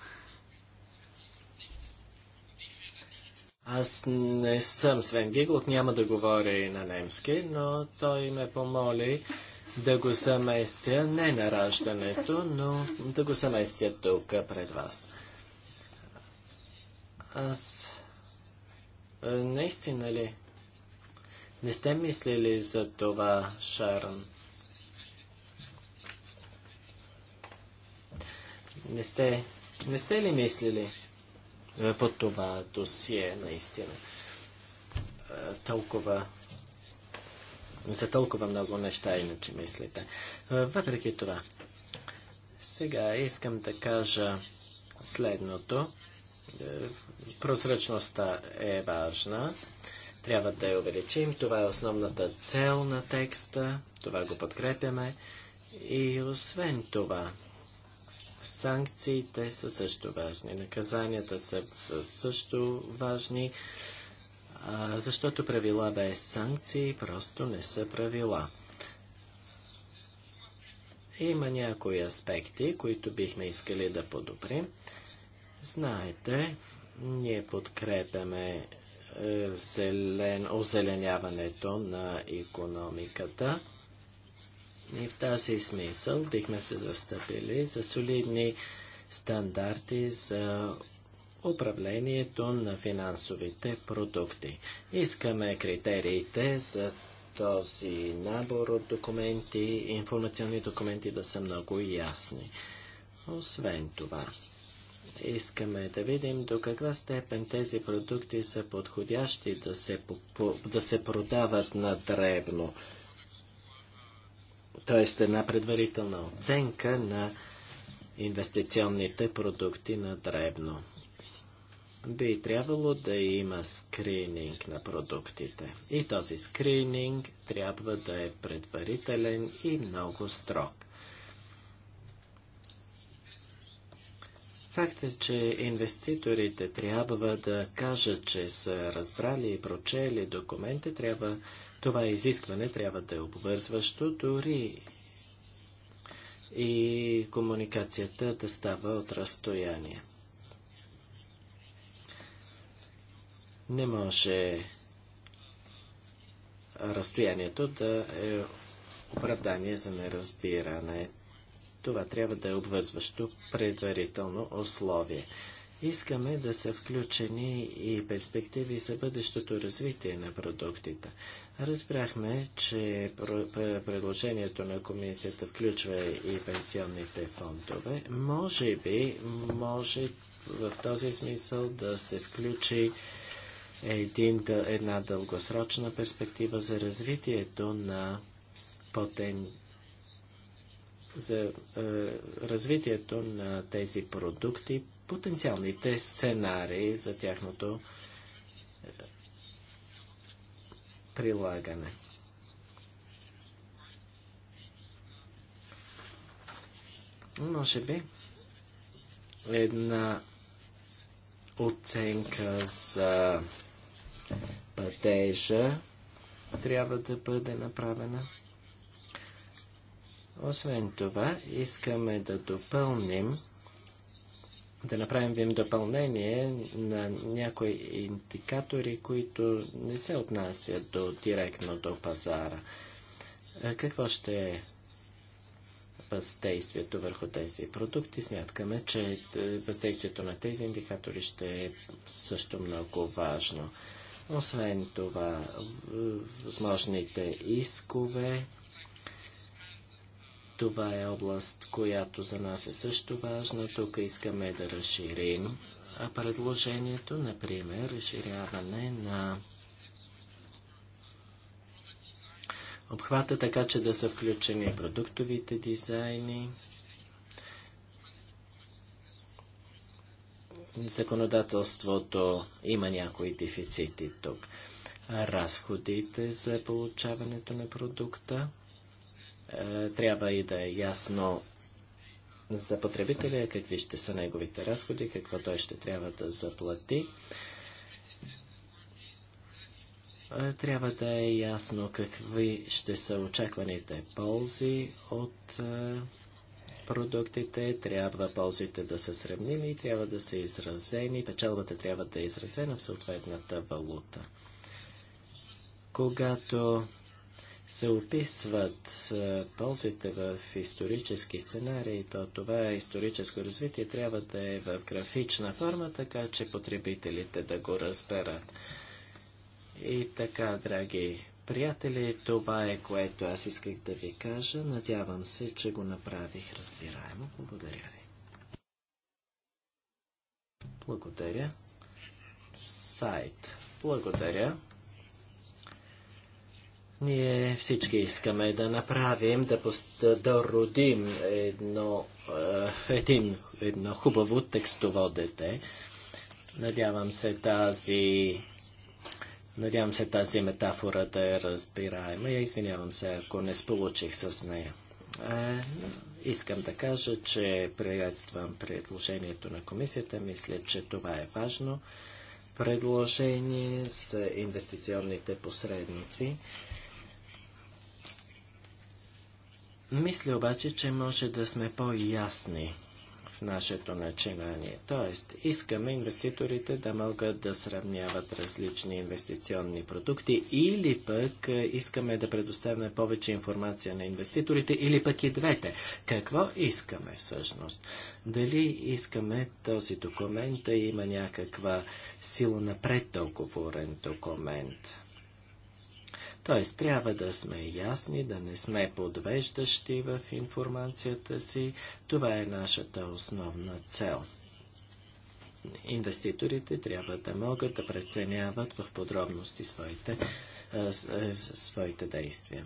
Speaker 3: Аз не съм Свен Гиглот, няма да говоря и на немски, но той ме помоли да го заместя не на раждането, но да го заместя тук пред вас. Аз... Наистина ли? Не сте мислили за това, Шарон? Не сте, не сте ли мислили е, по това досие, наистина? Е, толкова за толкова много неща, иначе мислите. Е, въпреки това, сега искам да кажа следното. Прозрачността е важна. Трябва да я увеличим. Това е основната цел на текста. Това го подкрепяме. И освен това, санкциите са също важни. Наказанията са също важни, защото правила без санкции просто не са правила. Има някои аспекти, които бихме искали да подобрим. Знаете, ние подкрепяме е, озеленяването на економиката. И в този смисъл бихме се застъпили за солидни стандарти за управлението на финансовите продукти. Искаме критериите за този набор от документи, информационни документи да са много ясни. Освен това, Искаме да видим до каква степен тези продукти са подходящи да се, по, да се продават на дребно. Тоест една предварителна оценка на инвестиционните продукти на дребно. Би трябвало да има скрининг на продуктите. И този скрининг трябва да е предварителен и много строг. Факт е, че инвеститорите трябва да кажат, че са разбрали и прочели документи, трябва, това изискване трябва да е обвързващо, дори и комуникацията да става от разстояние. Не може разстоянието да е оправдание за неразбиране. Това трябва да е обвързващо предварително условие. Искаме да са включени и перспективи за бъдещото развитие на продуктите. Разбрахме, че предложението на комисията включва и пенсионните фондове. Може би, може в този смисъл да се включи един, една дългосрочна перспектива за развитието на потен, за е, развитието на тези продукти, потенциалните сценарии за тяхното е, прилагане. Може би една оценка за пътежа трябва да бъде направена. Освен това, искаме да допълним, да направим допълнение на някои индикатори, които не се отнасят до, директно до пазара. Е, какво ще е въздействието върху тези продукти? Смяткаме, че е, въздействието на тези индикатори ще е също много важно. Освен това, възможните искове, това е област, която за нас е също важна. Тук искаме да разширим предложението, например, разширяване на обхвата, така че да са включени продуктовите дизайни, законодателството има някои дефицити тук. Разходите за получаването на продукта е, трябва и да е ясно за потребителя какви ще са неговите разходи, какво той ще трябва да заплати. Е, трябва да е ясно какви ще са очакваните ползи от е, продуктите, трябва ползите да са сравними и трябва да са изразени, печалбата трябва да е изразена в съответната валута. Когато се описват ползите в исторически сценарии, то това историческо развитие трябва да е в графична форма, така че потребителите да го разберат. И така, драги приятели, това е което аз исках да ви кажа. Надявам се, че го направих разбираемо. Благодаря ви. Благодаря. Сайт. Благодаря. Ние всички искаме да направим, да, пост... да родим едно, е, един, едно хубаво текстово дете. Надявам се тази Надявам се тази метафора да е разбираема. Я извинявам се, ако не сполучих с нея. Е, искам да кажа, че приветствам предложението на комисията. Мисля, че това е важно. Предложение за инвестиционните посредници. Мисля обаче, че може да сме по-ясни в нашето начинание. Тоест, искаме инвеститорите да могат да сравняват различни инвестиционни продукти или пък е, искаме да предоставяме повече информация на инвеститорите или пък и двете. Какво искаме всъщност? Дали искаме този документ да има някаква сила на преддоговорен документ? Т.е. трябва да сме ясни, да не сме подвеждащи в информацията си. Това е нашата основна цел. Инвеститорите трябва да могат да преценяват в подробности своите, а, своите действия.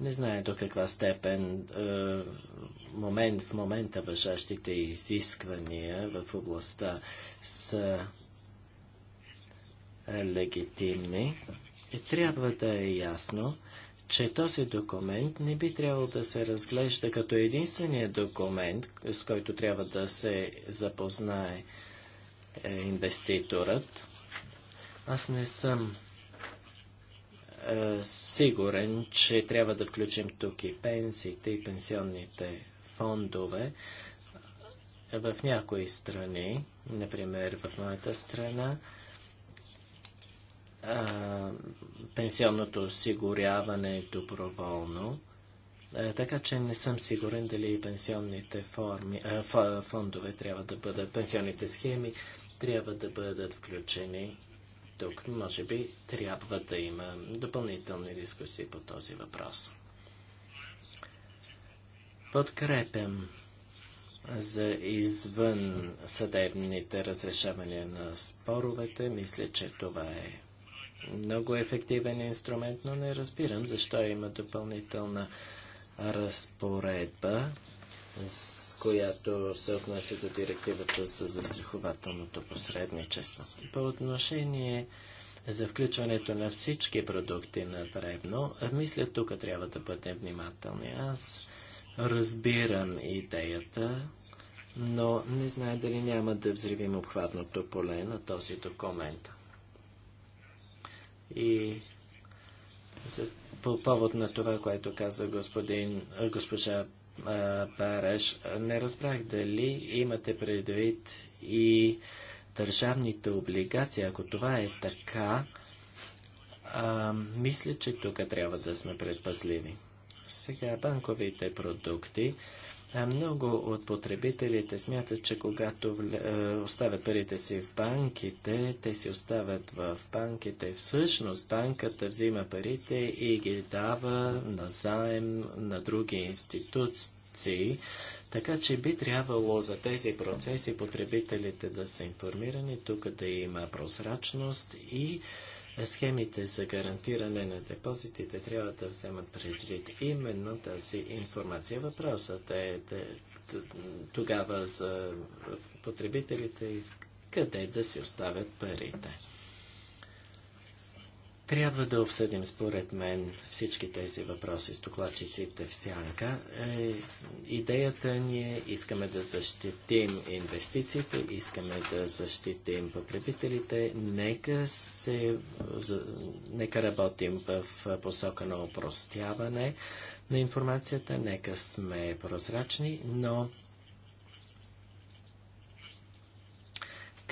Speaker 3: Не знае до каква степен момент, в момента въжащите изисквания в областта са легитимни. И трябва да е ясно, че този документ не би трябвало да се разглежда като единствения документ, с който трябва да се запознае е, инвеститорът. Аз не съм е, сигурен, че трябва да включим тук и пенсиите и пенсионните фондове в някои страни, например в моята страна, пенсионното осигуряване е доброволно, така че не съм сигурен дали пенсионните форми, фондове трябва да бъдат, пенсионните схеми трябва да бъдат включени тук. Може би трябва да има допълнителни дискусии по този въпрос. Подкрепям за извън съдебните разрешавания на споровете. Мисля, че това е много ефективен инструмент, но не разбирам защо има допълнителна разпоредба, с която се отнася до директивата за застрахователното посредничество. По отношение за включването на всички продукти на дребно, мисля, тук трябва да бъдем внимателни. Аз Разбирам идеята, но не знае дали няма да взривим обхватното поле на този документ. И за, по повод на това, което каза господин, госпожа а, Бареш, не разбрах дали имате предвид и държавните облигации. Ако това е така, а, мисля, че тук трябва да сме предпазливи. Сега банковите продукти. Много от потребителите смятат, че когато оставят парите си в банките, те си остават в банките. Всъщност банката взима парите и ги дава на заем на други институции. Така че би трябвало за тези процеси потребителите да са информирани, тук да има прозрачност и е, схемите за гарантиране на депозитите трябва да вземат предвид именно тази информация. Въпросът е да, тогава за потребителите къде да си оставят парите. Трябва да обсъдим, според мен, всички тези въпроси с докладчиците в сянка. Е, идеята ни е, искаме да защитим инвестициите, искаме да защитим потребителите. Нека, се, нека работим в посока на опростяване на информацията, нека сме прозрачни, но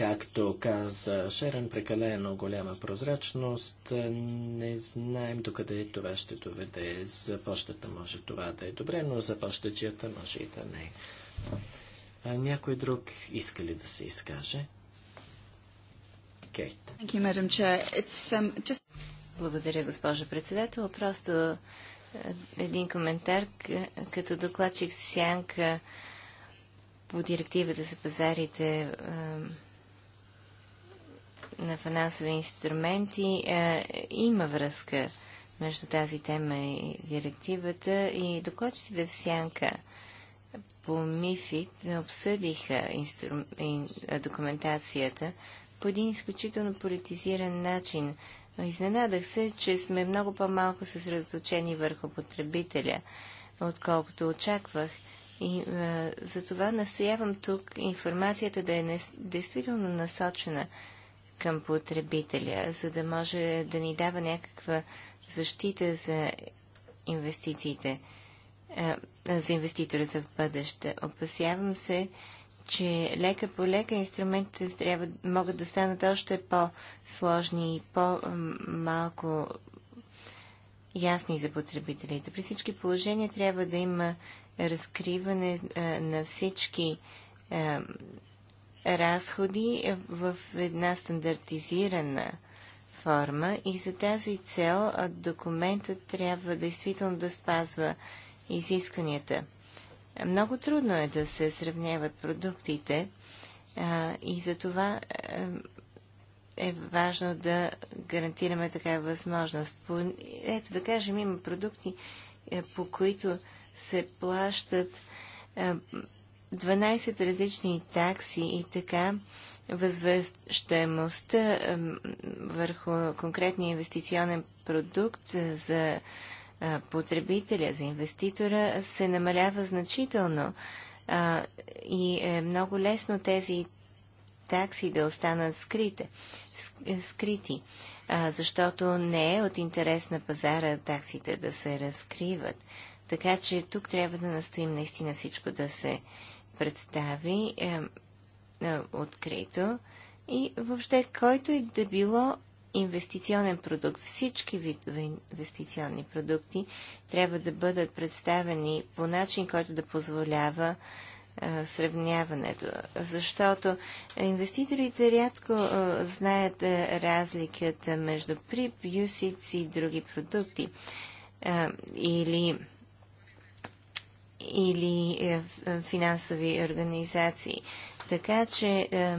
Speaker 3: Както каза Шерен, прекалено голяма прозрачност. Не знаем докъде това ще доведе. За почтата може това да е добре, но за почтачията може и да не. А някой друг иска ли да се изкаже? Кейт.
Speaker 2: Um, Благодаря, госпожа председател. Просто е, един коментар като докладчик Сянка по директивата за пазарите на финансови инструменти е, има връзка между тази тема и директивата и докладчите в Сянка по МИФИТ обсъдиха инстру... ин... Е, документацията по един изключително политизиран начин. Изненадах се, че сме много по-малко съсредоточени върху потребителя, отколкото очаквах. И е, за това настоявам тук информацията да е не, действително насочена към потребителя, за да може да ни дава някаква защита за инвестициите, за инвеститора за в бъдеще. Опасявам се, че лека по лека инструментите трябва, могат да станат още по-сложни и по-малко ясни за потребителите. При всички положения трябва да има разкриване а, на всички а, разходи в една стандартизирана форма и за тази цел документът трябва действително да спазва изискванията. Много трудно е да се сравняват продуктите и за това е важно да гарантираме такава възможност. ето да кажем, има продукти, по които се плащат 12 различни такси и така възвръщаемостта върху конкретния инвестиционен продукт за потребителя, за инвеститора се намалява значително и е много лесно тези такси да останат скрите, скрити, защото не е от интерес на пазара таксите да се разкриват. Така че тук трябва да настоим наистина всичко да се представи е, е, открито и въобще който и да било инвестиционен продукт, всички видове инвестиционни продукти трябва да бъдат представени по начин, който да позволява е, сравняването. Защото инвеститорите рядко е, знаят е, разликата между PRIP, и други продукти. Е, или или е, е, финансови организации. Така че е,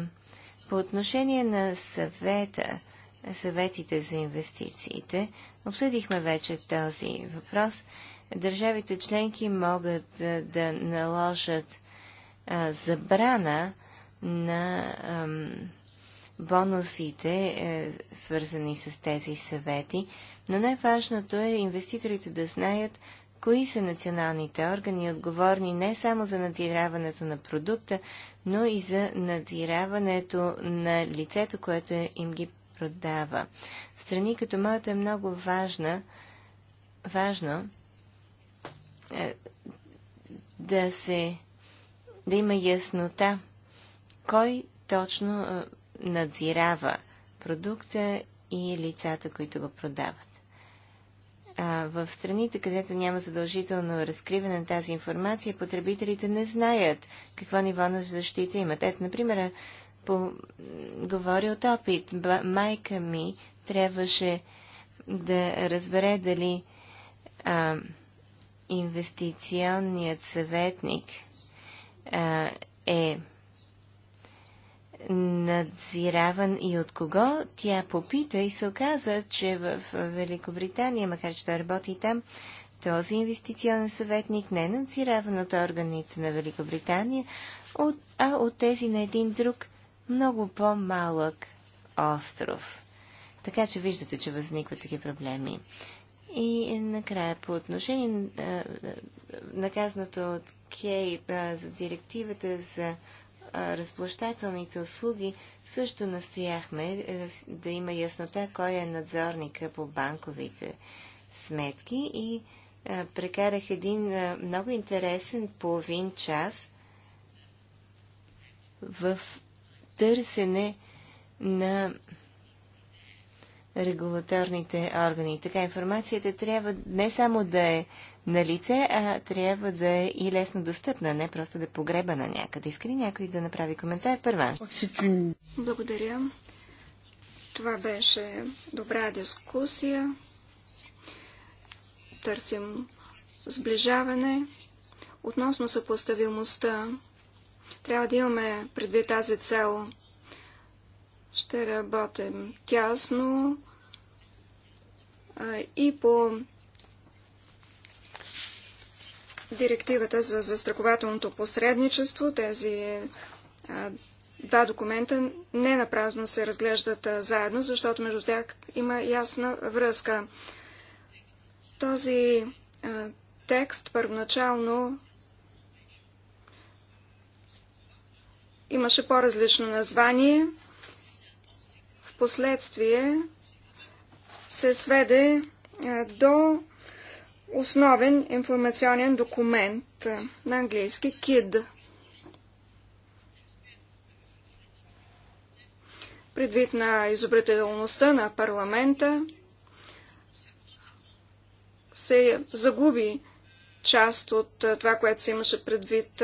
Speaker 2: по отношение на съвета, съветите за инвестициите, обсъдихме вече този въпрос. Държавите членки могат да, наложат забрана на бонусите, свързани с тези съвети, но най-важното е инвеститорите да знаят, кои са националните органи, отговорни не само за надзираването на продукта, но и за надзираването на лицето, което им ги продава. В страни като моята е много важна, важно е, да се да има яснота кой точно е, надзирава продукта и лицата, които го продават. А в страните, където няма задължително разкриване на тази информация, потребителите не знаят какво ниво на защита имат. Ето, например, по... говори от опит. Ба... Майка ми трябваше да разбере дали а, инвестиционният съветник а, е надзираван и от кого. Тя попита и се оказа, че в Великобритания, макар че той работи там, този инвестиционен съветник не е надзираван от органите на Великобритания, от, а от тези на един друг, много по-малък остров. Така че виждате, че възникват такива проблеми. И накрая по отношение наказаното от Кей за директивата за разплащателните услуги също настояхме е, да има яснота кой е надзорника по банковите сметки и прекарах един много интересен половин час в търсене на регулаторните органи. Така информацията трябва не само да е на лице, а трябва да е и лесно достъпна, не просто да погреба на някъде. Иска ли някой да направи коментар? Първа.
Speaker 1: Благодаря. Това беше добра дискусия. Търсим сближаване. Относно съпоставимостта, трябва да имаме предвид тази цел – ще работим тясно и по директивата за застрахователното посредничество. Тези два документа не напразно се разглеждат заедно, защото между тях има ясна връзка. Този текст първоначално имаше по-различно название – последствие се сведе е, до основен информационен документ е, на английски KID. Предвид на изобретателността на парламента се загуби част от е, това, което се имаше предвид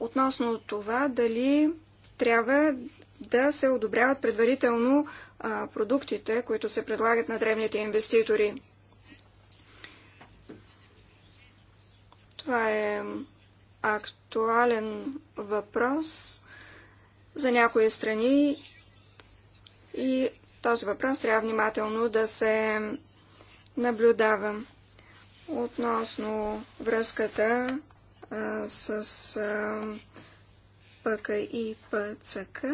Speaker 1: относно това дали трябва да се одобряват предварително а, продуктите, които се предлагат на древните инвеститори. Това е актуален въпрос за някои страни и този въпрос трябва внимателно да се наблюдава относно връзката а, с а, ПК и ПЦК.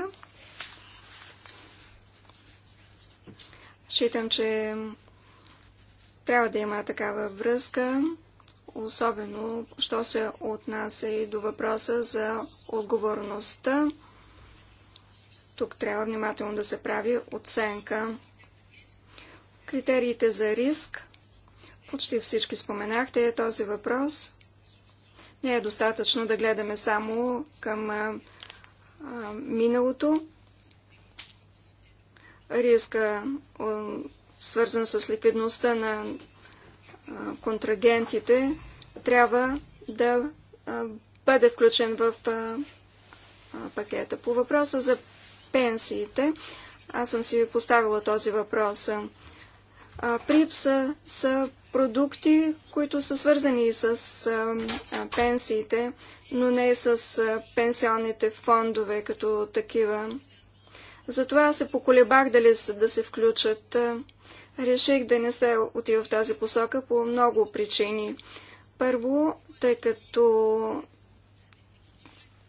Speaker 1: Считам, че трябва да има такава връзка, особено, що се отнася и до въпроса за отговорността. Тук трябва внимателно да се прави оценка. Критериите за риск. Почти всички споменахте този въпрос. Не е достатъчно да гледаме само към а, а, миналото. Риска, свързан с ликвидността на а, контрагентите, трябва да а, бъде включен в а, пакета. По въпроса за пенсиите, аз съм си поставила този въпрос. Припса са продукти, които са свързани с пенсиите, но не с пенсионните фондове като такива. Затова се поколебах дали да се включат. Реших да не се отива в тази посока по много причини. Първо, тъй като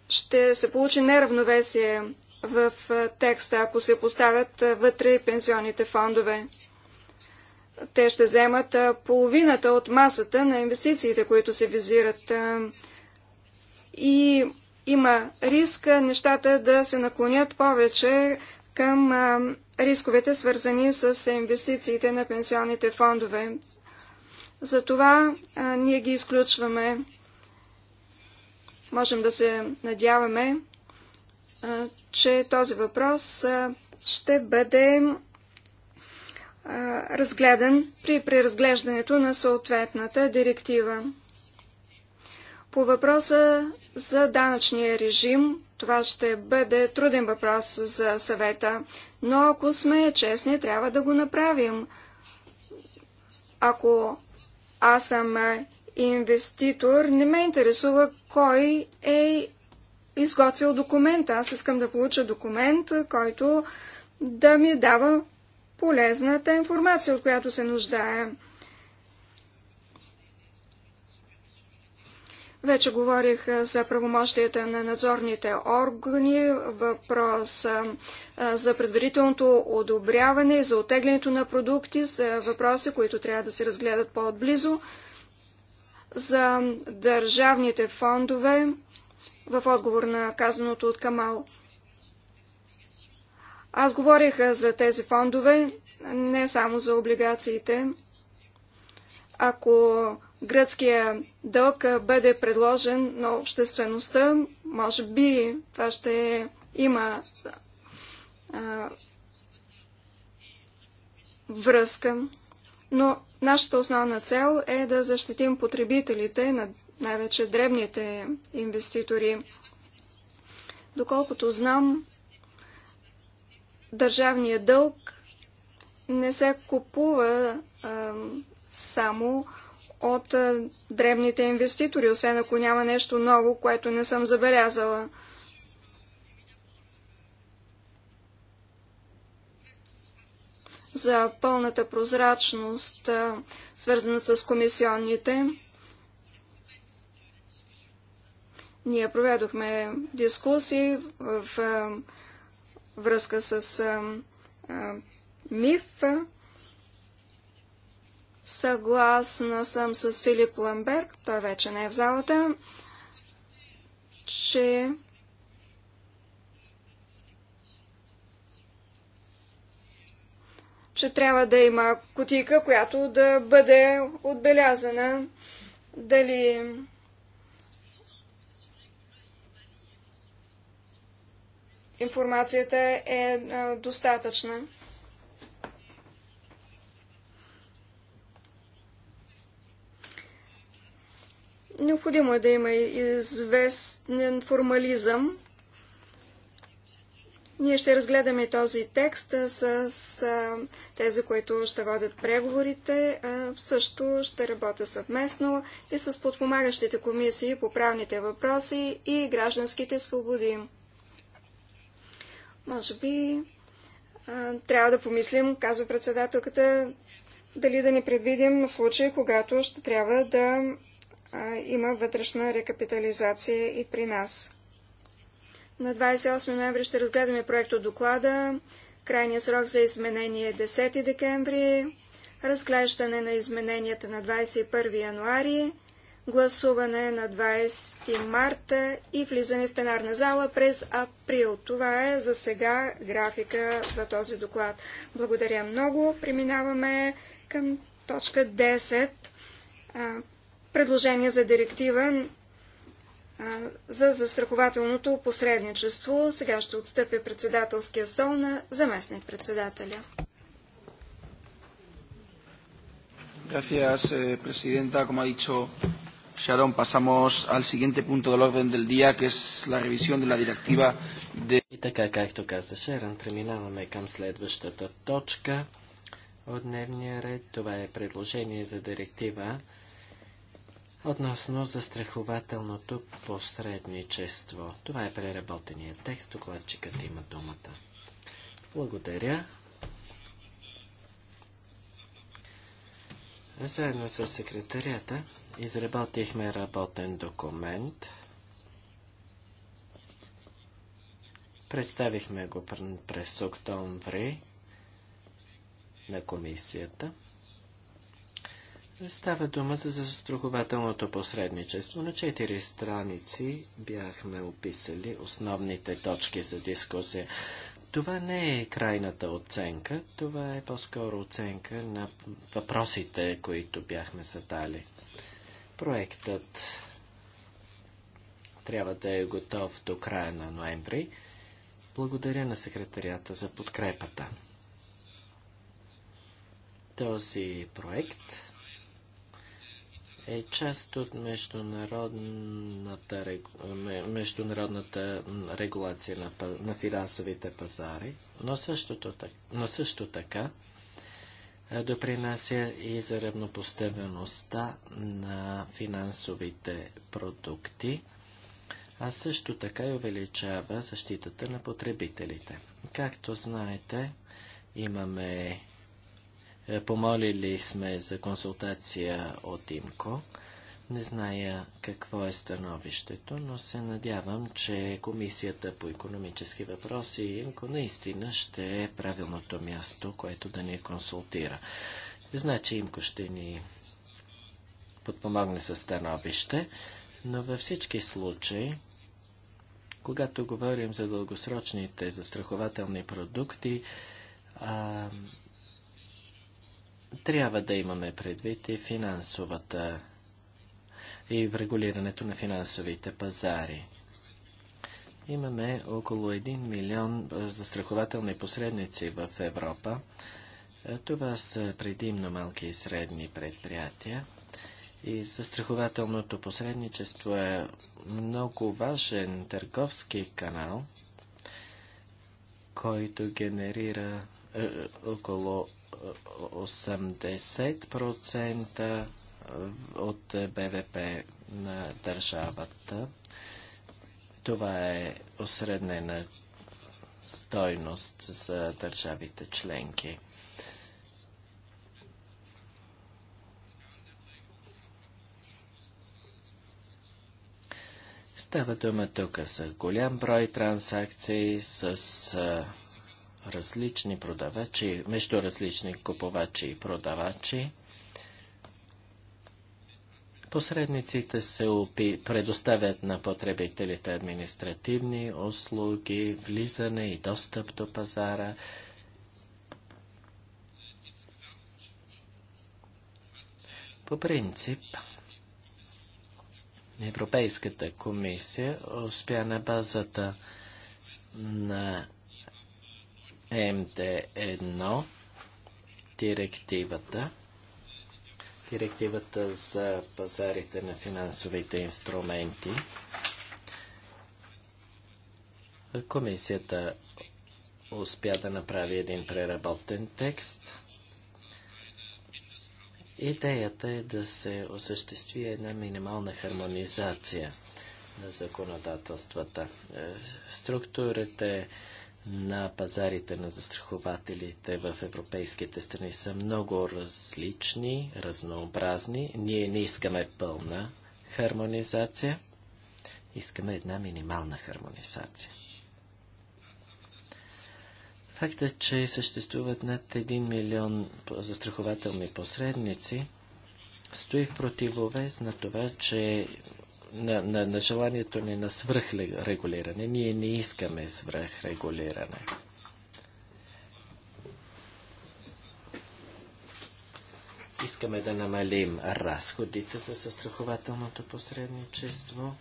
Speaker 1: ще се получи неравновесие в текста, ако се поставят вътре пенсионните фондове те ще вземат половината от масата на инвестициите, които се визират. И има риск нещата да се наклонят повече към рисковете, свързани с инвестициите на пенсионните фондове. Затова ние ги изключваме. Можем да се надяваме, че този въпрос ще бъде разгледан при преразглеждането на съответната директива. По въпроса за данъчния режим, това ще бъде труден въпрос за съвета, но ако сме честни, трябва да го направим. Ако аз съм инвеститор, не ме интересува кой е изготвил документа. Аз искам да получа документ, който да ми дава полезната информация, от която се нуждаем. Вече говорих за правомощията на надзорните органи, въпрос за предварителното одобряване и за отеглянето на продукти, за въпроси, които трябва да се разгледат по-отблизо, за държавните фондове, в отговор на казаното от Камал. Аз говорих за тези фондове, не само за облигациите. Ако гръцкия дълг бъде предложен на обществеността, може би това ще има а, връзка. Но нашата основна цел е да защитим потребителите, на най-вече дребните инвеститори. Доколкото знам, държавния дълг не се купува а, само от а, древните инвеститори, освен ако няма нещо ново, което не съм забелязала. За пълната прозрачност, а, свързана с комисионните, ние проведохме дискусии в. А, връзка с а, а, МИФ. Съгласна съм с Филип Ламберг, той вече не е в залата, че че трябва да има котика, която да бъде отбелязана дали информацията е, е достатъчна. Необходимо е да има известен формализъм. Ние ще разгледаме този текст с, тези, които ще водят преговорите. Също ще работя съвместно и с подпомагащите комисии по правните въпроси и гражданските свободи. Може би а, трябва да помислим, казва председателката, дали да не предвидим случаи, когато ще трябва да а, има вътрешна рекапитализация и при нас. На 28 ноември ще разгледаме от доклада. Крайният срок за изменение е 10 декември. Разглеждане на измененията на 21 януари гласуване на 20 марта и влизане в пленарна зала през април. Това е за сега графика за този доклад. Благодаря много. Преминаваме към точка 10. Предложение за директива за застрахователното посредничество. Сега ще отстъпя председателския стол на заместник председателя. Gracias, eh, Presidenta. Como ha dicho Sharon, pasamos al siguiente punto del orden del día, que es
Speaker 3: la revisión de la directiva de... И така, както каза Шерон, преминаваме към следващата точка от дневния ред. Това е предложение за директива относно застрахователното посредничество. Това е преработеният текст. Докладчикът има думата. Благодаря. Заедно с секретарията Изработихме работен документ. Представихме го през октомври на комисията. Става дума за застрахователното посредничество. На четири страници бяхме описали основните точки за дискусия. Това не е крайната оценка, това е по-скоро оценка на въпросите, които бяхме задали. Проектът трябва да е готов до края на ноември. Благодаря на секретарията за подкрепата. Този проект е част от международната, международната регулация на, на финансовите пазари, но, но също така допринася и за равнопоставеността на финансовите продукти, а също така и увеличава защитата на потребителите. Както знаете, имаме Помолили сме за консултация от ИМКО. Не зная какво е становището, но се надявам, че Комисията по економически въпроси и ИНКО наистина ще е правилното място, което да ни консултира. Значи ИМКО ще ни подпомогне със становище, но във всички случаи, когато говорим за дългосрочните застрахователни продукти, а, трябва да имаме предвид и финансовата и в регулирането на финансовите пазари. Имаме около 1 милион застрахователни посредници в Европа. Това са предимно малки и средни предприятия. И застрахователното посредничество е много важен търговски канал, който генерира е, около 80% от БВП на държавата. Това е осреднена стойност за държавите членки. Става дума тук за голям брой транзакции с различни продавачи, между различни купувачи и продавачи. Посредниците се опи... предоставят на потребителите административни услуги, влизане и достъп до пазара. По принцип, Европейската комисия успя на базата на МД-1 директивата директивата за пазарите на финансовите инструменти. Комисията успя да направи един преработен текст. Идеята е да се осъществи една минимална хармонизация на законодателствата. Е, структурите на пазарите на застрахователите в европейските страни са много различни, разнообразни. Ние не искаме пълна хармонизация, искаме една минимална хармонизация. Факта, че съществуват над 1 милион застрахователни посредници, стои в противовес на това, че на, на, на желанието ни на свръхрегулиране. Ние не искаме свръхрегулиране. Искаме да намалим разходите за застрахователното посредничество.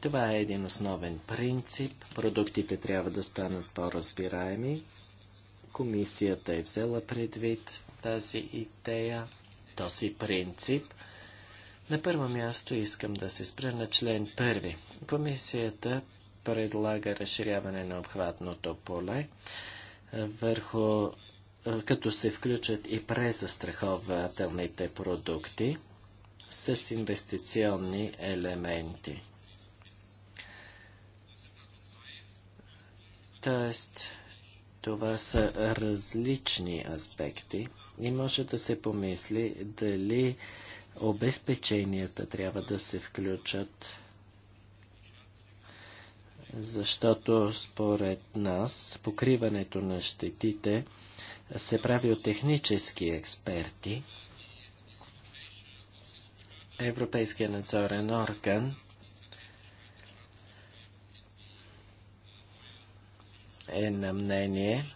Speaker 3: Това е един основен принцип. Продуктите трябва да станат по-разбираеми. Комисията е взела предвид тази идея, този принцип. На първо място искам да се спра на член първи. Комисията предлага разширяване на обхватното поле върху като се включат и презастрахователните продукти с инвестиционни елементи. Тоест, това са различни аспекти – и може да се помисли дали обезпеченията трябва да се включат, защото според нас покриването на щетите се прави от технически експерти. Европейския надзорен орган е на мнение,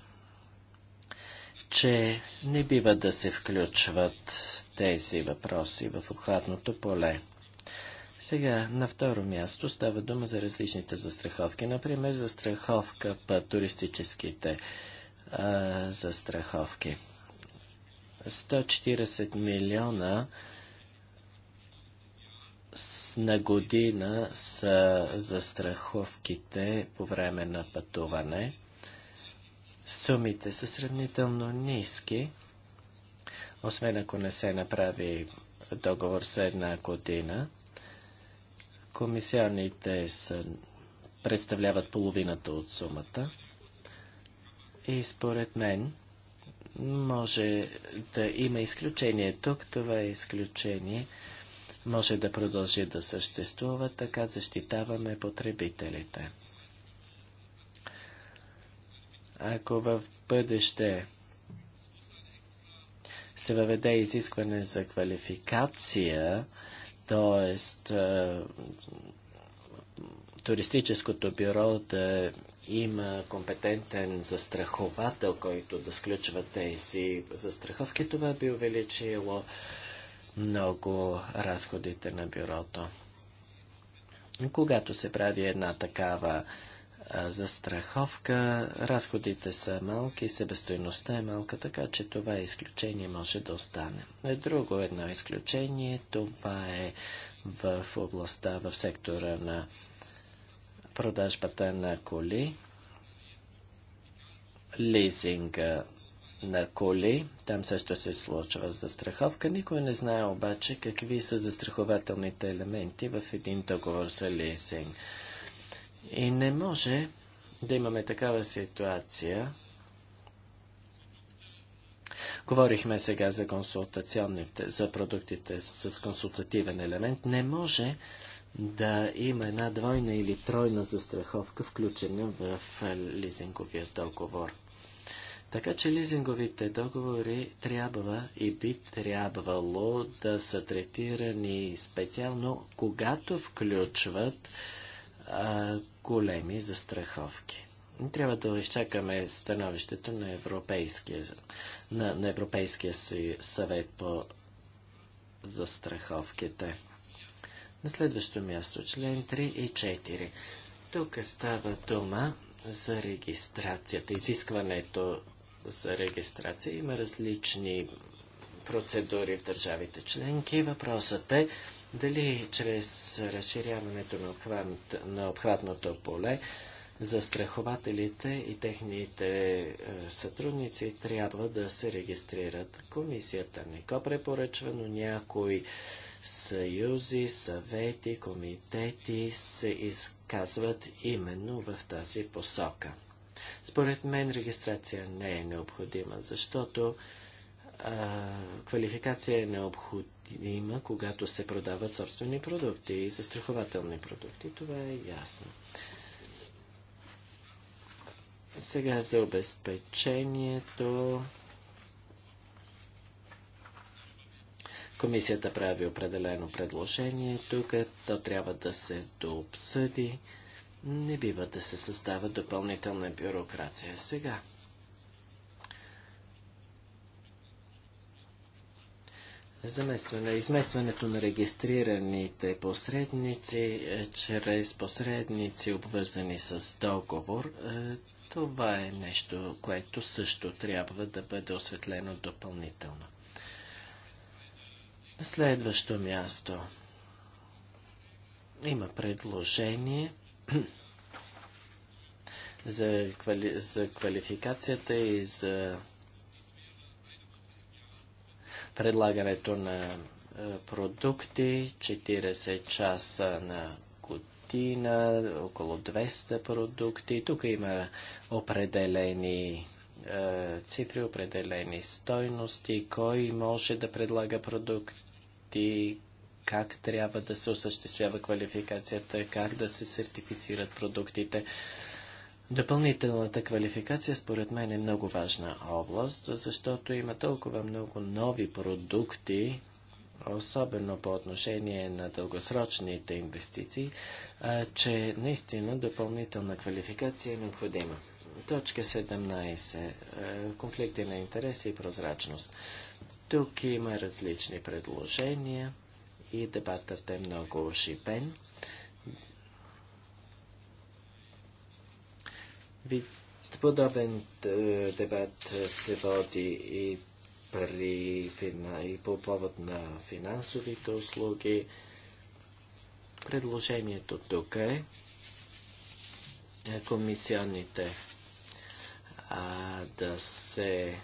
Speaker 3: че не бива да се включват тези въпроси в обхватното поле. Сега, на второ място става дума за различните застраховки. Например, застраховка по туристическите а, застраховки. 140 милиона на година са застраховките по време на пътуване сумите са сравнително ниски, освен ако не се направи договор за една година. Комисионните са, представляват половината от сумата. И според мен може да има изключение тук. Това е изключение може да продължи да съществува, така защитаваме потребителите. Ако в бъдеще се въведе изискване за квалификация, т.е. туристическото бюро да има компетентен застраховател, който да сключва тези застраховки, това би увеличило много разходите на бюрото. Когато се прави една такава за страховка. Разходите са малки, себестойността е малка, така че това изключение може да остане. Е, друго едно изключение, това е в областта, в сектора на продажбата на коли, лизинга на коли. Там също се случва застраховка. Никой не знае обаче какви са застрахователните елементи в един договор за лизинг. И не може да имаме такава ситуация. Говорихме сега за консултационните, за продуктите с консултативен елемент. Не може да има една двойна или тройна застраховка, включена в е, лизинговия договор. Така че лизинговите договори трябва и би трябвало да са третирани специално, когато включват а, големи застраховки. Трябва да изчакаме становището на Европейския, на, на Европейския съвет по застраховките. На следващо място, член 3 и 4. Тук става дума за регистрацията, изискването за регистрация. Има различни процедури в държавите членки. Въпросът е дали чрез разширяването на, обхват, на обхватното поле, застрахователите и техните е, сътрудници трябва да се регистрират. Комисията не го препоръчва, но някои съюзи, съвети, комитети се изказват именно в тази посока. Според мен регистрация не е необходима, защото квалификация е необходима, когато се продават собствени продукти и застрахователни продукти. Това е ясно. Сега за обезпечението. Комисията прави определено предложение. Тук то трябва да се дообсъди. Не бива да се създава допълнителна бюрокрация сега. Заместване, изместването на регистрираните посредници е, чрез посредници, обвързани с договор, е, това е нещо, което също трябва да бъде осветлено допълнително. На следващо място има предложение за квалификацията и за предлагането на е, продукти, 40 часа на година, около 200 продукти. Тук има определени е, цифри, определени стойности, кой може да предлага продукти, как трябва да се осъществява квалификацията, как да се сертифицират продуктите. Допълнителната квалификация според мен е много важна област, защото има толкова много нови продукти, особено по отношение на дългосрочните инвестиции, че наистина допълнителна квалификация е необходима. Точка 17. Конфликти на интереси и прозрачност. Тук има различни предложения и дебатът е много ошипен. Подобен е, дебат е, се води и при фирма, и по повод на финансовите услуги. Предложението тук е, е комисионните а, да се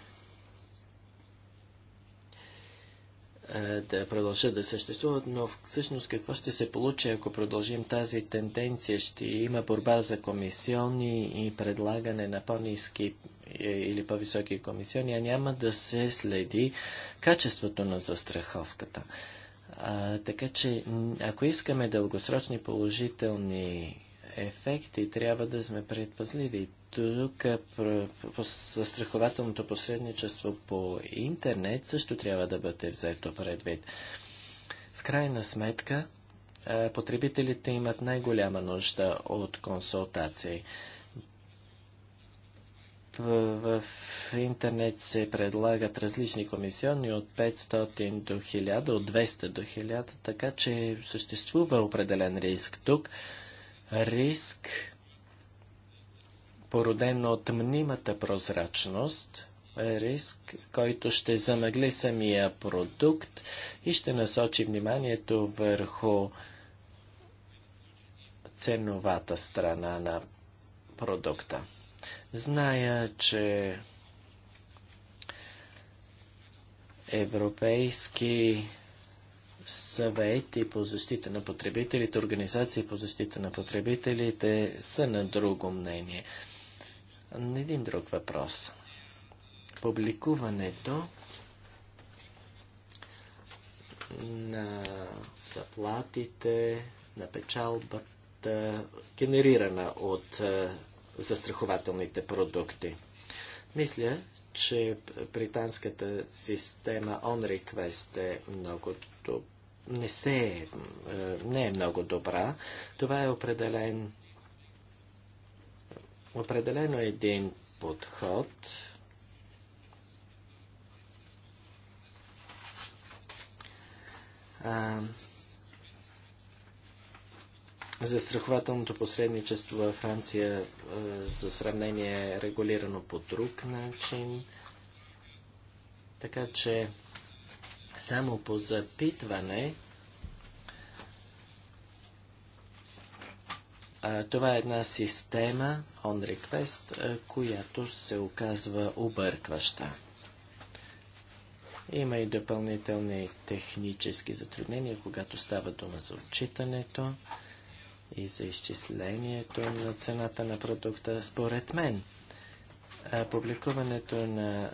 Speaker 3: Е, да продължат да съществуват, но всъщност какво ще се получи, ако продължим тази тенденция? Ще има борба за комисиони и предлагане на по-низки е, или по-високи комисиони, а няма да се следи качеството на застраховката. А, така че, ако искаме дългосрочни положителни ефекти, трябва да сме предпазливи. Тук застрахователното посредничество по интернет също трябва да бъде взето предвид. В крайна сметка, потребителите имат най-голяма нужда от консултации. В интернет се предлагат различни комисионни от 500 до 1000, от 200 до 1000, така че съществува определен риск тук. Риск породен от мнимата прозрачност, е риск, който ще замъгли самия продукт и ще насочи вниманието върху ценовата страна на продукта. Зная, че европейски съвети по защита на потребителите, организации по защита на потребителите са на друго мнение. Един друг въпрос. Публикуването на заплатите, на печалбата, генерирана от е, застрахователните продукти. Мисля, че британската система On Request е много не, се, е, е, не е много добра. Това е определен Определено е един подход а, за страхователното посредничество във Франция а, за сравнение е регулирано по друг начин. Така че само по запитване Това е една система on request, която се оказва объркваща. Има и допълнителни технически затруднения, когато става дума за отчитането и за изчислението на цената на продукта. Според мен, публикуването на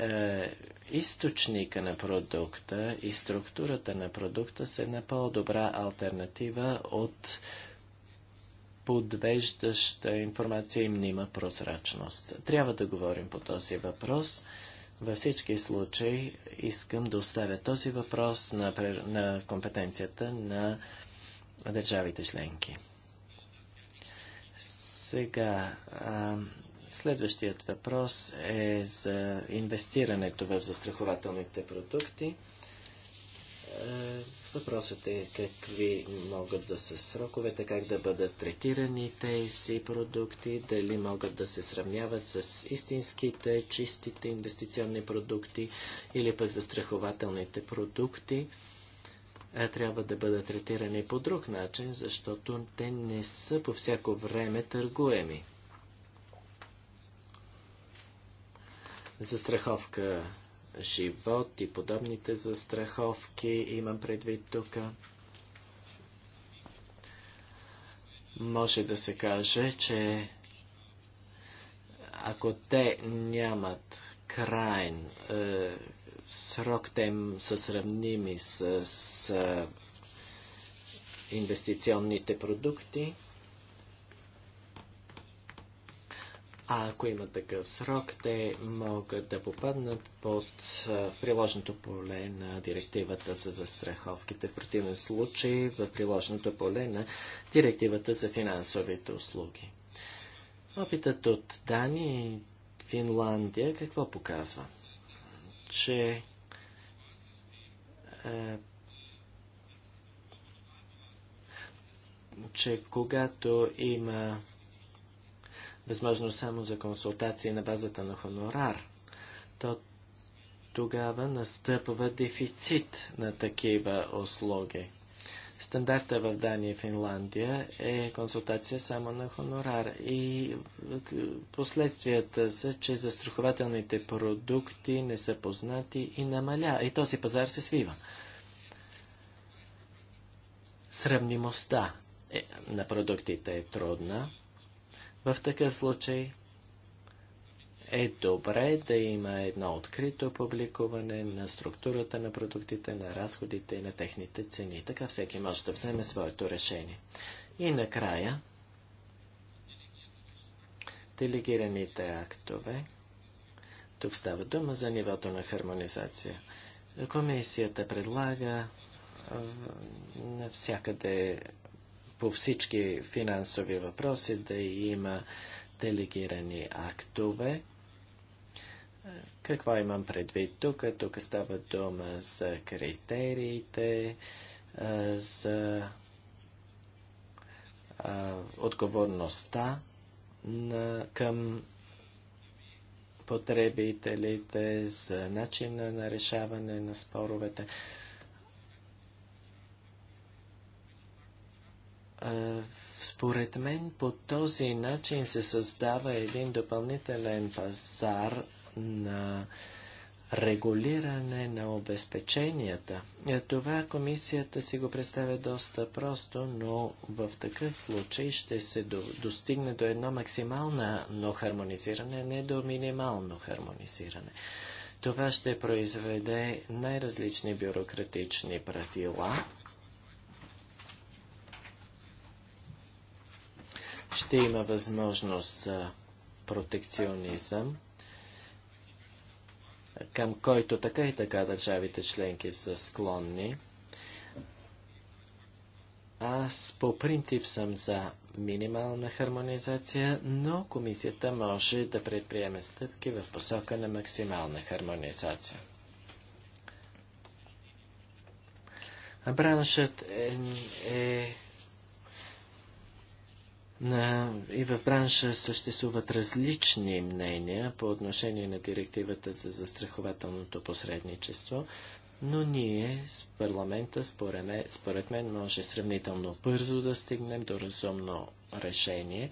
Speaker 3: е, източника на продукта и структурата на продукта са една по-добра альтернатива от подвеждаща информация и мнима прозрачност. Трябва да говорим по този въпрос. Във всички случаи искам да оставя този въпрос на, на компетенцията на държавите членки. Сега, а, следващият въпрос е за инвестирането в застрахователните продукти. Въпросът е какви могат да са сроковете, как да бъдат третирани тези продукти, дали могат да се сравняват с истинските, чистите инвестиционни продукти или пък застрахователните продукти трябва да бъдат третирани по друг начин, защото те не са по всяко време търгуеми. Застраховка живот и подобните застраховки имам предвид тук. Може да се каже, че ако те нямат крайен е, срок, те са сравними с, с е, инвестиционните продукти, А ако има такъв срок, те могат да попаднат под в приложното поле на директивата за застраховките. В противен случай в приложното поле на директивата за финансовите услуги. Опитът от Дани и Финландия какво показва? Че е, че когато има Възможно само за консултации на базата на хонорар, то тогава настъпва дефицит на такива услуги. Стандарта в Дания и Финландия е консултация само на хонорар и последствията са, че застрахователните продукти не са познати и намаля. И този пазар се свива. Сравнимостта е, на продуктите е трудна. В такъв случай е добре да има едно открито публикуване на структурата на продуктите, на разходите и на техните цени. Така всеки може да вземе своето решение. И накрая, делегираните актове. Тук става дума за нивото на хармонизация. Комисията предлага навсякъде по всички финансови въпроси да има делегирани актове. Какво имам предвид тук? Тук става дума за критериите, за отговорността на, към потребителите, за начина на решаване на споровете. Според мен по този начин се създава един допълнителен пазар на регулиране на обезпеченията. Това комисията си го представя доста просто, но в такъв случай ще се до, достигне до едно максимално но хармонизиране, не до минимално хармонизиране. Това ще произведе най-различни бюрократични правила, ще има възможност за протекционизъм, към който така и така държавите членки са склонни. Аз по принцип съм за минимална хармонизация, но комисията може да предприеме стъпки в посока на максимална хармонизация. Браншът е, е на, и в бранша съществуват различни мнения по отношение на директивата за застрахователното посредничество, но ние с парламента, според мен, според мен, може сравнително бързо да стигнем до разумно решение.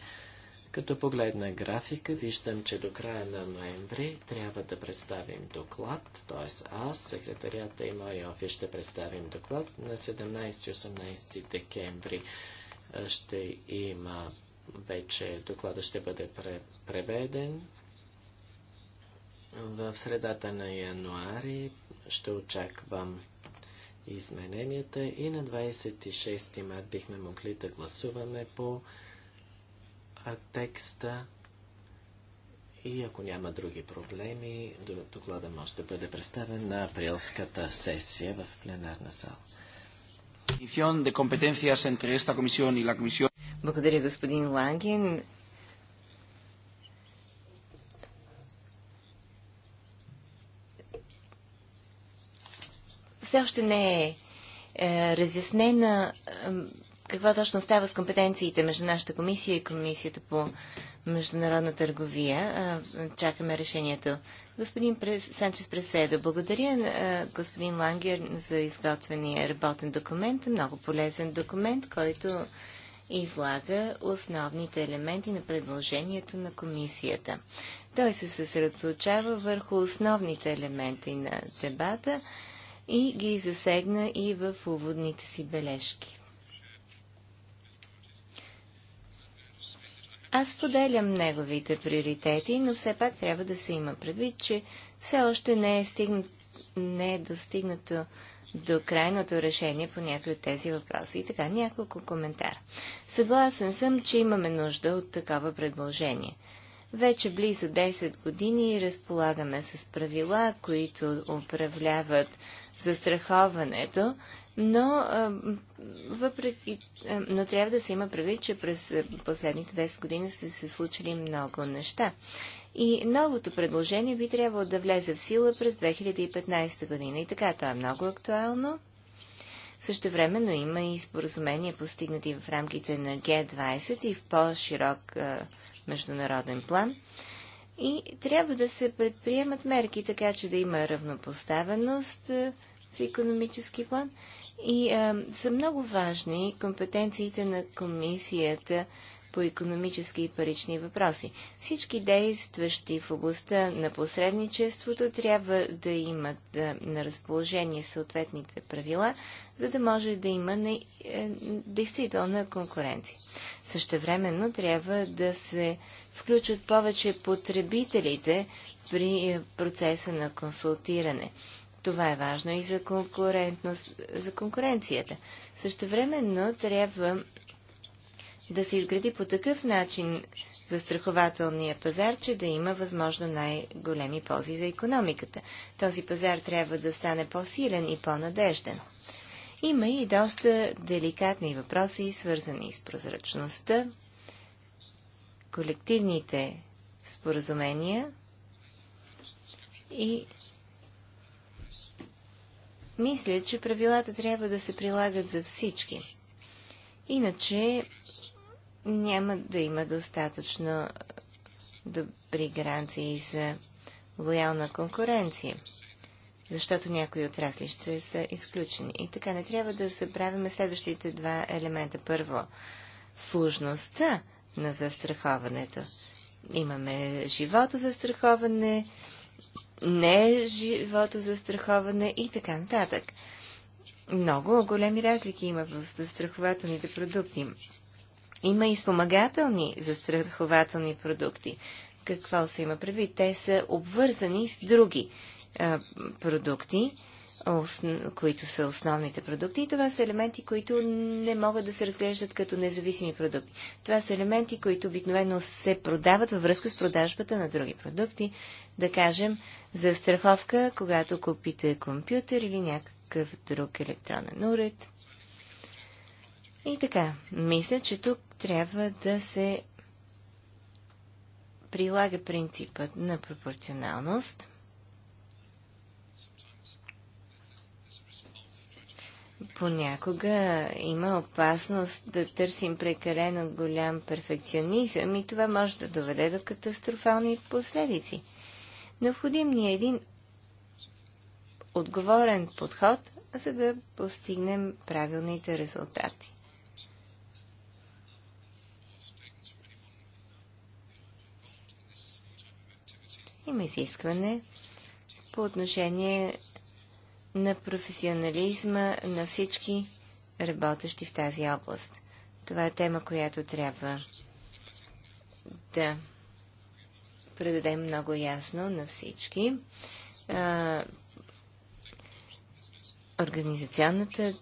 Speaker 3: Като погледна графика, виждам, че до края на ноември трябва да представим доклад, т.е. аз, секретарията и моя офис ще представим доклад на 17-18 декември ще има вече, доклада ще бъде преведен. В средата на януари ще очаквам измененията и на 26 март бихме могли да гласуваме по текста и ако няма други проблеми, доклада може да бъде представен на априлската сесия в пленарна зала.
Speaker 2: Благодаря, господин Ланген. Все още не е, е разяснена какво точно става с компетенциите между нашата комисия и комисията по международна търговия. Чакаме решението. Господин Санчес Преседо, благодаря господин Лангер за изготвения работен документ. Много полезен документ, който излага основните елементи на предложението на комисията. Той се съсредоточава върху основните елементи на дебата и ги засегна и в уводните си бележки. Аз поделям неговите приоритети, но все пак трябва да се има предвид, че все още не е, стигна... не е достигнато до крайното решение по някои от тези въпроси. И така, няколко коментара. Съгласен съм, че имаме нужда от такова предложение. Вече близо 10 години разполагаме с правила, които управляват застраховането но, а, въпреки, а, но трябва да се има предвид, че през последните 10 години са се случили много неща. И новото предложение би трябвало да влезе в сила през 2015 година. И така, то е много актуално. Същевременно има и споразумения, постигнати в рамките на Г20 и в по-широк международен план. И трябва да се предприемат мерки, така че да има равнопоставеност в економически план и а, е, са много важни компетенциите на комисията по економически и парични въпроси. Всички действащи в областта на посредничеството трябва да имат а, е, на разположение съответните правила, за да може да има не, а, действителна конкуренция. Същевременно трябва да се включат повече потребителите при е, процеса на консултиране. Това е важно и за, за конкуренцията. Същевременно трябва да се изгради по такъв начин страхователния пазар, че да има възможно най-големи ползи за економиката. Този пазар трябва да стане по-силен и по-надежден. Има и доста деликатни въпроси, свързани с прозрачността, колективните споразумения и мисля, че правилата трябва да се прилагат за всички. Иначе няма да има достатъчно добри гаранции за лоялна конкуренция, защото някои отрасли ще са изключени. И така не трябва да забравяме следващите два елемента. Първо, сложността на застраховането. Имаме живото застраховане, не е живото застраховане и така нататък. Много големи разлики има в застрахователните продукти. Има и спомагателни застрахователни продукти. Какво се има предвид? Те са обвързани с други а, продукти които са основните продукти и това са елементи, които не могат да се разглеждат като независими продукти. Това са елементи, които обикновено се продават във връзка с продажбата на други продукти. Да кажем, за страховка, когато купите компютър или някакъв друг електронен уред. И така, мисля, че тук трябва да се прилага принципът на пропорционалност – понякога има опасност да търсим прекалено голям перфекционизъм и това може да доведе до катастрофални последици. Необходим ни е един отговорен подход, за да постигнем правилните резултати. Има изискване по отношение на професионализма на всички работещи в тази област. Това е тема, която трябва да предадем много ясно на всички. организационната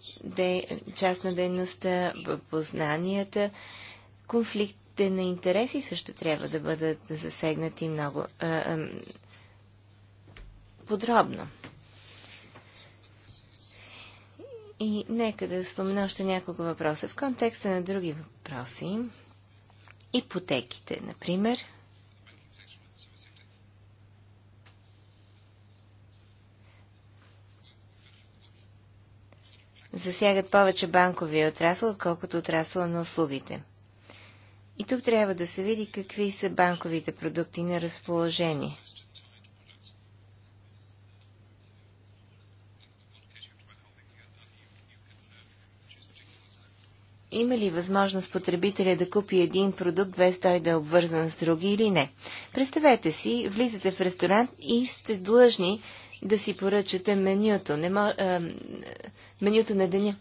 Speaker 2: част на дейността, познанията, конфликтите на интереси също трябва да бъдат засегнати много подробно. И нека да спомена още няколко въпроса. В контекста на други въпроси, ипотеките, например, засягат повече банковия отрасъл, отколкото отрасъла на услугите. И тук трябва да се види какви са банковите продукти на разположение – има ли възможност потребителя да купи един продукт без той да е обвързан с други или не. Представете си, влизате в ресторант и сте длъжни да си поръчате менюто, не мож... а, менюто на деня.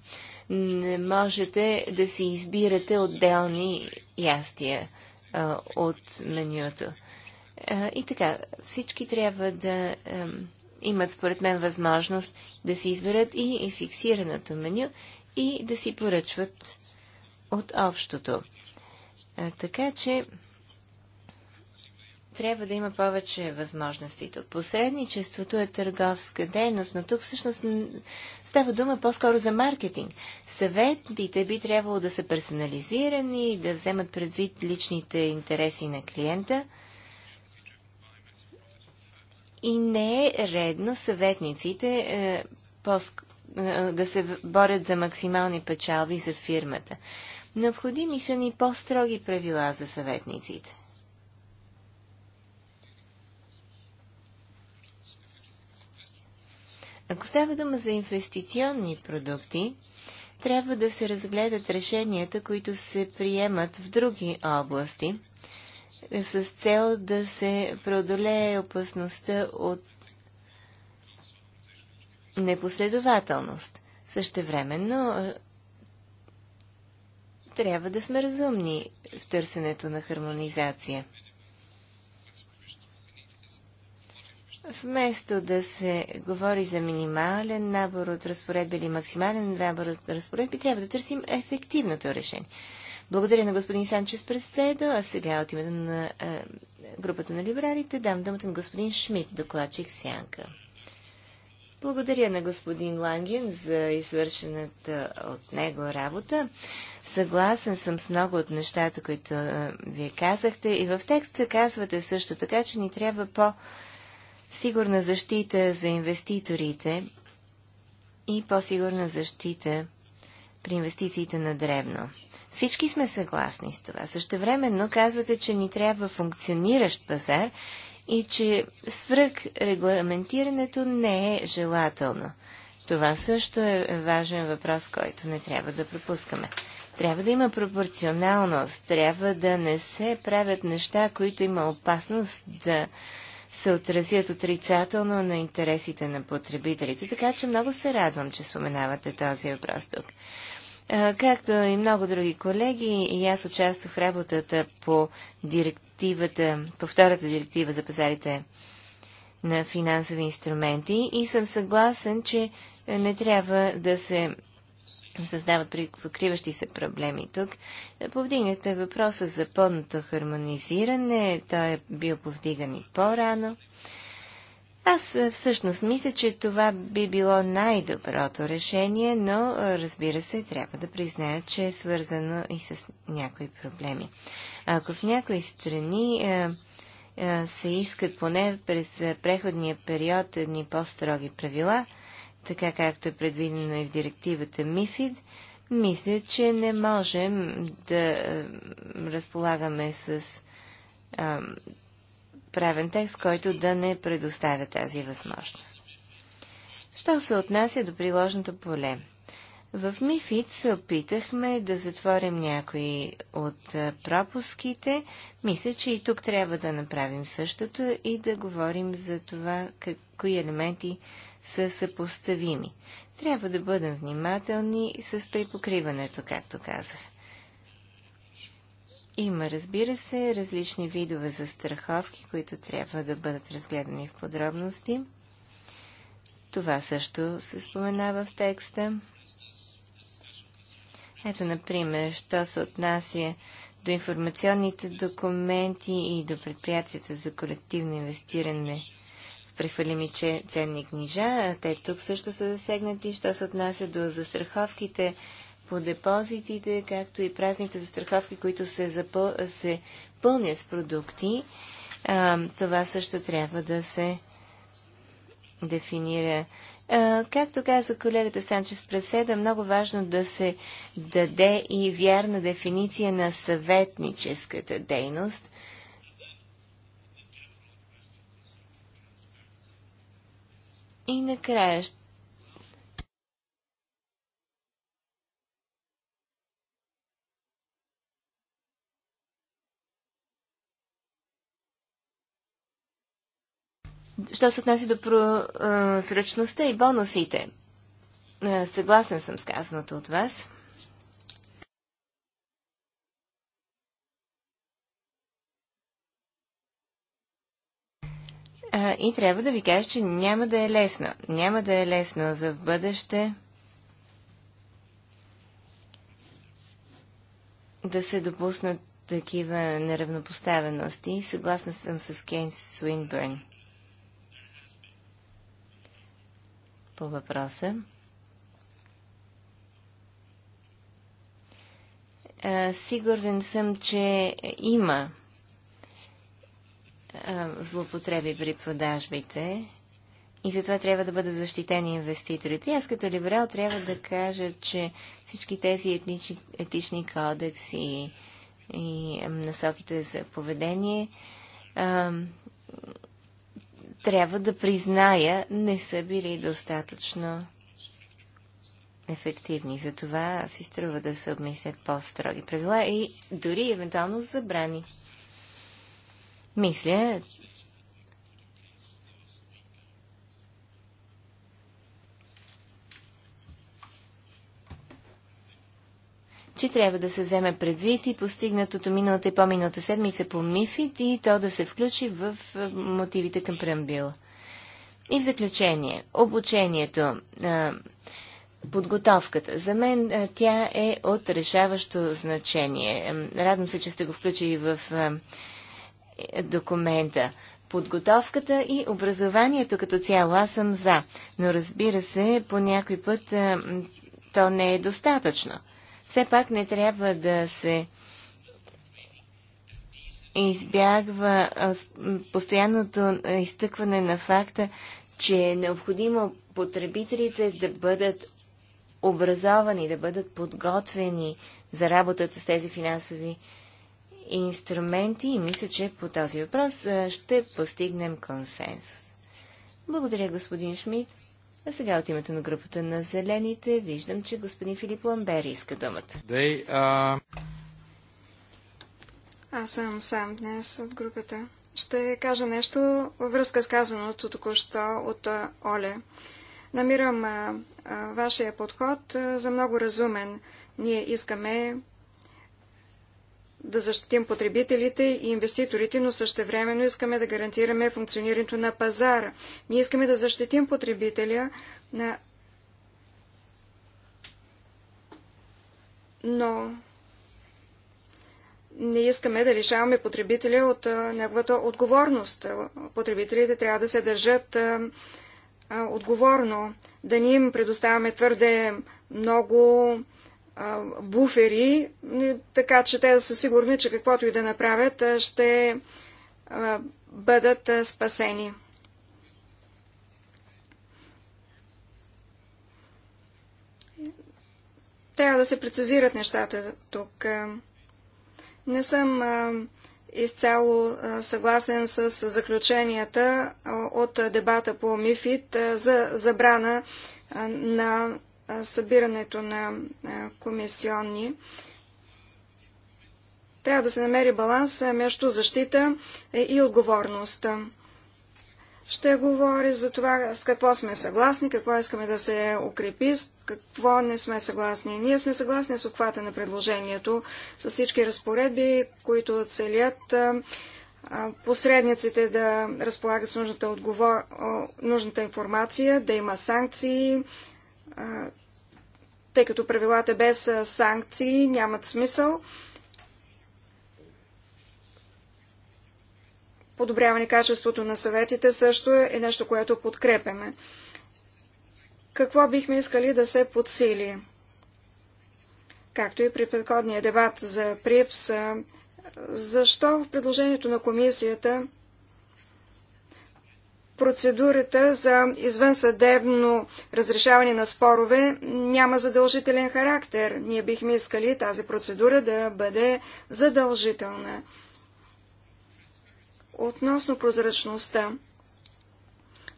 Speaker 2: Не можете да си избирате отделни ястия а, от менюто. А, и така, всички трябва да а, имат, според мен, възможност да си изберат и фиксираното меню и да си поръчват от общото. А, така че трябва да има повече възможности. Тук посредничеството е търговска дейност, но тук всъщност става дума по-скоро за маркетинг. Съветите би трябвало да са персонализирани, да вземат предвид личните интереси на клиента. И не е редно съветниците е, е да се борят за максимални печалби за фирмата. Необходими са ни по-строги правила за съветниците. Ако става дума за инвестиционни продукти, трябва да се разгледат решенията, които се приемат в други области, с цел да се преодолее опасността от непоследователност. Същевременно трябва да сме разумни в търсенето на хармонизация. Вместо да се говори за минимален набор от разпоредби или максимален набор от разпоредби, трябва да търсим ефективното решение. Благодаря на господин Санчес Преседо, а сега от името на е, групата на либералите дам думата на господин Шмидт, докладчик в Сянка. Благодаря на господин Ланген за извършената от него работа. Съгласен съм с много от нещата, които вие казахте. И в текста казвате също така, че ни трябва по-сигурна защита за инвеститорите и по-сигурна защита при инвестициите на древно. Всички сме съгласни с това. Същевременно казвате, че ни трябва функциониращ пазар и че свръхрегламентирането не е желателно. Това също е важен въпрос, който не трябва да пропускаме. Трябва да има пропорционалност, трябва да не се правят неща, които има опасност да се отразят отрицателно на интересите на потребителите. Така че много се радвам, че споменавате този въпрос тук. Както и много други колеги, и аз участвах в работата по директивата, по втората директива за пазарите на финансови инструменти и съм съгласен, че не трябва да се създават прикриващи се проблеми тук. Повдигнете въпроса за пълното хармонизиране. Той е бил повдиган и по-рано. Аз е, всъщност мисля, че това би било най-доброто решение, но е, разбира се, трябва да призная, че е свързано и с някои проблеми. Ако в някои страни а, е, а, се искат поне през преходния период едни по-строги правила, така както е предвидено и в директивата МИФИД, мисля, че не можем да разполагаме с а, правен текст, който да не предоставя тази възможност. Що се отнася до приложното поле? В Мифит се опитахме да затворим някои от пропуските. Мисля, че и тук трябва да направим същото и да говорим за това, как, кои елементи са съпоставими. Трябва да бъдем внимателни с припокриването, както казах. Има, разбира се, различни видове застраховки, които трябва да бъдат разгледани в подробности. Това също се споменава в текста. Ето, например, що се отнася до информационните документи и до предприятията за колективно инвестиране в прехвалими ценни книжа. Те тук също са засегнати, що се отнася до застраховките по депозитите, както и празните застраховки, които се, запъл... се пълнят с продукти. А, това също трябва да се дефинира. А, както каза колегата Санчес Преседо, е много важно да се даде и вярна дефиниция на съветническата дейност. И накрая ще Що се отнася до прозрачността и бонусите? Е, съгласен съм с казаното от вас. Е, и трябва да ви кажа, че няма да е лесно. Няма да е лесно за в бъдеще да се допуснат такива неравнопоставености. Съгласна съм с Кейн Суинбърн. по въпроса. Сигурен съм, че има злопотреби при продажбите и затова трябва да бъдат защитени инвеститорите. Аз като либерал трябва да кажа, че всички тези етнични, етични кодекси и насоките за поведение ам, трябва да призная, не са били достатъчно ефективни. Затова си струва да се обмислят по-строги правила и дори евентуално забрани. Мисля, че трябва да се вземе предвид и постигнатото миналата и по-миналата седмица по МИФИД и то да се включи в мотивите към преамбила. И в заключение, обучението, подготовката. За мен тя е от решаващо значение. Радвам се, че сте го включили в е, документа. Подготовката и образованието като цяло аз съм за, но разбира се, по някой път то не е достатъчно все пак не трябва да се избягва постоянното изтъкване на факта, че е необходимо потребителите да бъдат образовани, да бъдат подготвени за работата с тези финансови инструменти и мисля, че по този въпрос ще постигнем консенсус. Благодаря, господин Шмидт. А сега от името на групата на зелените виждам, че господин Филип Ламбери иска думата. They, uh...
Speaker 1: Аз съм сам днес от групата. Ще кажа нещо във връзка с казаното току-що от Оле. Намирам а, а, вашия подход а, за много разумен. Ние искаме да защитим потребителите и инвеститорите, но същевременно искаме да гарантираме функционирането на пазара. Ние искаме да защитим потребителя, на... но не искаме да лишаваме потребителя от неговата отговорност. Потребителите трябва да се държат отговорно, да ни им предоставяме твърде много буфери, така че те да са сигурни, че каквото и да направят, ще бъдат спасени. Трябва да се прецизират нещата тук. Не съм изцяло съгласен с заключенията от дебата по МИФИД за забрана на събирането на комисионни. Трябва да се намери баланс между защита е, и отговорност. Ще говори за това с какво сме съгласни, какво искаме да се укрепи, с какво не сме съгласни. Ние сме съгласни с обхвата на предложението, с всички разпоредби, които целят посредниците да разполагат с нужната, отговор... нужната информация, да има санкции, тъй като правилата без санкции нямат смисъл. Подобряване качеството на съветите също е, е нещо, което подкрепяме. Какво бихме искали да се подсили? Както и при предходния дебат за ПРИПС, защо в предложението на комисията процедурата за извънсъдебно разрешаване на спорове няма задължителен характер. Ние бихме искали тази процедура да бъде задължителна. Относно прозрачността,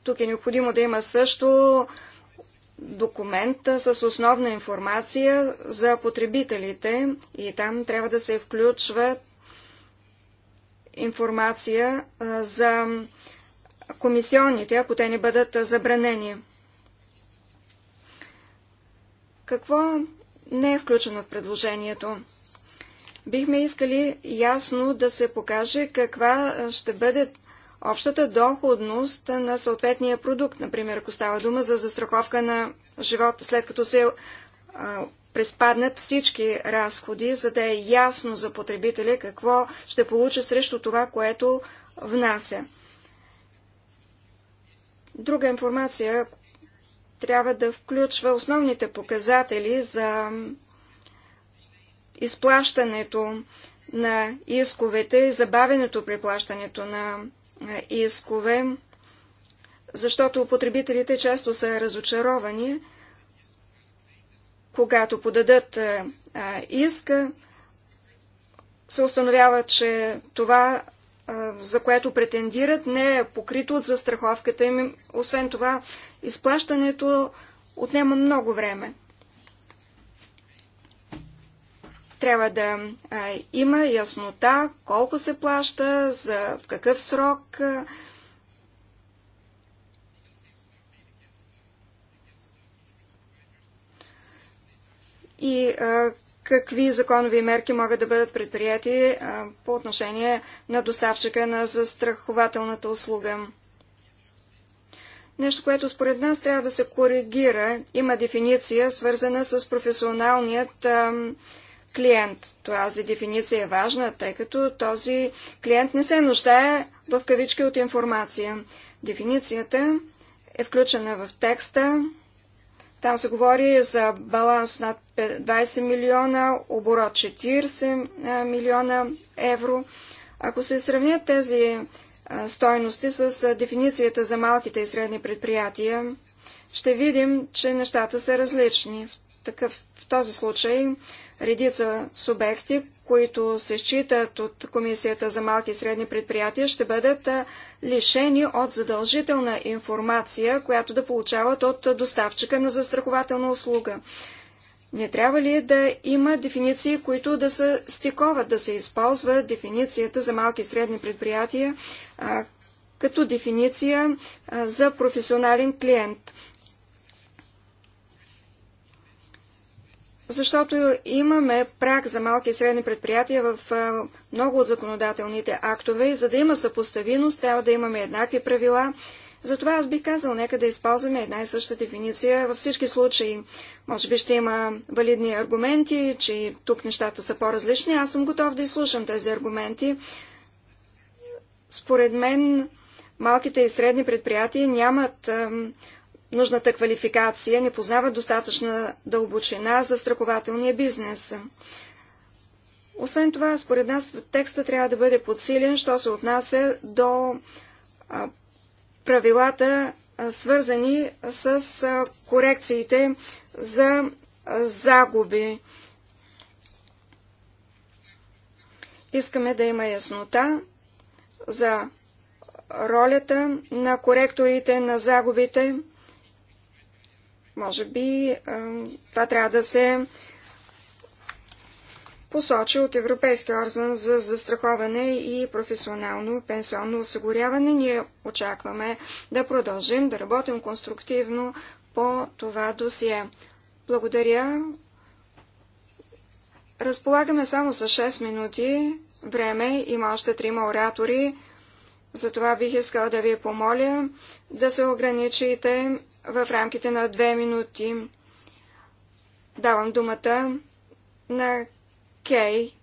Speaker 1: тук е необходимо да има също документ с основна информация за потребителите и там трябва да се включва информация за комисионните, ако те не бъдат забранени. Какво не е включено в предложението? Бихме искали ясно да се покаже каква ще бъде общата доходност на съответния продукт. Например, ако става дума за застраховка на живота, след като се преспаднат всички разходи, за да е ясно за потребителя какво ще получи срещу това, което внася. Друга информация трябва да включва основните показатели за изплащането на исковете и забавенето при плащането на искове, защото потребителите често са разочаровани, когато подадат иска, се установява, че това за което претендират, не е покрито от застраховката им. Освен това, изплащането отнема много време. Трябва да а, има яснота колко се плаща, за в какъв срок. И а, какви законови мерки могат да бъдат предприяти по отношение на доставчика на застрахователната услуга. Нещо, което според нас трябва да се коригира, има дефиниция, свързана с професионалният ам, клиент. Тази дефиниция е важна, тъй като този клиент не се нуждае в кавички от информация. Дефиницията е включена в текста, там се говори за баланс над 20 милиона, оборот 40 милиона евро. Ако се сравнят тези стойности с дефиницията за малките и средни предприятия, ще видим, че нещата са различни. В, такъв, в този случай редица субекти, които се считат от Комисията за малки и средни предприятия, ще бъдат лишени от задължителна информация, която да получават от доставчика на застрахователна услуга. Не трябва ли да има дефиниции, които да се стиковат, да се използва дефиницията за малки и средни предприятия като дефиниция за професионален клиент? защото имаме прак за малки и средни предприятия в много от законодателните актове и за да има съпоставимост, трябва да имаме еднакви правила. Затова аз би казал, нека да използваме една и съща дефиниция във всички случаи. Може би ще има валидни аргументи, че тук нещата са по-различни. Аз съм готов да изслушам тези аргументи. Според мен малките и средни предприятия нямат нужната квалификация, не познават достатъчна дълбочина за страхователния бизнес. Освен това, според нас текста трябва да бъде подсилен, що се отнася до правилата, свързани с корекциите за загуби. Искаме да има яснота за ролята на коректорите на загубите може би това трябва да се посочи от Европейския орган за застраховане и професионално пенсионно осигуряване. Ние очакваме да продължим да работим конструктивно по това досие. Благодаря. Разполагаме само с 6 минути време. Има още трима оратори. Затова бих искал да ви помоля да се ограничите в рамките на две минути. Давам думата на Кей.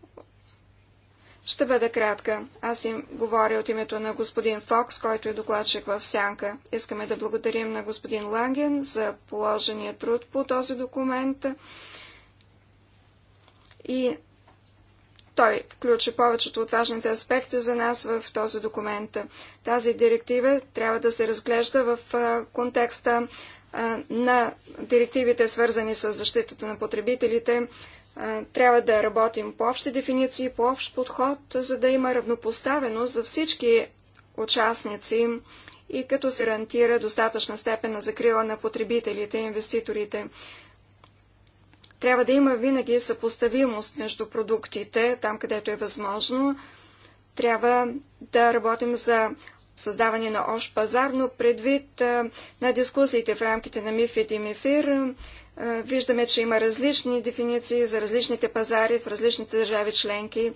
Speaker 1: Ще бъда кратка. Аз им говоря от името на господин Фокс, който е докладчик в Сянка. Искаме да благодарим на господин Ланген за положения труд по този документ и той включи повечето от важните аспекти за нас в този документ. Тази директива трябва да се разглежда в контекста на директивите, свързани с защитата на потребителите. Трябва да работим по общи дефиниции, по общ подход, за да има равнопоставеност за всички участници и като се гарантира достатъчна степен на закрила на потребителите и инвеститорите. Трябва да има винаги съпоставимост между продуктите, там където е възможно. Трябва да работим за създаване на общ пазар, но предвид на дискусиите в рамките на МИФИД и МИФИР, виждаме, че има различни дефиниции за различните пазари в различните държави членки.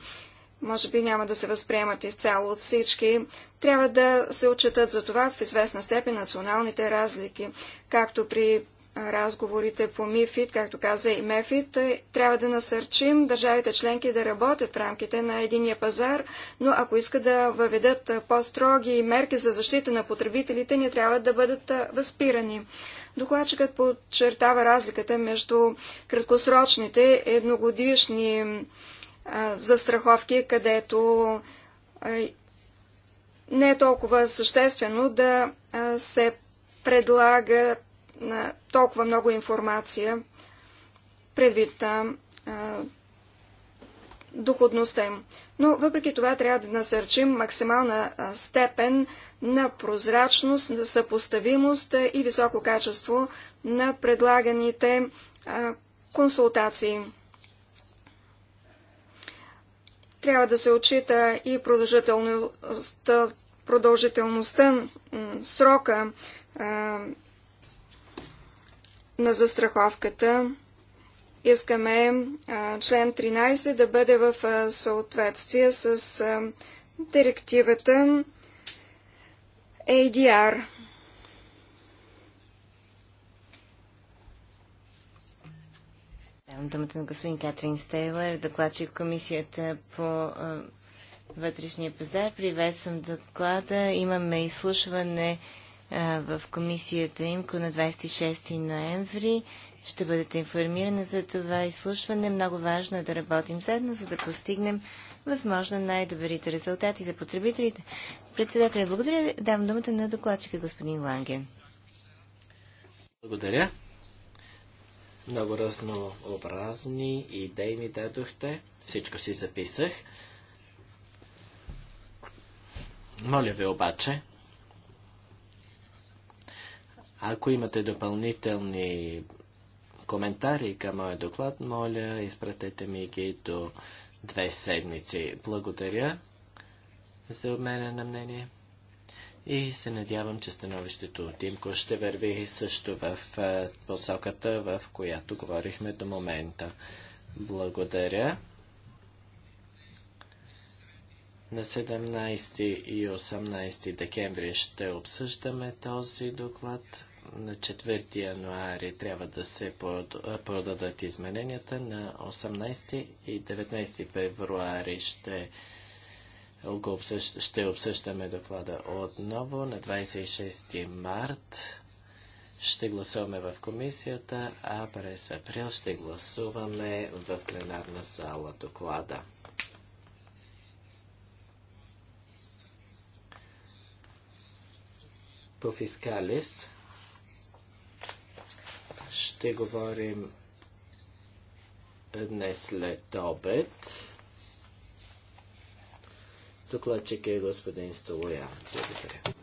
Speaker 1: Може би няма да се възприемат изцяло от всички. Трябва да се отчитат за това в известна степен националните разлики, както при разговорите по МИФИД, както каза и МЕФИД, е, трябва да насърчим държавите членки да работят в рамките на единия пазар, но ако искат да въведат по-строги мерки за защита на потребителите, не трябва да бъдат възпирани. Докладчикът подчертава разликата между краткосрочните едногодишни застраховки, където не е толкова съществено да се предлагат на толкова много информация предвид а, доходността им. Но въпреки това трябва да насърчим максимална степен на прозрачност, на съпоставимост и високо качество на предлаганите а, консултации. Трябва да се отчита и продължителността, продължителността срока на застраховката. Искаме член 13 да бъде в съответствие с директивата ADR.
Speaker 2: Давам думата на господин Катрин Стейлер, докладчик в комисията по вътрешния пазар. Приветствам доклада. Имаме изслушване в комисията им на 26 ноември. Ще бъдете информирани за това изслушване. Много важно е да работим заедно, за да постигнем възможно най-добрите резултати за потребителите. Председателя, благодаря. Давам думата на докладчика господин Ланген.
Speaker 3: Благодаря. Много разнообразни идеи ми дадохте. Всичко си записах. Моля ви обаче ако имате допълнителни коментари към моя доклад, моля, изпратете ми ги до две седмици. Благодаря за обмена на мнение и се надявам, че становището от Тимко ще върви също в посоката, в която говорихме до момента. Благодаря. На 17 и 18 декември ще обсъждаме този доклад на 4 януари трябва да се продадат измененията. На 18 и 19 февруари ще, обсъщ, ще обсъждаме доклада отново. На 26 март ще гласуваме в комисията, а през април ще гласуваме в пленарна сала доклада. По фискалис ще говорим днес след обед. Докладчик е господин Столоян. Благодаря.